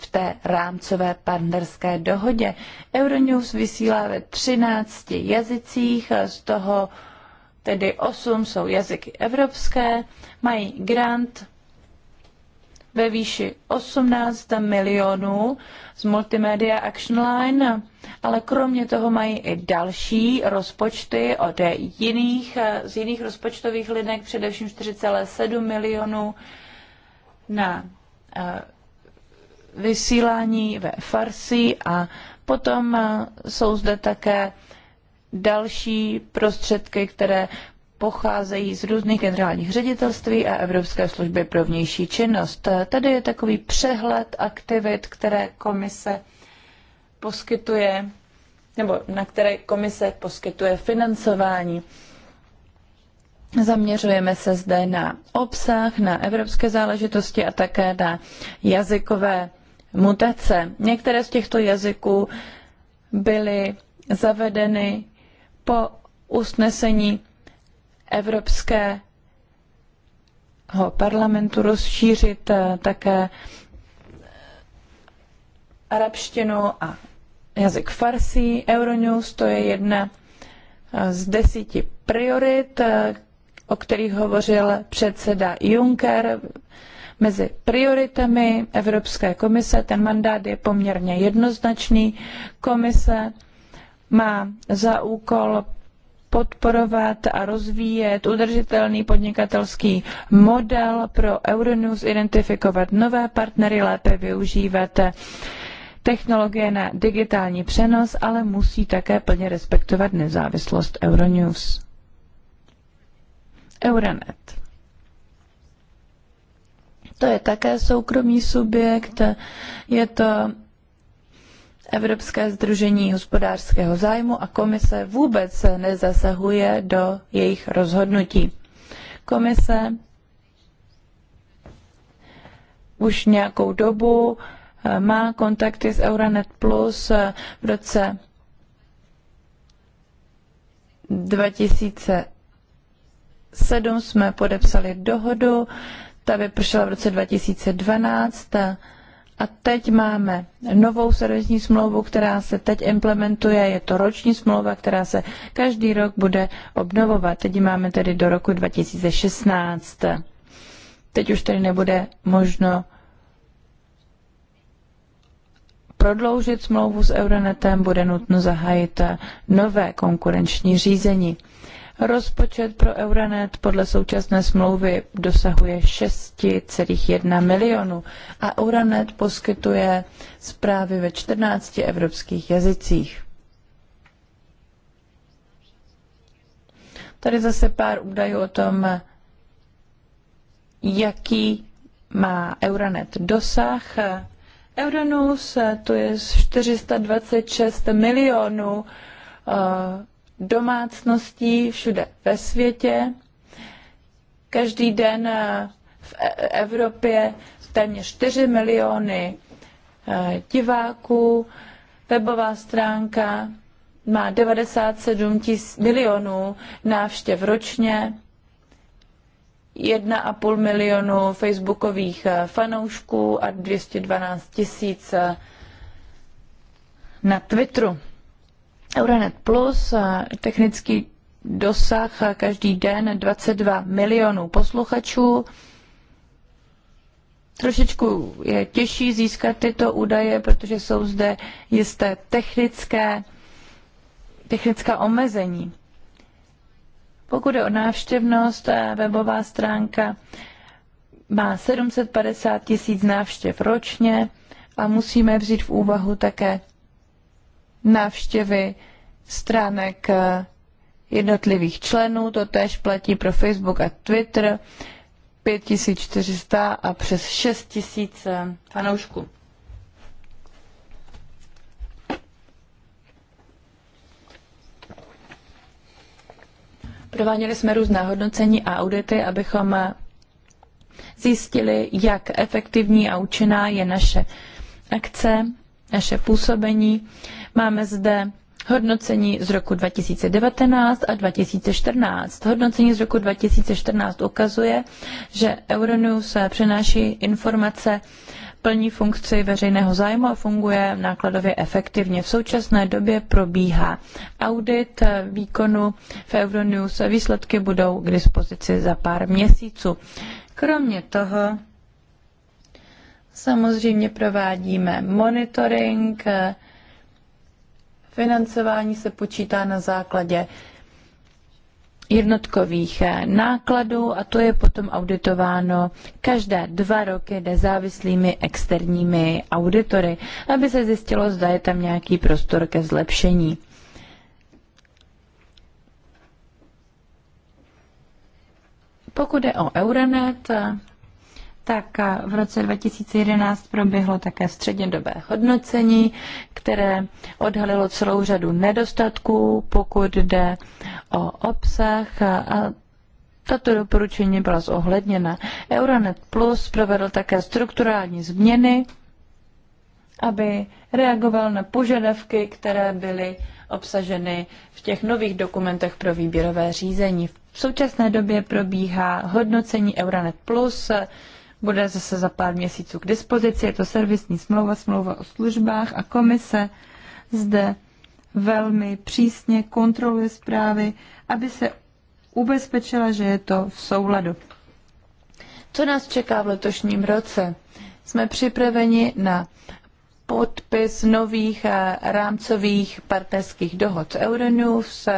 v té rámcové partnerské dohodě. Euronews vysílá ve 13 jazycích, z toho tedy 8 jsou jazyky evropské, mají grant ve výši 18 milionů z Multimedia Action Line, ale kromě toho mají i další rozpočty od jiných, z jiných rozpočtových linek, především 4,7 milionů na eh, vysílání ve Farsi a potom eh, jsou zde také další prostředky, které pocházejí z různých generálních ředitelství a Evropské služby pro vnější činnost. Eh, tady je takový přehled aktivit, které komise poskytuje, nebo na které komise poskytuje financování. Zaměřujeme se zde na obsah, na evropské záležitosti a také na jazykové mutace. Některé z těchto jazyků byly zavedeny po usnesení Evropského parlamentu rozšířit eh, také arabštinu a jazyk farsí. Euronews to je jedna eh, z desíti priorit, eh, o kterých hovořil předseda Juncker mezi prioritami Evropské komise. Ten mandát je poměrně jednoznačný. Komise má za úkol podporovat a rozvíjet udržitelný podnikatelský model pro Euronews, identifikovat nové partnery, lépe využívat technologie na digitální přenos, ale musí také plně respektovat nezávislost Euronews. Euronet. To je také soukromý subjekt, je to Evropské združení hospodářského zájmu a komise vůbec nezasahuje do jejich rozhodnutí. Komise už nějakou dobu eh, má kontakty s Euronet Plus eh, v roce 2007 jsme podepsali dohodu ta vypršela v roce 2012 a teď máme novou servisní smlouvu, která se teď implementuje. Je to roční smlouva, která se každý rok bude obnovovat. Teď máme tedy do roku 2016. Teď už tedy nebude možno prodloužit smlouvu s Euronetem, bude nutno zahájit nové konkurenční řízení. Rozpočet pro Euronet podle současné smlouvy dosahuje 6,1 milionu a Euronet poskytuje zprávy ve 14 evropských jazycích. Tady zase pár údajů o tom, jaký má Euronet dosah. Euronews to je 426 milionů eh, domácností všude ve světě. Každý den eh, v e- Evropě téměř 4 miliony eh, diváků, webová stránka má 97 milionů návštěv ročně, 1,5 milionu facebookových eh, fanoušků a 212 tisíc na Twitteru. Euronet Plus, eh, technický dosah eh, každý den 22 milionů posluchačů. Trošičku je těžší získat tyto údaje, protože jsou zde jisté technické, technická omezení. Pokud je o návštěvnost, eh, webová stránka má 750 tisíc návštěv ročně a musíme vzít v úvahu také návštěvy stránek eh, jednotlivých členů, to tež platí pro Facebook a Twitter, 5400 a přes 6000 eh, fanoušků. Prováděli jsme různá hodnocení a audity, abychom eh, zjistili, jak efektivní a účinná je naše akce, naše působení. Máme zde hodnocení z roku 2019 a 2014. Hodnocení z roku 2014 ukazuje, že Euronews přenáší informace plní funkci veřejného zájmu a funguje nákladově efektivně. V současné době probíhá audit výkonu v Euronews. Výsledky budou k dispozici za pár měsíců. Kromě toho samozřejmě provádíme monitoring Financování se počítá na základě jednotkových eh, nákladů a to je potom auditováno každé dva roky nezávislými externími auditory, aby se zjistilo, zda je tam nějaký prostor ke zlepšení. Pokud je o Euronet, tak v roce 2011 proběhlo také střednědobé hodnocení, které odhalilo celou řadu nedostatků, pokud jde o obsah a tato doporučení byla zohledněna. Euronet Plus provedl také strukturální změny, aby reagoval na požadavky, které byly obsaženy v těch nových dokumentech pro výběrové řízení. V současné době probíhá hodnocení Euronet Plus, bude zase za pár měsíců k dispozici. Je to servisní smlouva, smlouva o službách a komise zde velmi přísně kontroluje zprávy, aby se ubezpečila, že je to v souladu. Co nás čeká v letošním roce? Jsme připraveni na podpis nových eh, rámcových partnerských dohod s Euronews,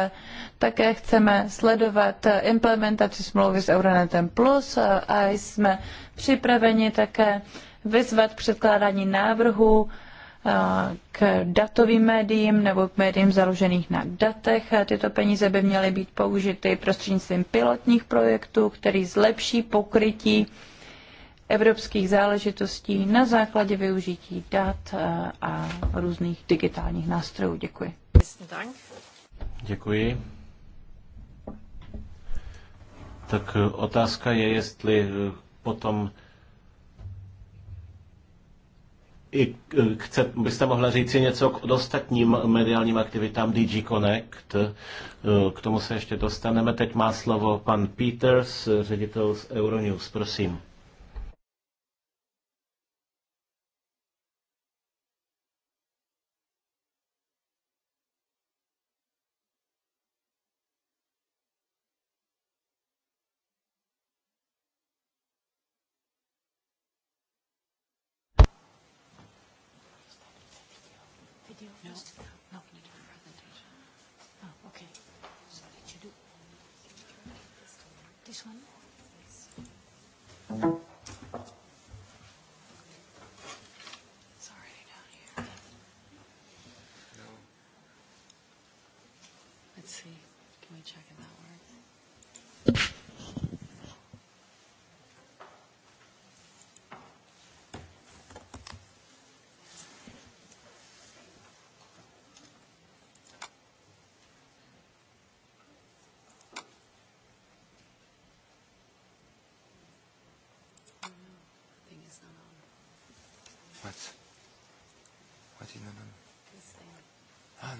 také chceme sledovat implementaci smlouvy s Euronetem Plus a jsme připraveni také vyzvat předkládání návrhů k datovým médiím nebo k médiím založených na datech. Tyto peníze by měly být použity prostřednictvím pilotních projektů, který zlepší pokrytí evropských záležitostí na základě využití dat a různých digitálních nástrojů. Děkuji. Děkuji tak otázka je, jestli eh, potom i eh, chce, byste mohla říct si něco k ostatním mediálním aktivitám DG Connect. Eh, k tomu se ještě dostaneme. Teď má slovo pan Peters, ředitel z Euronews. Prosím.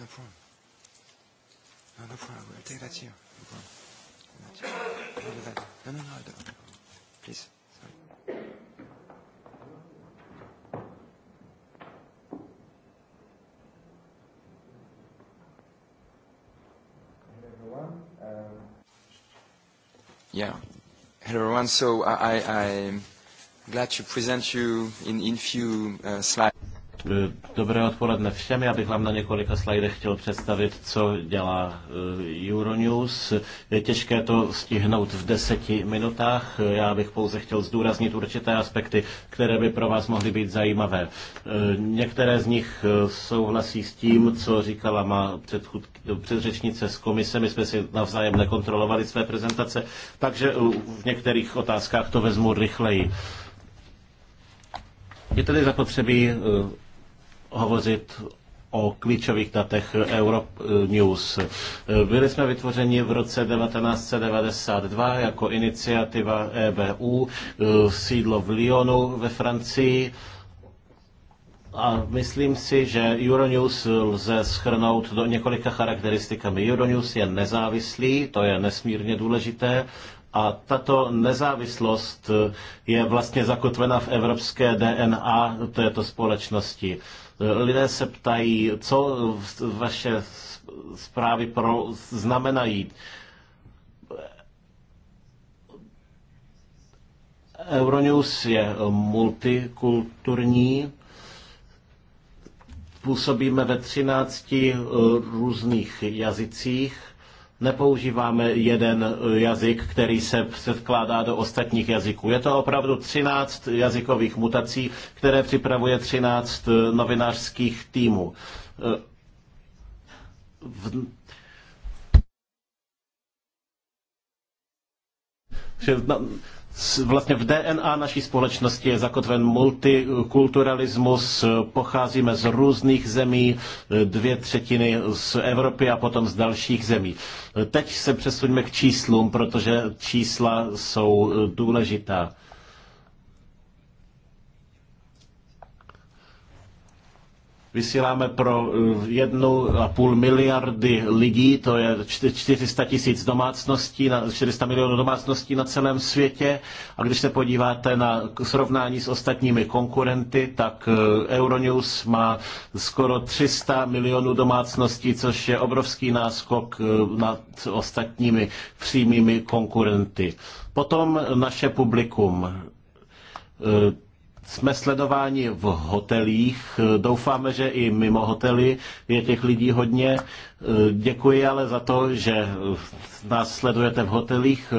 reform. No, no problem. I'll take that here. No problem. I'll do that. No, no, no, I'll do it. Please. Um, yeah. Hello, everyone. So I, I, I'm glad to present you in, in few uh, slides. Eh, dobré odpoledne všem. Já bych vám na několika slajdech chtěl představit, co dělá eh, Euronews. Je těžké to stihnout v deseti minutách. Já bych pouze chtěl zdůraznit určité aspekty, které by pro vás mohly být zajímavé. Eh, některé z nich souhlasí s tím, co říkala má předchůd, předřečnice s komise. My jsme si navzájem nekontrolovali své prezentace, takže v některých otázkách to vezmu rychleji. Je tedy zapotřebí hovořit o klíčových datech Europe eh, News. Eh, byli jsme vytvořeni v roce 1992 jako iniciativa EBU, eh, sídlo v Lyonu ve Francii. A myslím si, že Euronews lze schrnout do několika charakteristikami. Euronews je nezávislý, to je nesmírně důležité. A tato nezávislost je vlastně zakotvena v evropské DNA této společnosti. Lidé se ptají, co vaše zprávy pro, znamenají. Euronews je multikulturní, působíme ve 13 eh, různých jazycích nepoužíváme jeden eh, jazyk, který se předkládá do ostatních jazyků. Je to opravdu 13 jazykových mutací, které připravuje 13 eh, novinářských týmů. Eh, v... Na vlastně v DNA naší společnosti je zakotven multikulturalismus, pocházíme z různých zemí, dvě třetiny z Evropy a potom z dalších zemí. Teď se přesuňme k číslům, protože čísla jsou důležitá. Vysíláme pro eh, jednu a půl miliardy lidí, to je 400 tisíc domácností, 400 milionů domácností na celém světě. A když se podíváte na srovnání s ostatními konkurenty, tak eh, Euronews má skoro 300 milionů domácností, což je obrovský náskok eh, nad ostatními přímými konkurenty. Potom naše publikum jsme sledováni v hotelích. Doufáme, že i mimo hotely je těch lidí hodně. Děkuji ale za to, že nás sledujete v hotelích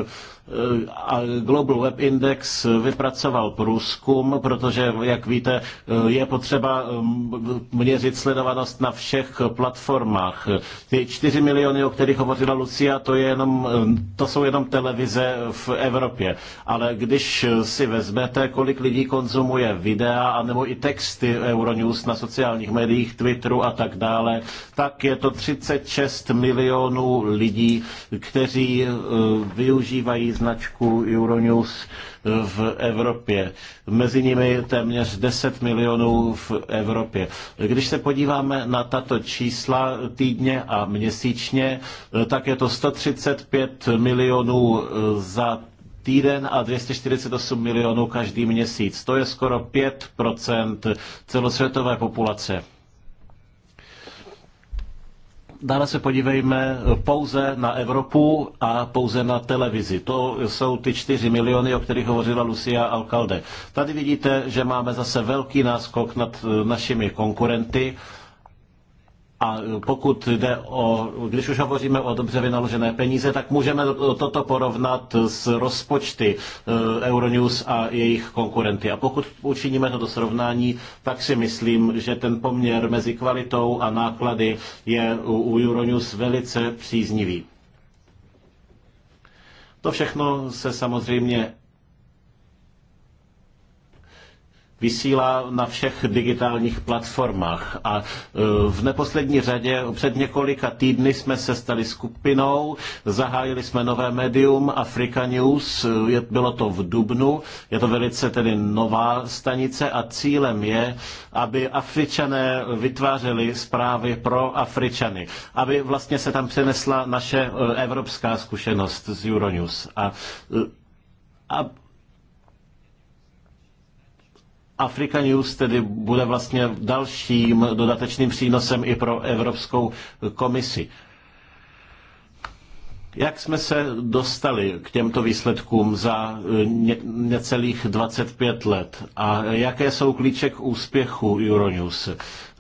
a Global Web Index vypracoval průzkum, protože, jak víte, je potřeba um, měřit sledovanost na všech platformách. Ty 4 miliony, o kterých hovořila Lucia, to, je jenom, to jsou jenom televize v Evropě. Ale když si vezmete, kolik lidí konzumuje videa anebo i texty Euronews na sociálních médiích, Twitteru a tak dále, tak je to 36 milionů lidí, kteří uh, využívají značku Euronews eh, v Evropě. Mezi nimi téměř 10 milionů v Evropě. Když se podíváme na tato čísla týdně a měsíčně, eh, tak je to 135 milionů eh, za týden a 248 milionů každý měsíc. To je skoro 5 celosvětové populace. Dále se podívejme pouze na Evropu a pouze na televizi. To jsou ty čtyři miliony, o kterých hovořila Lucia Alcalde. Tady vidíte, že máme zase velký náskok nad našimi konkurenty a e, pokud jde o, když už hovoříme o dobře vynaložené peníze, tak můžeme toto porovnat s rozpočty e, Euronews a jejich konkurenty. A pokud učiníme toto srovnání, tak si myslím, že ten poměr mezi kvalitou a náklady je u Euronews velice příznivý. To všechno se samozřejmě vysílá na všech digitálních platformách. A e, v neposlední řadě před několika týdny jsme se stali skupinou, zahájili jsme nové médium Africa News, e, bylo to v Dubnu, je to velice tedy nová stanice a cílem je, aby Afričané vytvářeli zprávy pro Afričany, aby vlastně se tam přenesla naše e, evropská zkušenost z Euronews. A, a Africa News tedy bude vlastně dalším dodatečným přínosem i pro Evropskou komisi. Jak jsme se dostali k těmto výsledkům za eh, necelých 25 let a jaké jsou klíče k úspěchu Euronews?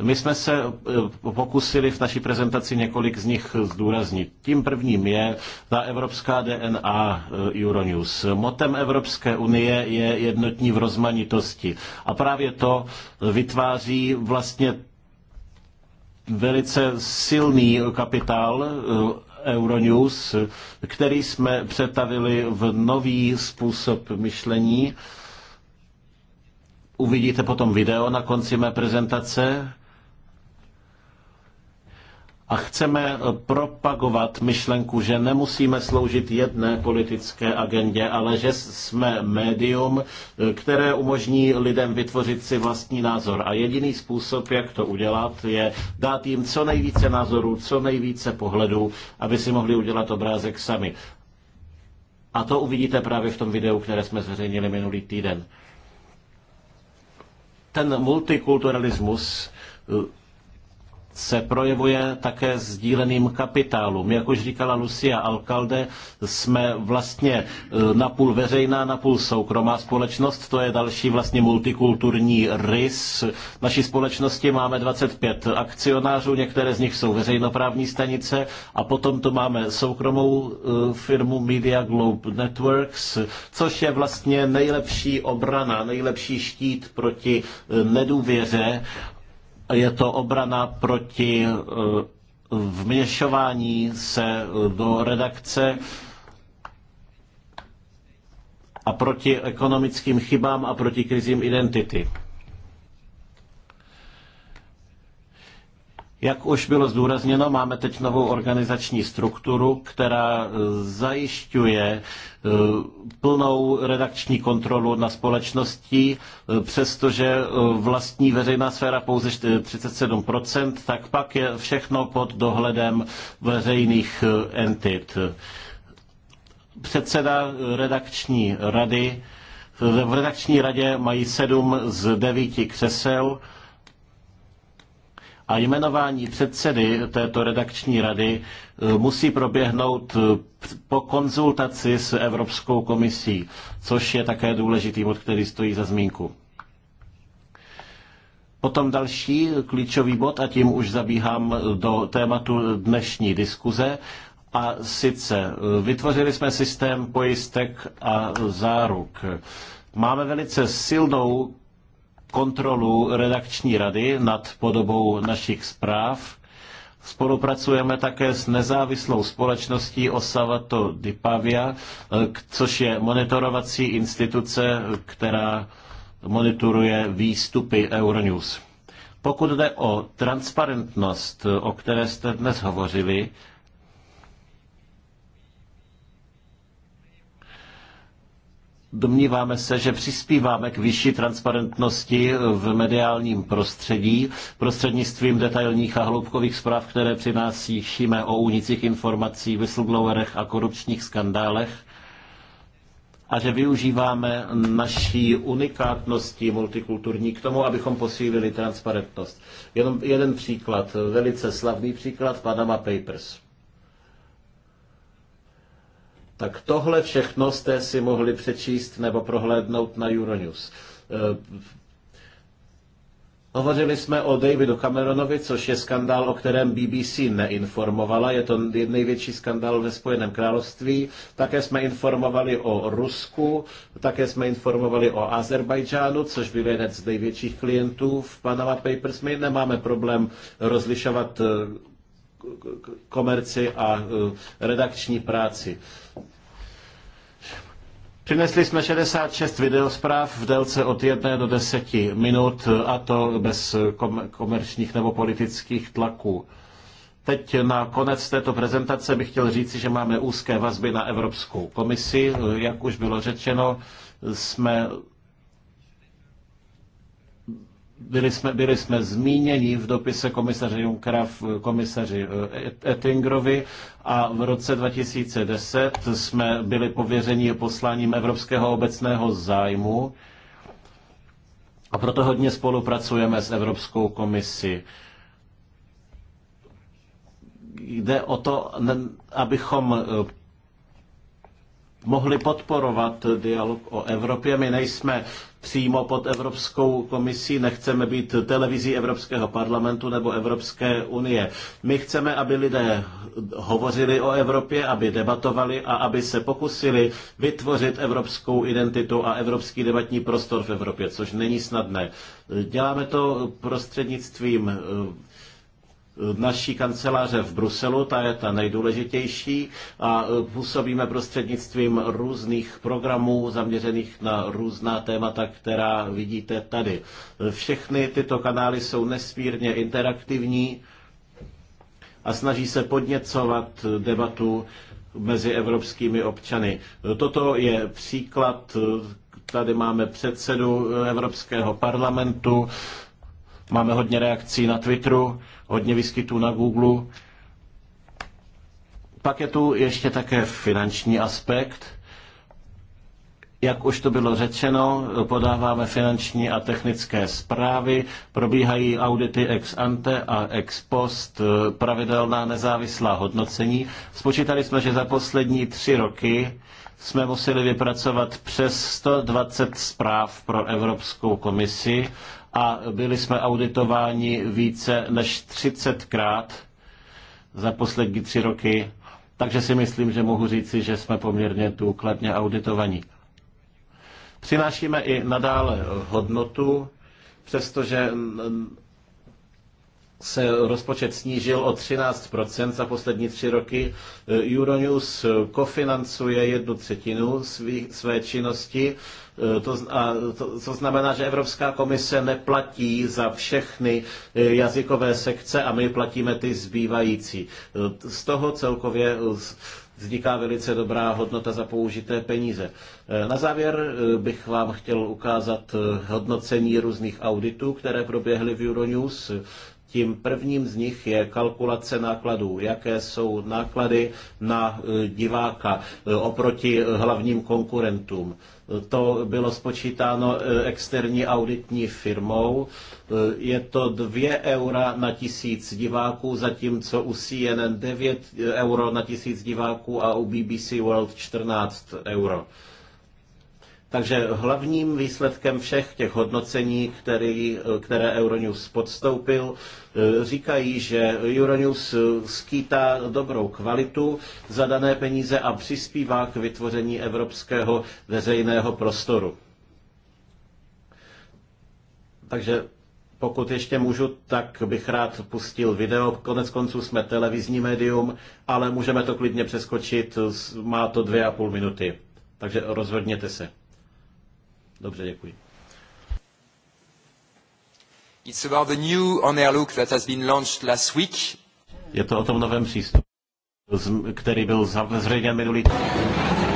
My jsme se eh, pokusili v naší prezentaci několik z nich zdůraznit. Tím prvním je ta evropská DNA eh, Euronews. Motem Evropské unie je jednotní v rozmanitosti a právě to vytváří vlastně velice silný kapitál Euronews, který jsme přetavili v nový způsob myšlení. Uvidíte potom video na konci mé prezentace a chceme eh, propagovat myšlenku, že nemusíme sloužit jedné politické agendě, ale že jsme médium, eh, které umožní lidem vytvořit si vlastní názor. A jediný způsob, jak to udělat, je dát jim co nejvíce názorů, co nejvíce pohledů, aby si mohli udělat obrázek sami. A to uvidíte právě v tom videu, které jsme zveřejnili minulý týden. Ten multikulturalismus eh, se projevuje také sdíleným kapitálům. Jak už říkala Lucia Alcalde, jsme vlastně e, napůl veřejná, napůl soukromá společnost. To je další vlastně multikulturní rys. V naší společnosti máme 25 akcionářů, některé z nich jsou veřejnoprávní stanice a potom tu máme soukromou e, firmu Media Globe Networks, což je vlastně nejlepší obrana, nejlepší štít proti e, nedůvěře je to obrana proti eh, vměšování se do redakce a proti ekonomickým chybám a proti krizím identity. Jak už bylo zdůrazněno, máme teď novou organizační strukturu, která e, zajišťuje e, plnou redakční kontrolu na společnosti, e, přestože vlastní veřejná sféra pouze 37%, tak pak je všechno pod dohledem veřejných entit. Předseda redakční rady, v redakční radě mají sedm z devíti křesel, a jmenování předsedy této redakční rady eh, musí proběhnout eh, po konzultaci s Evropskou komisí, což je také důležitý bod, který stojí za zmínku. Potom další eh, klíčový bod, a tím už zabíhám do tématu dnešní diskuze, a sice vytvořili jsme systém pojistek a záruk. Máme velice silnou kontrolu redakční rady nad podobou našich zpráv. Spolupracujeme také s nezávislou společností Osavato Dipavia, což je monitorovací instituce, která monitoruje výstupy Euronews. Pokud jde o transparentnost, o které jste dnes hovořili, Domníváme se, že přispíváme k vyšší transparentnosti v mediálním prostředí prostřednictvím detailních a hloubkových zpráv, které přinášíme o únicích informací, whistleblowerech a korupčních skandálech a že využíváme naší unikátnosti multikulturní k tomu, abychom posílili transparentnost. Jenom jeden příklad, velice slavný příklad Panama Papers. Tak tohle všechno jste si mohli přečíst nebo prohlédnout na Euronews. Eh, hovořili jsme o Davidu Cameronovi, což je skandál, o kterém BBC neinformovala. Je to největší skandál ve Spojeném království. Také jsme informovali o Rusku, také jsme informovali o Azerbajdžánu, což byl jeden z největších klientů v Panama Papers. My nemáme problém rozlišovat eh, komerci a e, redakční práci. Přinesli jsme 66 videospráv v délce od 1 do 10 minut a to bez komerčních nebo politických tlaků. Teď na konec této prezentace bych chtěl říci, že máme úzké vazby na Evropskou komisi. E, jak už bylo řečeno, jsme byli jsme, byli jsme zmíněni v dopise eh, komisaři Junckera, eh, komisaři Ettingerovi a v roce 2010 jsme byli pověřeni posláním Evropského obecného zájmu a proto hodně spolupracujeme s Evropskou komisí jde o to, abychom eh, mohli podporovat dialog o Evropě. My nejsme přímo pod Evropskou komisí, nechceme být televizí Evropského parlamentu nebo Evropské unie. My chceme, aby lidé hovořili o Evropě, aby debatovali a aby se pokusili vytvořit evropskou identitu a evropský debatní prostor v Evropě, což není snadné. Děláme to prostřednictvím naší kanceláře v Bruselu, ta je ta nejdůležitější a e, působíme prostřednictvím různých programů zaměřených na různá témata, která vidíte tady. Všechny tyto kanály jsou nesmírně interaktivní a snaží se podněcovat debatu mezi evropskými občany. Toto je příklad, e, tady máme předsedu Evropského parlamentu, máme hodně reakcí na Twitteru hodně vyskytů na Google. Pak je tu ještě také finanční aspekt. Jak už to bylo řečeno, podáváme finanční a technické zprávy, probíhají audity ex ante a ex post, eh, pravidelná nezávislá hodnocení. Spočítali jsme, že za poslední tři roky jsme museli vypracovat přes 120 zpráv pro Evropskou komisi a byli jsme auditováni více než 30krát za poslední tři roky, takže si myslím, že mohu říci, že jsme poměrně důkladně auditovaní. Přinášíme i nadále hodnotu, přestože se rozpočet snížil o 13% za poslední tři roky. Euronews kofinancuje jednu třetinu své činnosti Eh, to, a to, to znamená, že Evropská komise neplatí za všechny eh, jazykové sekce a my platíme ty zbývající. Eh, z toho celkově vzniká velice dobrá hodnota za použité peníze. Na závěr bych vám chtěl ukázat hodnocení různých auditů, které proběhly v Euronews. Tím prvním z nich je kalkulace nákladů. Jaké jsou náklady na diváka oproti hlavním konkurentům? To bylo spočítáno e, externí auditní firmou. E, je to 2 eura na tisíc diváků, zatímco u CNN 9 e, euro na tisíc diváků a u BBC World 14 euro. Takže hlavním výsledkem všech těch hodnocení, který, které Euronews podstoupil, eh, říkají, že Euronews eh, skýtá dobrou kvalitu za dané peníze a přispívá k vytvoření evropského veřejného prostoru. Takže pokud ještě můžu, tak bych rád pustil video. Konec konců jsme televizní médium, ale můžeme to klidně přeskočit. Má to dvě a půl minuty. Takže rozhodněte se. Dobře, děkuji. It's about the new on-air look that has been launched last week. Je to o tom novém přístupu, který byl zveřejněn minulý týden.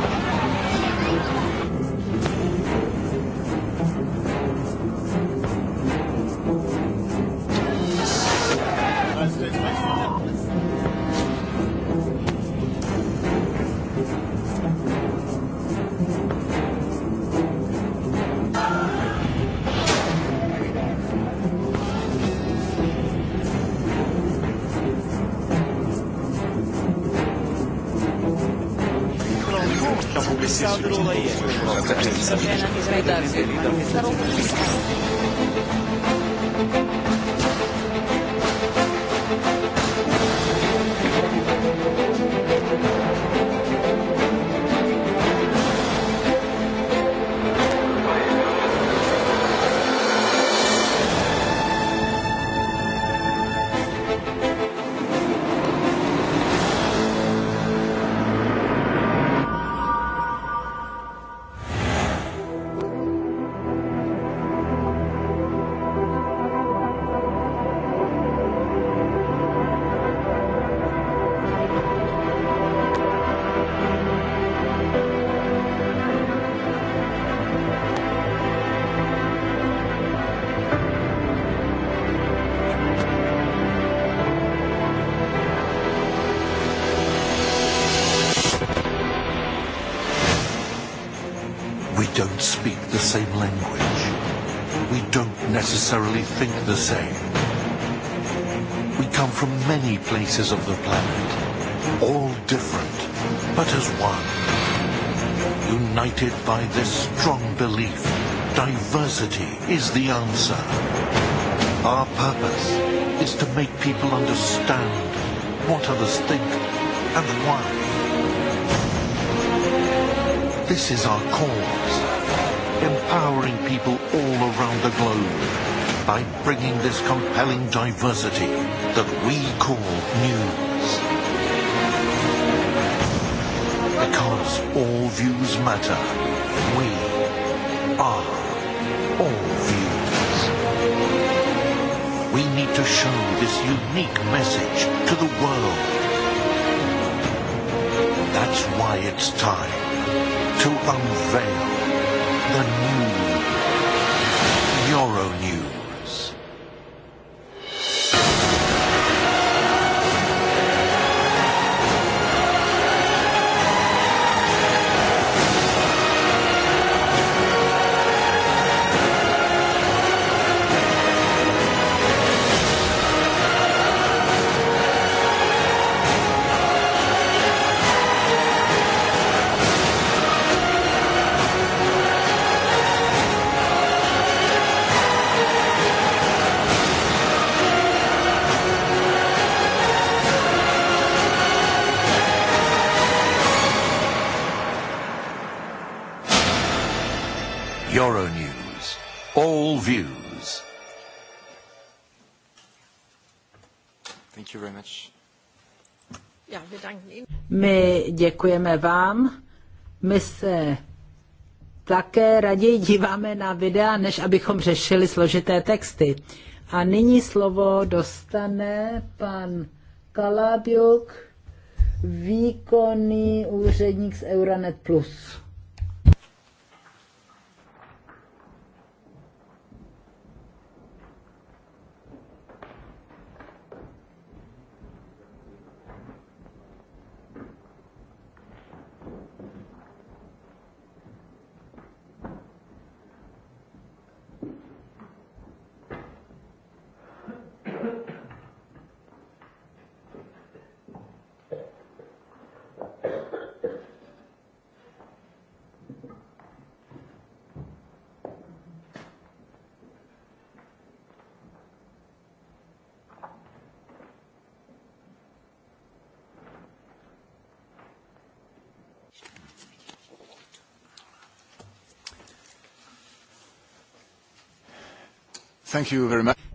necessarily think the same. We come from many places of the planet, all different, but as one. United by this strong belief, diversity is the answer. Our purpose is to make people understand what others think and why. This is our cause empowering people all around the globe by bringing this compelling diversity that we call news. Because all views matter, we are all views. We need to show this unique message to the world. That's why it's time to unveil the new Euronews. děkujeme vám. My se také raději díváme na videa, než abychom řešili složité texty. A nyní slovo dostane pan Kalabiuk, výkonný úředník z Euronet+. Plus.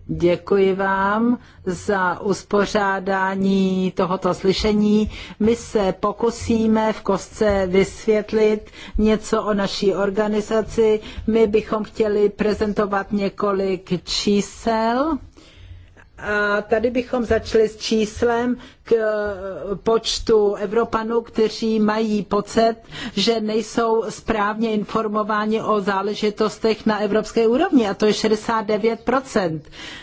Děkuji vám za uspořádání tohoto slyšení. My se pokusíme v kostce vysvětlit něco o naší organizaci. My bychom chtěli prezentovat několik čísel a tady bychom začali s číslem k eh, počtu Evropanů, kteří mají pocit, že nejsou správně informováni o záležitostech na evropské úrovni, a to je 69%.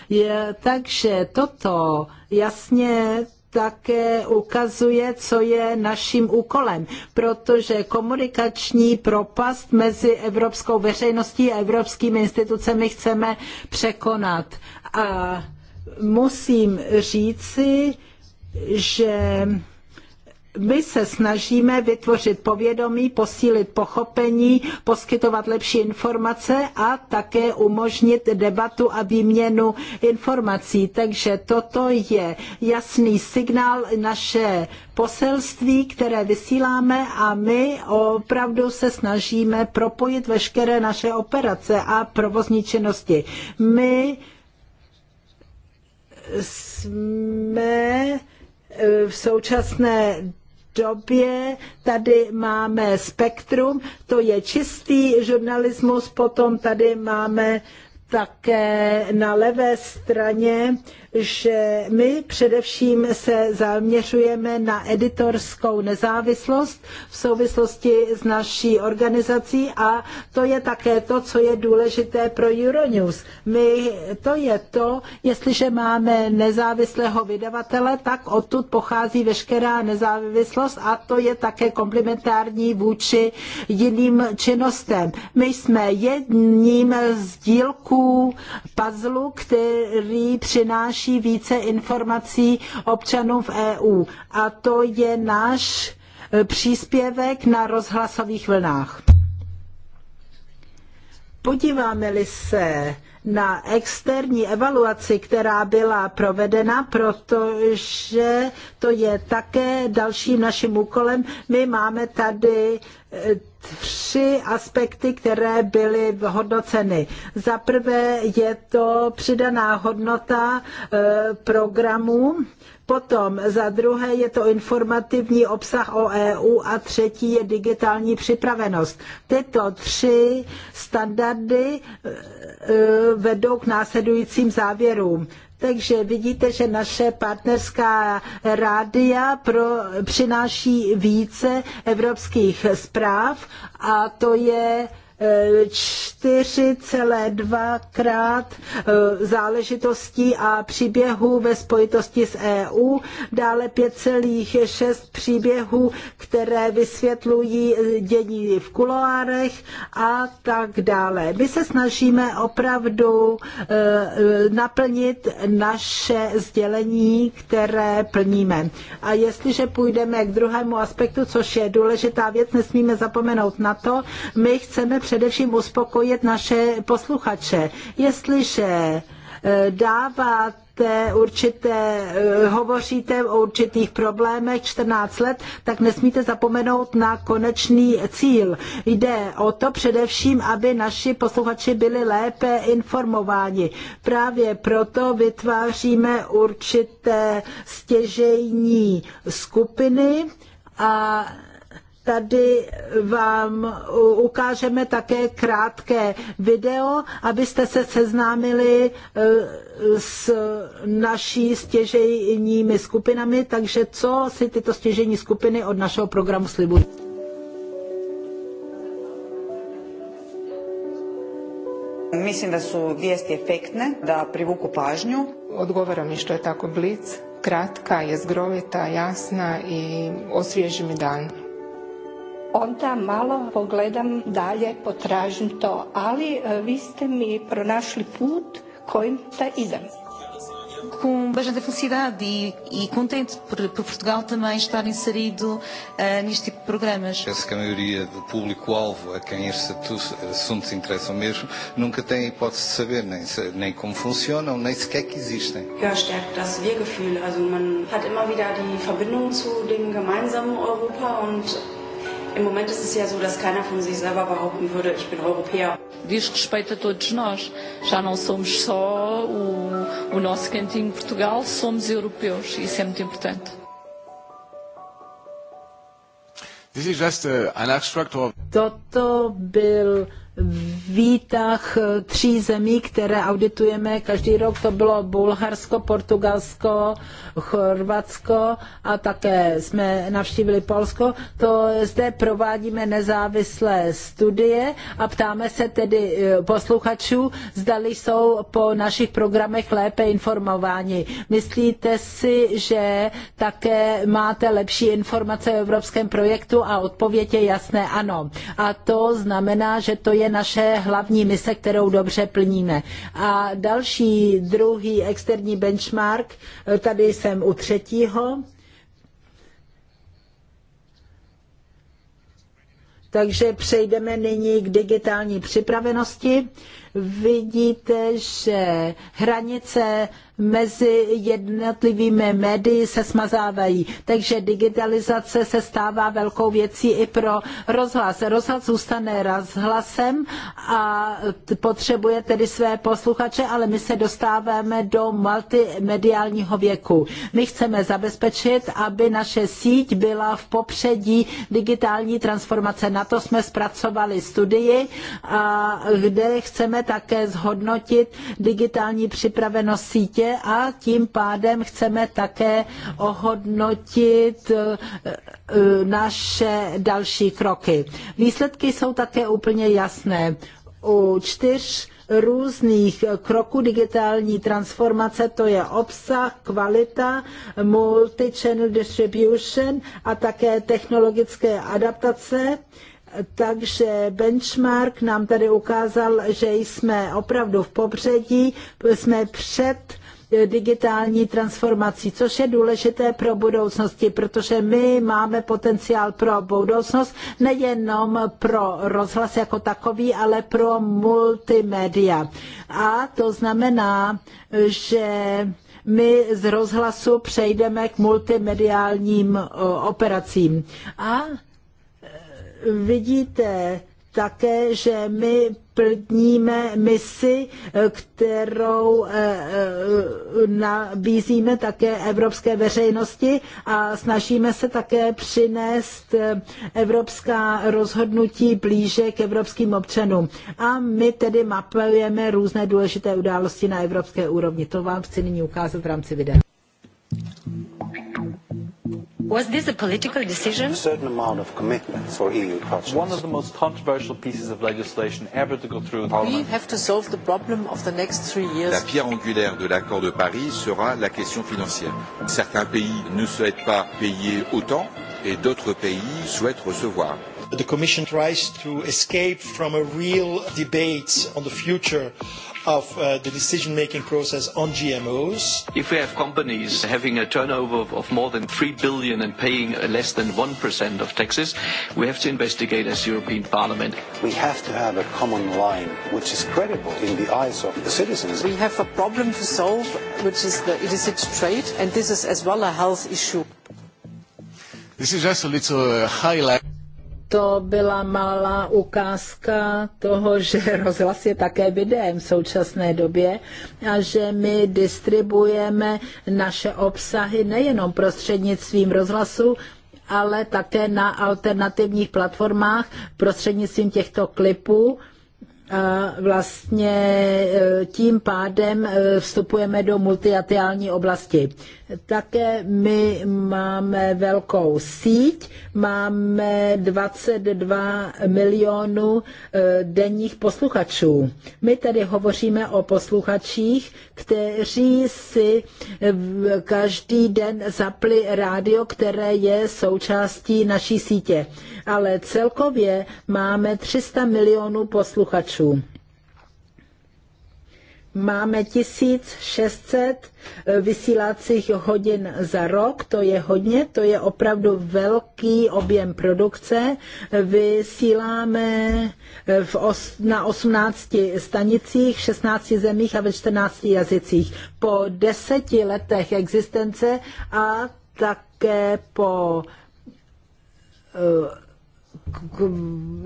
Je, takže toto jasně také ukazuje, co je naším úkolem, protože komunikační propast mezi evropskou veřejností a evropskými institucemi chceme překonat. A musím říci, že my se snažíme vytvořit povědomí, posílit pochopení, poskytovat lepší informace a také umožnit debatu a výměnu informací. Takže toto je jasný signál naše poselství, které vysíláme a my opravdu se snažíme propojit veškeré naše operace a provozní činnosti. My jsme eh, v současné době tady máme spektrum, to je čistý žurnalismus, potom tady máme také na levé straně že my především se zaměřujeme na editorskou nezávislost v souvislosti s naší organizací a to je také to, co je důležité pro Euronews. My, to je to, jestliže máme nezávislého vydavatele, tak odtud pochází veškerá nezávislost a to je také komplementární vůči jiným činnostem. My jsme jedním z dílků puzzle, který přináší přináší více informací občanům v EU. A to je náš e, příspěvek na rozhlasových vlnách. Podíváme-li se na externí evaluaci, která byla provedena, protože to je také dalším naším úkolem. My máme tady e, tři aspekty, které byly hodnoceny. Za prvé je to přidaná hodnota e, programu, potom za druhé je to informativní obsah o EU a třetí je digitální připravenost. Tyto tři standardy e, e, vedou k následujícím závěrům takže vidíte, že naše partnerská rádia pro, přináší více evropských zpráv a to je 4,2 krát eh, záležitostí a příběhů ve spojitosti s EU, dále 5,6 příběhů, které vysvětlují eh, dění v kuloárech a tak dále. My se snažíme opravdu eh, naplnit naše sdělení, které plníme. A jestliže půjdeme k druhému aspektu, což je důležitá věc, nesmíme zapomenout na to, my chceme především uspokojit naše posluchače. Jestliže eh, dáváte určité, eh, hovoříte o určitých problémech 14 let, tak nesmíte zapomenout na konečný cíl. Jde o to především, aby naši posluchači byli lépe informováni. Právě proto vytváříme určité stěžejní skupiny a tady vám ukážeme také krátké video, abyste se seznámili e, s naší stěžejními skupinami, takže co si tyto stěžejní skupiny od našeho programu slibují. Myslím, že jsou vijesti efektné, da privuku pažnju. Odgovara mi že je tako blic, je jezgrovita, jasná i osvěží mi dan onda malo pogledam dalje, potražim to. Ali e, vi ste mi pronašli put kojim da idem. com bastante felicidade e, e contente por, por Portugal também estar inserido uh, neste tipo de programas. Penso que a maioria do público-alvo a quem estes assuntos interessam mesmo nunca tem a hipótese de saber nem, nem como funcionam, nem sequer que existem. Eu acho que é gefühl Also man hat immer wieder die Verbindung zu dem gemeinsamen Europa und Im Moment ist es ja so, dass keiner von sich selber behaupten würde, ich bin Europäer. Diz respeito a todos nós. Já não somos só o, o nosso cantinho Portugal, somos europeus. E isso é muito importante. This is just uh, an extract of... Toto byl výtah eh, tří zemí, které auditujeme každý rok. To bylo Bulharsko, Portugalsko, Chorvatsko a také jsme navštívili Polsko. To zde provádíme nezávislé studie a ptáme se tedy eh, posluchačů, zdali jsou po našich programech lépe informováni. Myslíte si, že také máte lepší informace o evropském projektu a odpověď je jasné ano. A to znamená, že to je je naše hlavní mise, kterou dobře plníme. A další, druhý externí benchmark, tady jsem u třetího, Takže přejdeme nyní k digitální připravenosti. Vidíte, že hranice mezi jednotlivými médii se smazávají. Takže digitalizace se stává velkou věcí i pro rozhlas. Rozhlas zůstane rozhlasem a potřebuje tedy své posluchače, ale my se dostáváme do multimediálního věku. My chceme zabezpečit, aby naše síť byla v popředí digitální transformace. Na to jsme zpracovali studii, a kde chceme také zhodnotit digitální připravenost sítě vládě a tím pádem chceme také ohodnotit eh, eh, naše další kroky. Výsledky jsou také úplně jasné. U čtyř různých kroků digitální transformace, to je obsah, kvalita, multi-channel distribution a také technologické adaptace. Takže benchmark nám tady ukázal, že jsme opravdu v popředí, jsme před E, digitální transformací, což je důležité pro budoucnosti, protože my máme potenciál pro budoucnost nejenom pro rozhlas jako takový, ale pro multimédia. A to znamená, že my z rozhlasu přejdeme k multimediálním e, operacím. A e, vidíte také, že my plníme misi, eh, kterou eh, eh, nabízíme také evropské veřejnosti a snažíme se také přinést evropská rozhodnutí blíže k evropským občanům. A my tedy mapujeme různé důležité události na evropské úrovni. To vám chci nyní ukázat v rámci videa. Was this a political decision? A certain amount of commitment for EU projects. One of the most controversial pieces of legislation ever to go through Parliament. We have to solve the problem of the next three years. La pierre angulaire de l'accord de Paris sera la question financière. Certains pays ne souhaitent pas payer autant et d'autres pays souhaitent recevoir. The Commission tries to escape from a real debate on the future of uh, the decision-making process on GMOs. If we have companies having a turnover of, of more than 3 billion and paying uh, less than 1% of taxes, we have to investigate as European Parliament. We have to have a common line which is credible in the eyes of the citizens. We have a problem to solve, which is the illicit trade, and this is as well a health issue. This is just a little uh, highlight to byla malá ukázka toho, že <laughs> rozhlas je také videem v současné době a že my distribuujeme naše obsahy nejenom prostřednictvím rozhlasu, ale také na alternativních platformách prostřednictvím těchto klipů. A vlastně e, tím pádem e, vstupujeme do multiatiální oblasti. Také my máme velkou síť, máme 22 milionů eh, denních posluchačů. My tedy hovoříme o posluchačích, kteří si eh, každý den zapli rádio, které je součástí naší sítě. Ale celkově máme 300 milionů posluchačů máme 1600 eh, vysílacích hodin za rok, to je hodně, to je opravdu velký objem produkce. Vysíláme eh, v os, na 18 stanicích, 16 zemích a ve 14 jazycích. Po deseti letech existence a také po uh,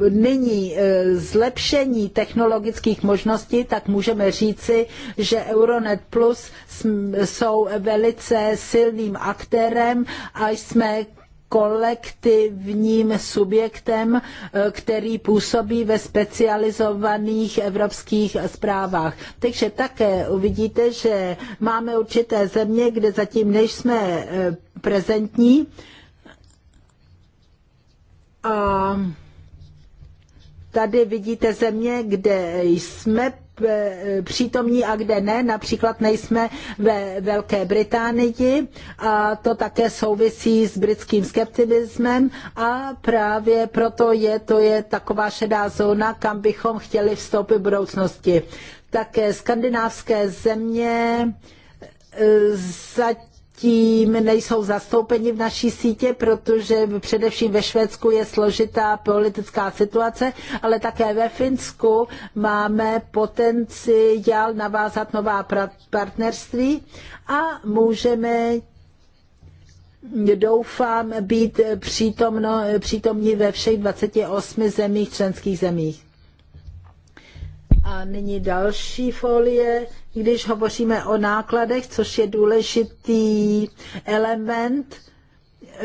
nyní e, zlepšení technologických možností, tak můžeme říci, že Euronet Plus jsou velice silným aktérem a jsme kolektivním subjektem, e, který působí ve specializovaných evropských zprávách. Takže také uvidíte, že máme určité země, kde zatím nejsme e, prezentní, tady vidíte země, kde jsme eh, přítomní a kde ne. Například nejsme ve Velké Británii a to také souvisí s britským skeptivismem a právě proto je to je taková šedá zóna, kam bychom chtěli vstoupit v budoucnosti. Také skandinávské země eh, zatím tím nejsou zastoupeni v naší sítě, protože především ve Švédsku je složitá politická situace, ale také ve Finsku máme potenciál navázat nová partnerství a můžeme doufám být přítomno, přítomní ve všech 28 zemích, členských zemích. A nyní další folie, když hovoříme o nákladech, což je důležitý element.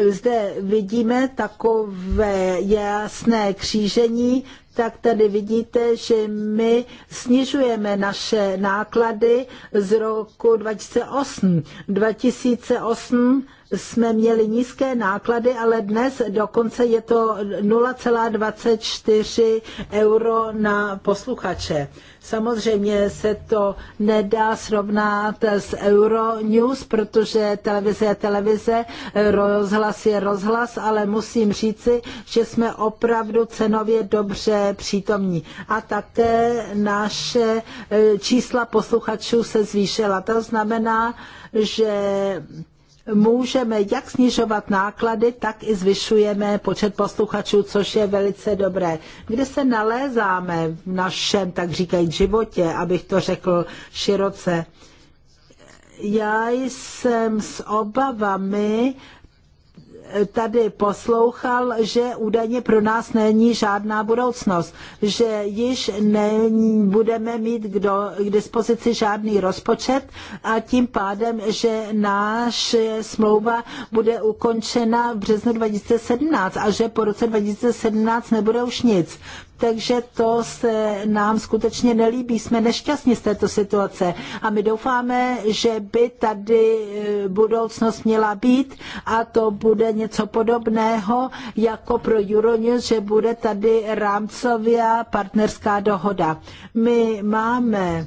Zde vidíme takové jasné křížení, tak tady vidíte, že my snižujeme naše náklady z roku 2008. 2008 jsme měli nízké náklady, ale dnes dokonce je to 0,24 euro na posluchače. Samozřejmě se to nedá srovnat s Euronews, protože televize je televize, rozhlas je rozhlas, ale musím říci, že jsme opravdu cenově dobře přítomní. A také naše eh, čísla posluchačů se zvýšila. To znamená, že můžeme jak snižovat náklady, tak i zvyšujeme počet posluchačů, což je velice dobré. Kde se nalézáme v našem, tak říkají, životě, abych to řekl široce? Já jsem s obavami tady poslouchal, že údajně pro nás není žádná budoucnost, že již nebudeme mít kdo, k dispozici žádný rozpočet a tím pádem, že náš smlouva bude ukončena v březnu 2017 a že po roce 2017 nebude už nic takže to se nám skutečně nelíbí. Jsme nešťastní z této situace a my doufáme, že by tady e, budoucnost měla být a to bude něco podobného jako pro Euronews, že bude tady rámcová partnerská dohoda. My máme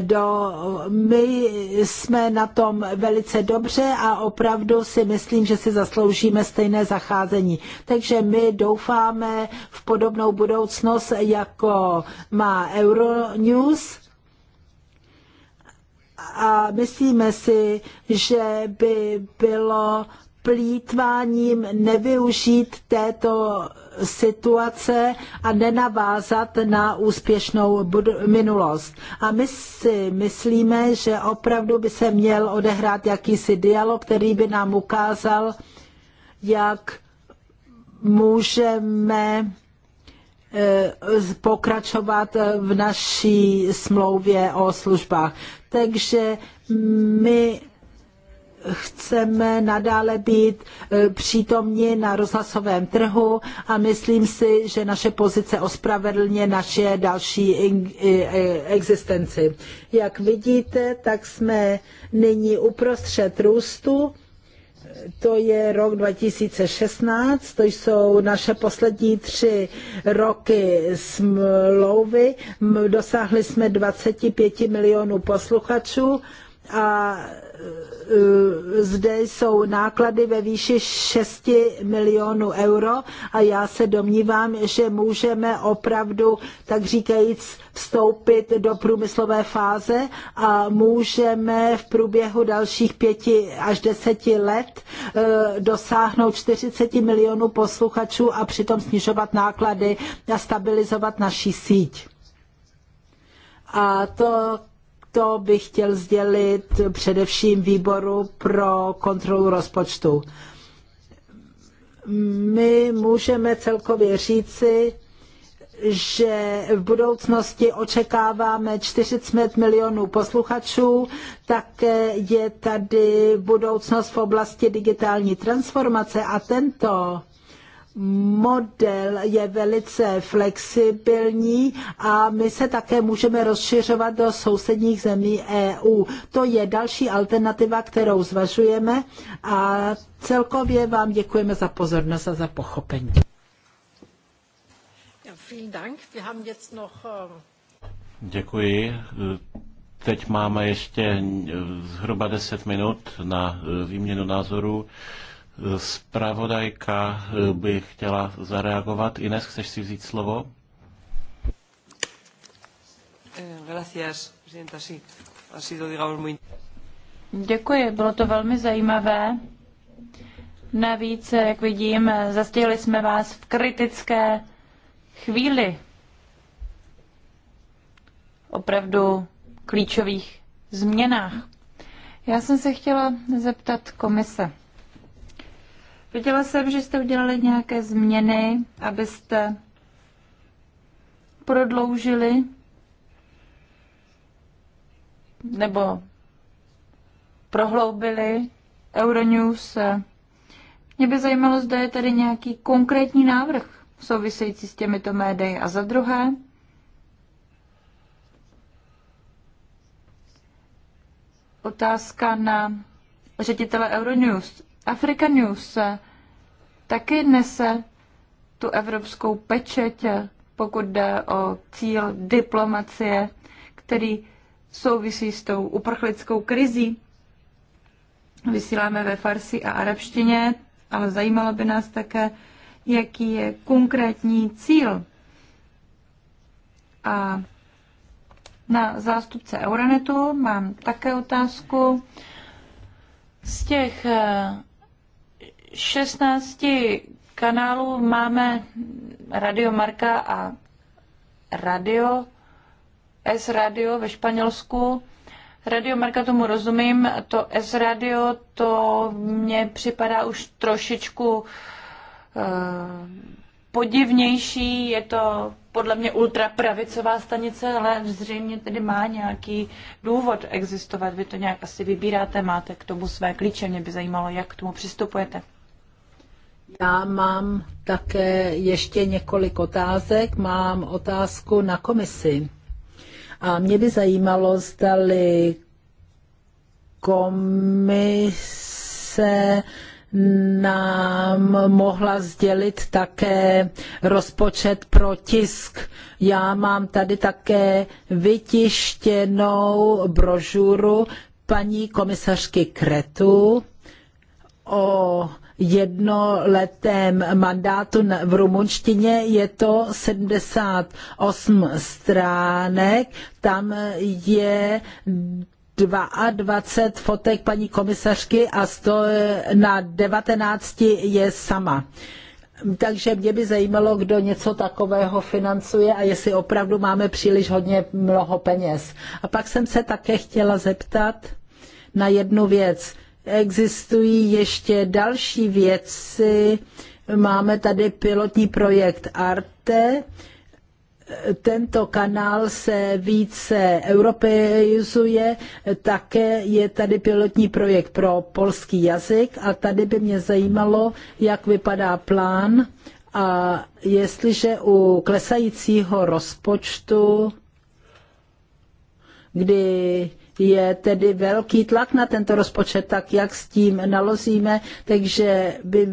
do, my jsme na tom velice dobře a opravdu si myslím, že si zasloužíme stejné zacházení. Takže my doufáme v podobnou budoucnost, jako má Euronews a myslíme si, že by bylo plítváním nevyužít této situace a nenavázat na úspěšnou minulost. A my si myslíme, že opravdu by se měl odehrát jakýsi dialog, který by nám ukázal, jak můžeme eh, pokračovat v naší smlouvě o službách. Takže my chceme nadále být e, přítomni na rozhlasovém trhu a myslím si, že naše pozice ospravedlně naše další e, e, existenci. Jak vidíte, tak jsme nyní uprostřed růstu to je rok 2016, to jsou naše poslední tři roky smlouvy. Dosáhli jsme 25 milionů posluchačů a Eh, zde jsou náklady ve výši 6 milionů euro a já se domnívám, že můžeme opravdu, tak říkajíc, vstoupit do průmyslové fáze a můžeme v průběhu dalších pěti až deseti let eh, dosáhnout 40 milionů posluchačů a přitom snižovat náklady a stabilizovat naši síť. A to to bych chtěl sdělit především výboru pro kontrolu rozpočtu. My můžeme celkově říci, že v budoucnosti očekáváme 40 milionů posluchačů, také je tady budoucnost v oblasti digitální transformace a tento model je velice flexibilní a my se také můžeme rozšiřovat do sousedních zemí EU. To je další alternativa, kterou zvažujeme a celkově vám děkujeme za pozornost a za pochopení. Ähm, Děkuji. Teď máme ještě zhruba 10 minut na e, výměnu názorů. Spravodajka eh, by chtěla zareagovat. Ines, chceš si vzít slovo? Eh, Děkuji, bylo to velmi zajímavé. Navíc, jak vidím, eh, zastihli jsme vás v kritické chvíli opravdu klíčových změnách. Já jsem se chtěla zeptat komise. Viděla jsem, že jste udělali nějaké změny, abyste prodloužili nebo prohloubili Euronews. Mě by zajímalo, zda je tady nějaký konkrétní návrh související s těmito médii. A za druhé, otázka na ředitele Euronews. Afrika News taky nese tu evropskou pečeť, pokud jde o cíl diplomacie, který souvisí s tou uprchlickou krizí. Vysíláme ve farsi a arabštině, ale zajímalo by nás také, jaký je konkrétní cíl. A na zástupce Euronetu mám také otázku. Z těch eh, 16 kanálů máme Radio Marka a Radio S Radio ve Španělsku. Radio Marka tomu rozumím, to S Radio, to mně připadá už trošičku eh, podivnější, je to podle mě ultrapravicová stanice, ale zřejmě tedy má nějaký důvod existovat. Vy to nějak asi vybíráte, máte k tomu své klíče, mě by zajímalo, jak k tomu přistupujete. Já mám také ještě několik otázek. Mám otázku na komisi. A mě by zajímalo, zdali komise nám mohla sdělit také rozpočet pro tisk. Já mám tady také vytištěnou brožuru paní komisařky Kretu o jednoletém mandátu v rumunštině je to 78 stránek, tam je 22 fotek paní komisařky a 100, na 19 je sama. Takže mě by zajímalo, kdo něco takového financuje a jestli opravdu máme příliš hodně mnoho peněz. A pak jsem se také chtěla zeptat na jednu věc existují ještě další věci. Máme tady pilotní projekt Arte. Tento kanál se více europeizuje, také je tady pilotní projekt pro polský jazyk a tady by mě zajímalo, jak vypadá plán a jestliže u klesajícího rozpočtu, kdy je tedy velký tlak na tento rozpočet, tak jak s tím nalozíme, takže by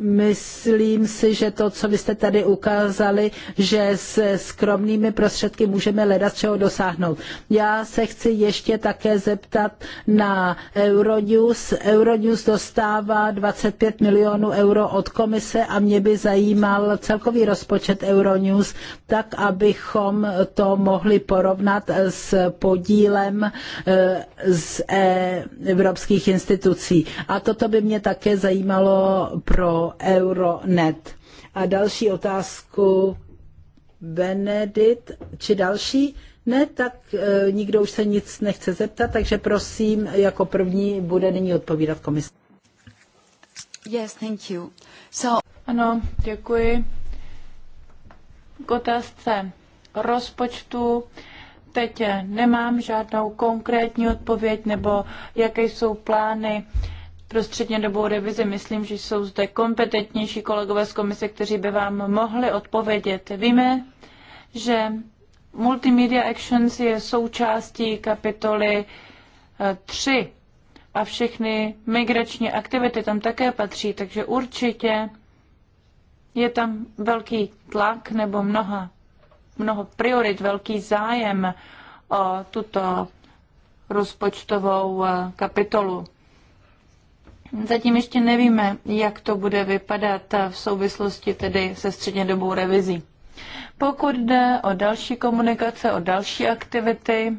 myslím si, že to, co vy jste tady ukázali, že s skromnými prostředky můžeme hledat čeho dosáhnout. Já se chci ještě také zeptat na Euronews. Euronews dostává 25 milionů euro od komise a mě by zajímal celkový rozpočet Euronews, tak abychom to mohli porovnat s podílem eh, z eh, evropských institucí. A toto by mě také zajímalo pro Euronet. A další otázku Benedit, či další? Ne, tak e, nikdo už se nic nechce zeptat, takže prosím, jako první bude nyní odpovídat komise. Yes, thank you. So... Ano, děkuji. K otázce rozpočtu teď e, nemám žádnou konkrétní odpověď nebo jaké jsou plány pro střednědobou revizi. Myslím, že jsou zde kompetentnější kolegové z komise, kteří by vám mohli odpovědět. Víme, že Multimedia Actions je součástí kapitoly 3 eh, a všechny migrační aktivity tam také patří, takže určitě je tam velký tlak nebo mnoha, mnoho priorit, velký zájem o tuto rozpočtovou eh, kapitolu. Zatím ještě nevíme, jak to bude vypadat v souvislosti tedy se střednědobou revizí. Pokud jde o další komunikace, o další aktivity,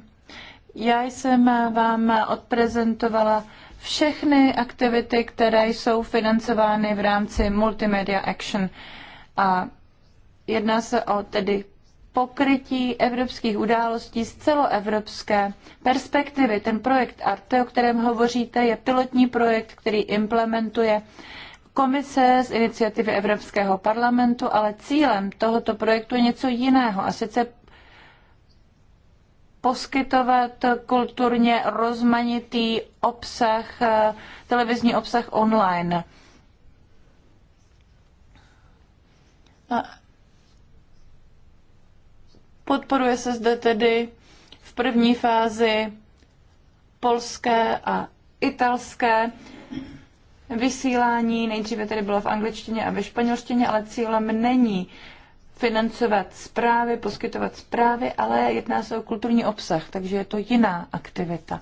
já jsem vám odprezentovala všechny aktivity, které jsou financovány v rámci Multimedia Action. A jedná se o tedy pokrytí evropských událostí z celoevropské perspektivy. Ten projekt ARTE, o kterém hovoříte, je pilotní projekt, který implementuje komise z iniciativy Evropského parlamentu, ale cílem tohoto projektu je něco jiného, a sice poskytovat kulturně rozmanitý obsah, eh, televizní obsah online. A Podporuje se zde tedy v první fázi polské a italské vysílání. Nejdříve tedy bylo v angličtině a ve španělštině, ale cílem není financovat zprávy, poskytovat zprávy, ale jedná se o kulturní obsah, takže je to jiná aktivita.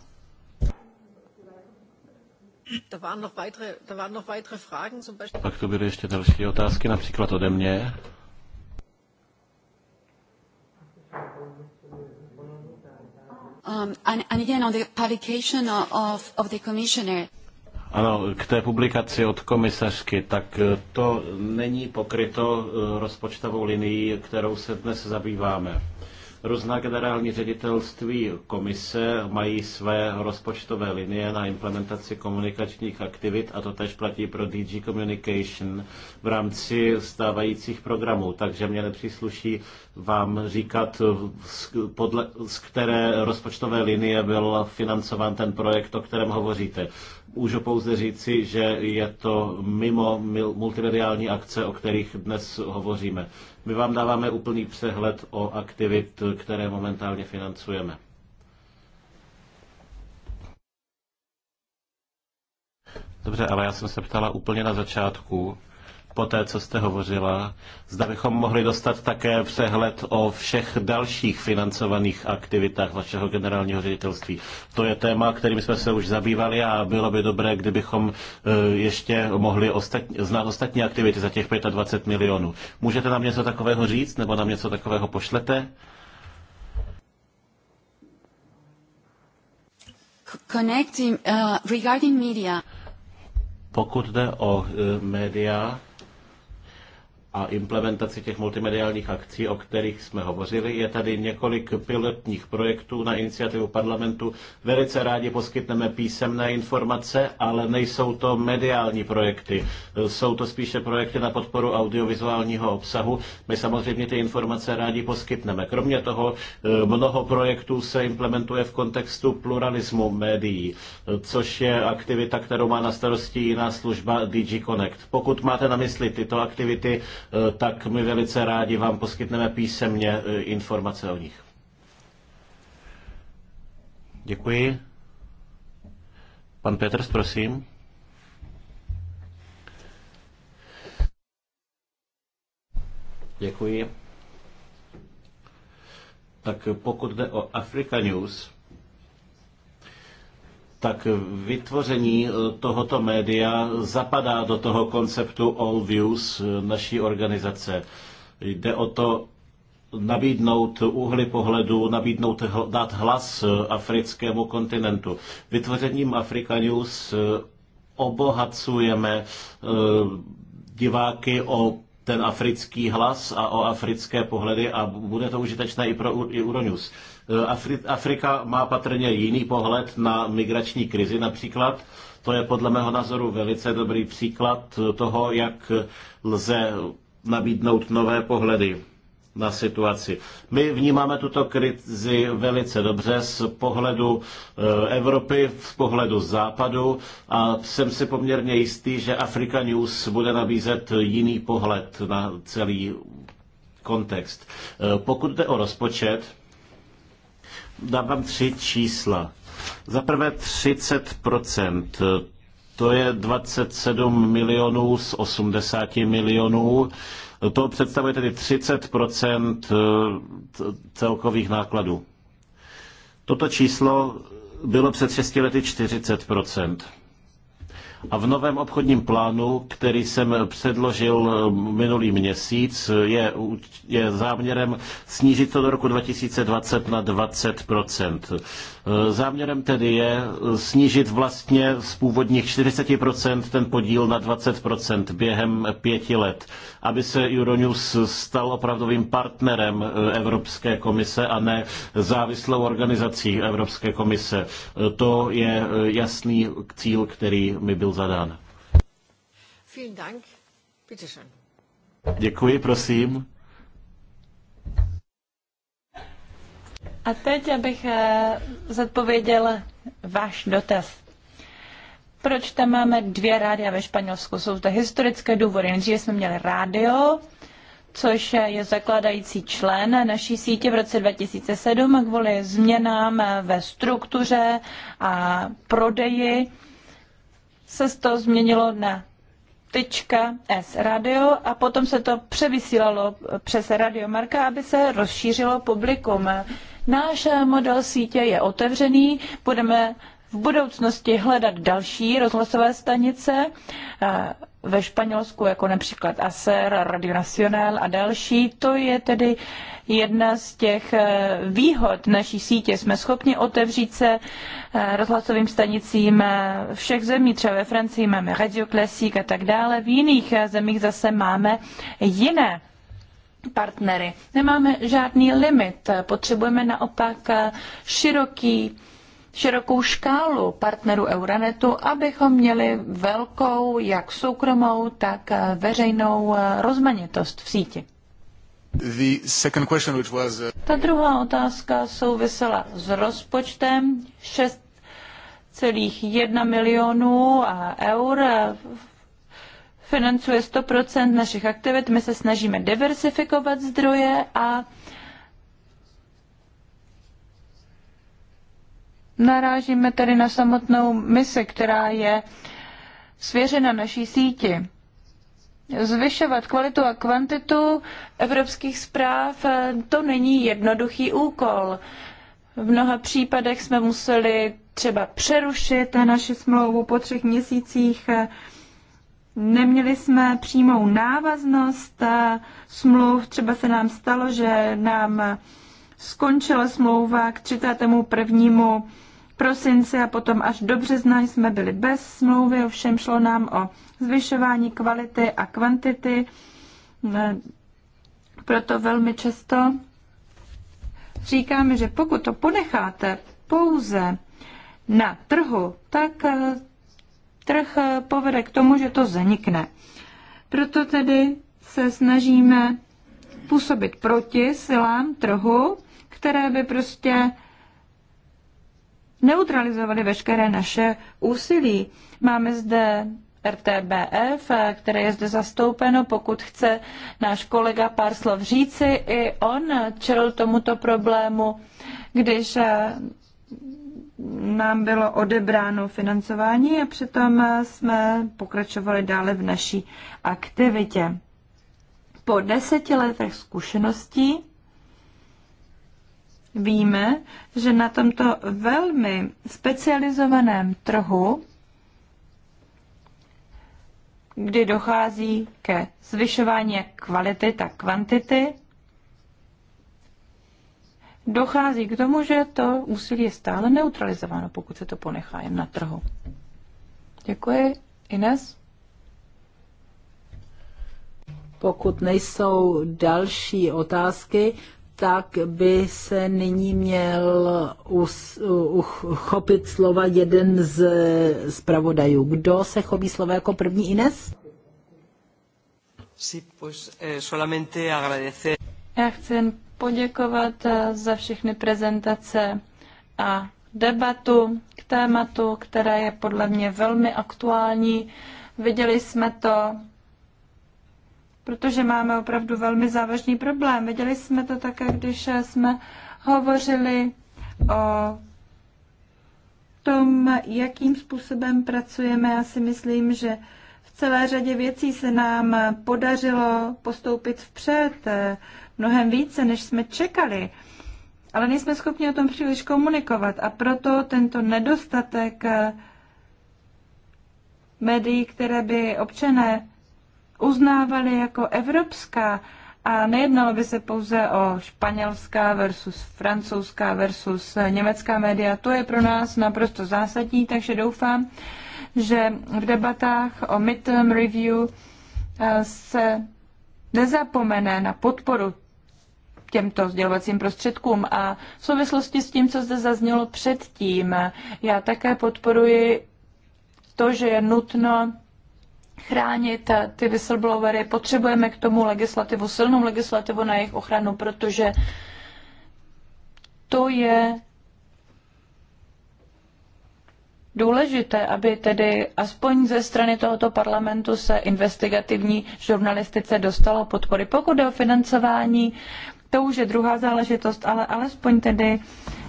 Tak to byly ještě další otázky, například ode mě. Ano, k té publikaci od komisařky, tak eh, to není pokryto eh, rozpočtovou linií, kterou se dnes zabýváme. Různá generální ředitelství komise mají své rozpočtové linie na implementaci komunikačních aktivit a to tež platí pro DG Communication v rámci stávajících programů, takže mě nepřísluší vám říkat, z, podle, z které rozpočtové linie byl financován ten projekt, o kterém hovoříte. Můžu pouze říci, že je to mimo multimediální akce, o kterých dnes hovoříme. My vám dáváme úplný přehled o aktivit, které momentálně financujeme. Dobře, ale já jsem se ptala úplně na začátku, po té, co jste hovořila, zda bychom mohli dostat také přehled o všech dalších financovaných aktivitách vašeho generálního ředitelství. To je téma, kterým jsme se už zabývali a bylo by dobré, kdybychom e, ještě mohli ostatní, znát ostatní aktivity za těch 25 milionů. Můžete nám něco takového říct nebo nám něco takového pošlete? Connecting, uh, regarding media. Pokud jde o uh, média, a implementaci těch multimediálních akcí, o kterých jsme hovořili. Je tady několik pilotních projektů na iniciativu parlamentu. Velice rádi poskytneme písemné informace, ale nejsou to mediální projekty. Jsou to spíše projekty na podporu audiovizuálního obsahu. My samozřejmě ty informace rádi poskytneme. Kromě toho eh, mnoho projektů se implementuje v kontextu pluralismu médií, což je aktivita, kterou má na starosti jiná služba DG Connect. Pokud máte na mysli tyto aktivity, Eh, tak my velice rádi vám poskytneme písemně eh, informace o nich. Děkuji. Pan Petr, prosím. Děkuji. Tak eh, pokud jde o Africa News, tak vytvoření eh, tohoto média zapadá do toho konceptu All Views eh, naší organizace. Jde o to nabídnout úhly pohledu, nabídnout, dát hlas eh, africkému kontinentu. Vytvořením Africa News obohacujeme diváky o ten africký hlas a o africké pohledy a bude to užitečné i pro i Euronews. Eh, Afrika má patrně jiný pohled na migrační krizi například. To je podle mého názoru velice dobrý příklad eh, toho, jak lze nabídnout nové pohledy na situaci. My vnímáme tuto krizi velice dobře z pohledu eh, Evropy, z pohledu Západu a jsem si poměrně jistý, že Africa News bude nabízet jiný pohled na celý kontext. Pokud jde o rozpočet, dávám tři čísla. Za prvé 30%, to je 27 milionů z 80 milionů. To představuje tedy 30% eh, celkových nákladů. Toto číslo bylo před 6 lety 40%. A v novém obchodním plánu, který jsem předložil eh, minulý měsíc, je, je záměrem snížit to do roku 2020 na 20 Eh, záměrem tedy je eh, snížit vlastně z původních 40% ten podíl na 20% během pěti let, aby se Euronews stal opravdovým partnerem eh, Evropské komise a ne závislou organizací Evropské komise. To je jasný cíl, který mi byl zadán. Děkuji, prosím. A teď, abych eh, zodpověděl váš dotaz. Proč tam máme dvě rádia ve Španělsku? Jsou to historické důvody. Nejdříve jsme měli rádio, což je zakladající člen naší sítě v roce 2007 a kvůli změnám ve struktuře a prodeji se to změnilo na tyčka S radio a potom se to převysílalo přes Radio Marka, aby se rozšířilo publikum. Náš eh, model sítě je otevřený, budeme v budoucnosti hledat další rozhlasové stanice eh, ve Španělsku, jako například ASER, Radio Nacional a další. To je tedy jedna z těch eh, výhod naší sítě. Jsme schopni otevřít se rozhlasovým stanicím všech zemí. Třeba ve Francii máme Radio Classique a tak dále. V jiných zemích zase máme jiné partnery. Nemáme žádný limit, potřebujeme naopak široký, širokou škálu partnerů Euranetu, abychom měli velkou, jak soukromou, tak veřejnou rozmanitost v síti. The second question, which was... Uh, Ta druhá otázka souvisela s rozpočtem 6,1 milionů eur financuje 100% našich aktivit. My se snažíme diversifikovat zdroje a narážíme tedy na samotnou misi, která je svěřena naší síti. Zvyšovat kvalitu a kvantitu evropských zpráv, eh, to není jednoduchý úkol. V mnoha případech jsme museli třeba přerušit naši smlouvu po třech měsících, eh, Neměli jsme přímou návaznost eh, smluv. Třeba se nám stalo, že nám skončila smlouva k 31. prosinci a potom až do března jsme byli bez smlouvy, ovšem šlo nám o zvyšování kvality a kvantity. Eh, proto velmi často říkáme, že pokud to ponecháte pouze na trhu, tak eh, trh eh, povede k tomu, že to zanikne. Proto tedy se snažíme působit proti silám trhu, které by prostě neutralizovaly veškeré naše úsilí. Máme zde RTBF, eh, které je zde zastoupeno. Pokud chce náš kolega pár slov říci, i on čelil tomuto problému, když eh, nám bylo odebráno financování a přitom jsme pokračovali dále v naší aktivitě. Po deseti letech zkušeností víme, že na tomto velmi specializovaném trhu, kdy dochází ke zvyšování kvality, tak kvantity, dochází k tomu, že to úsilí je stále neutralizováno, pokud se to ponechá jen na trhu. Děkuji. Ines? Pokud nejsou další otázky, tak by se nyní měl uchopit slova jeden z zpravodajů. Kdo se chopí slova jako první, Ines? Eh, Já chci jen poděkovat eh, za všechny prezentace a debatu k tématu, která je podle mě velmi aktuální. Viděli jsme to, protože máme opravdu velmi závažný problém. Viděli jsme to také, když eh, jsme hovořili o tom, jakým způsobem pracujeme. Já si myslím, že v celé řadě věcí se nám podařilo postoupit vpřed. Eh, mnohem více, než jsme čekali, ale nejsme schopni o tom příliš komunikovat a proto tento nedostatek eh, médií, které by občané uznávali jako evropská, a nejednalo by se pouze o španělská versus francouzská versus eh, německá média. To je pro nás naprosto zásadní, takže doufám, že v debatách o midterm review eh, se nezapomene na podporu těmto sdělovacím prostředkům. A v souvislosti s tím, co zde zaznělo předtím, já také podporuji to, že je nutno chránit ty whistleblowery. Potřebujeme k tomu legislativu, silnou legislativu na jejich ochranu, protože to je důležité, aby tedy aspoň ze strany tohoto parlamentu se investigativní žurnalistice dostalo podpory. Pokud je o financování, to už je druhá záležitost, ale alespoň tedy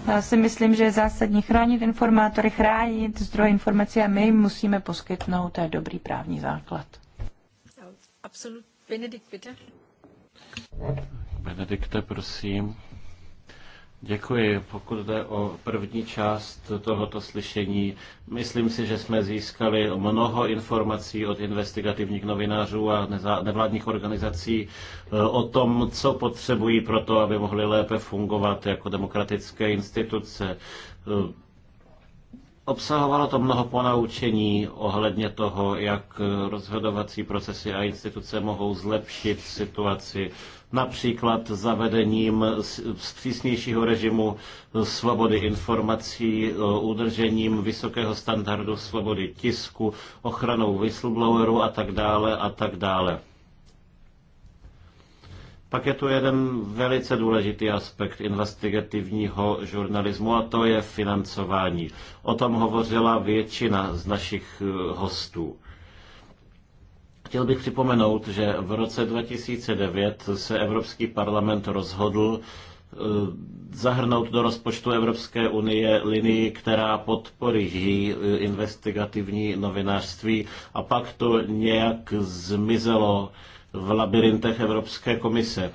eh, si myslím, že je zásadní chránit informátory, chránit zdroje informací a my jim musíme poskytnout dobrý právní základ. Absolut. Benedikt, bitte. Benedikte, prosím. Děkuji. Pokud jde o první část tohoto slyšení, myslím si, že jsme získali mnoho informací od investigativních novinářů a nevládních organizací eh, o tom, co potřebují pro to, aby mohly lépe fungovat jako demokratické instituce eh, Obsahovalo to mnoho ponaučení ohledně toho, jak rozhodovací procesy a instituce mohou zlepšit situaci, například zavedením přísnějšího režimu svobody informací, udržením vysokého standardu svobody tisku, ochranou whistleblowerů a tak dále a tak dále. Pak je tu jeden velice důležitý aspekt investigativního žurnalismu a to je financování. O tom hovořila většina z našich eh, hostů. Chtěl bych připomenout, že v roce 2009 se Evropský parlament rozhodl eh, zahrnout do rozpočtu Evropské unie linii, která podporuje eh, investigativní novinářství a pak to nějak zmizelo v labirintech Evropské komise.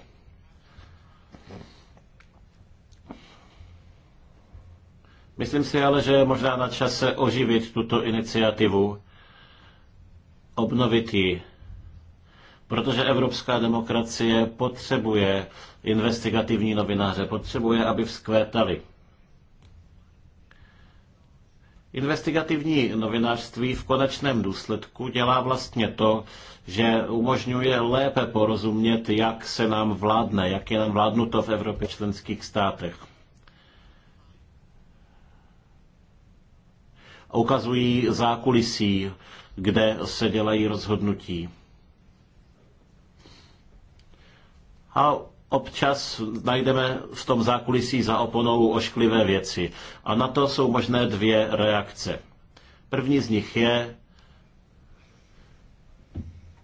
Myslím si ale, že je možná na čase oživit tuto iniciativu, obnovit ji, protože evropská demokracie potřebuje investigativní novináře, potřebuje, aby vzkvétali. Investigativní novinářství v konečném důsledku dělá vlastně to, že umožňuje lépe porozumět, jak se nám vládne, jak je nám vládnuto v Evropě členských státech. Ukazují zákulisí, kde se dělají rozhodnutí. A občas najdeme v tom zákulisí za oponou ošklivé věci. A na to jsou možné dvě reakce. První z nich je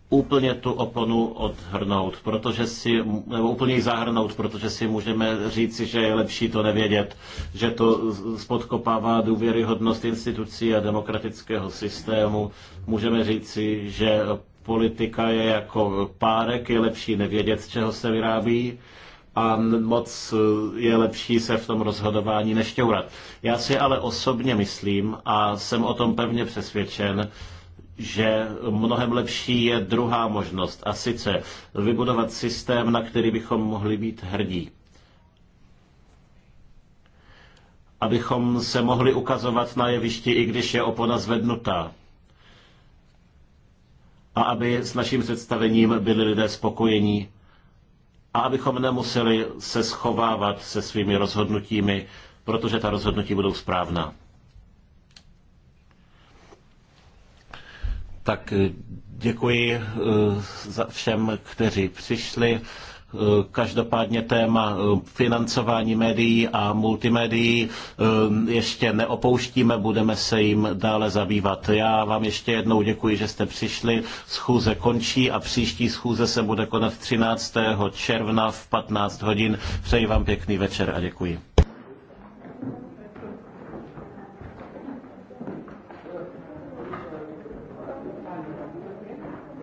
úplně tu oponu odhrnout, protože si, nebo úplně ji zahrnout, protože si můžeme říci, že je lepší to nevědět, že to spodkopává důvěryhodnost institucí a demokratického systému. Můžeme říci, že politika je jako párek, je lepší nevědět, z čeho se vyrábí a moc je lepší se v tom rozhodování nešťourat. Já si ale osobně myslím a jsem o tom pevně přesvědčen, že mnohem lepší je druhá možnost, a sice vybudovat systém, na který bychom mohli být hrdí. Abychom se mohli ukazovat na jevišti, i když je opona zvednutá a aby s naším představením byli lidé spokojení a abychom nemuseli se schovávat se svými rozhodnutími, protože ta rozhodnutí budou správná. Tak děkuji eh, všem, kteří přišli. Eh, každopádně téma eh, financování médií a multimédií eh, ještě neopouštíme, budeme se jim dále zabývat. Já vám ještě jednou děkuji, že jste přišli. Schůze končí a příští schůze se bude konat 13. června v 15 hodin. Přeji vám pěkný večer a děkuji.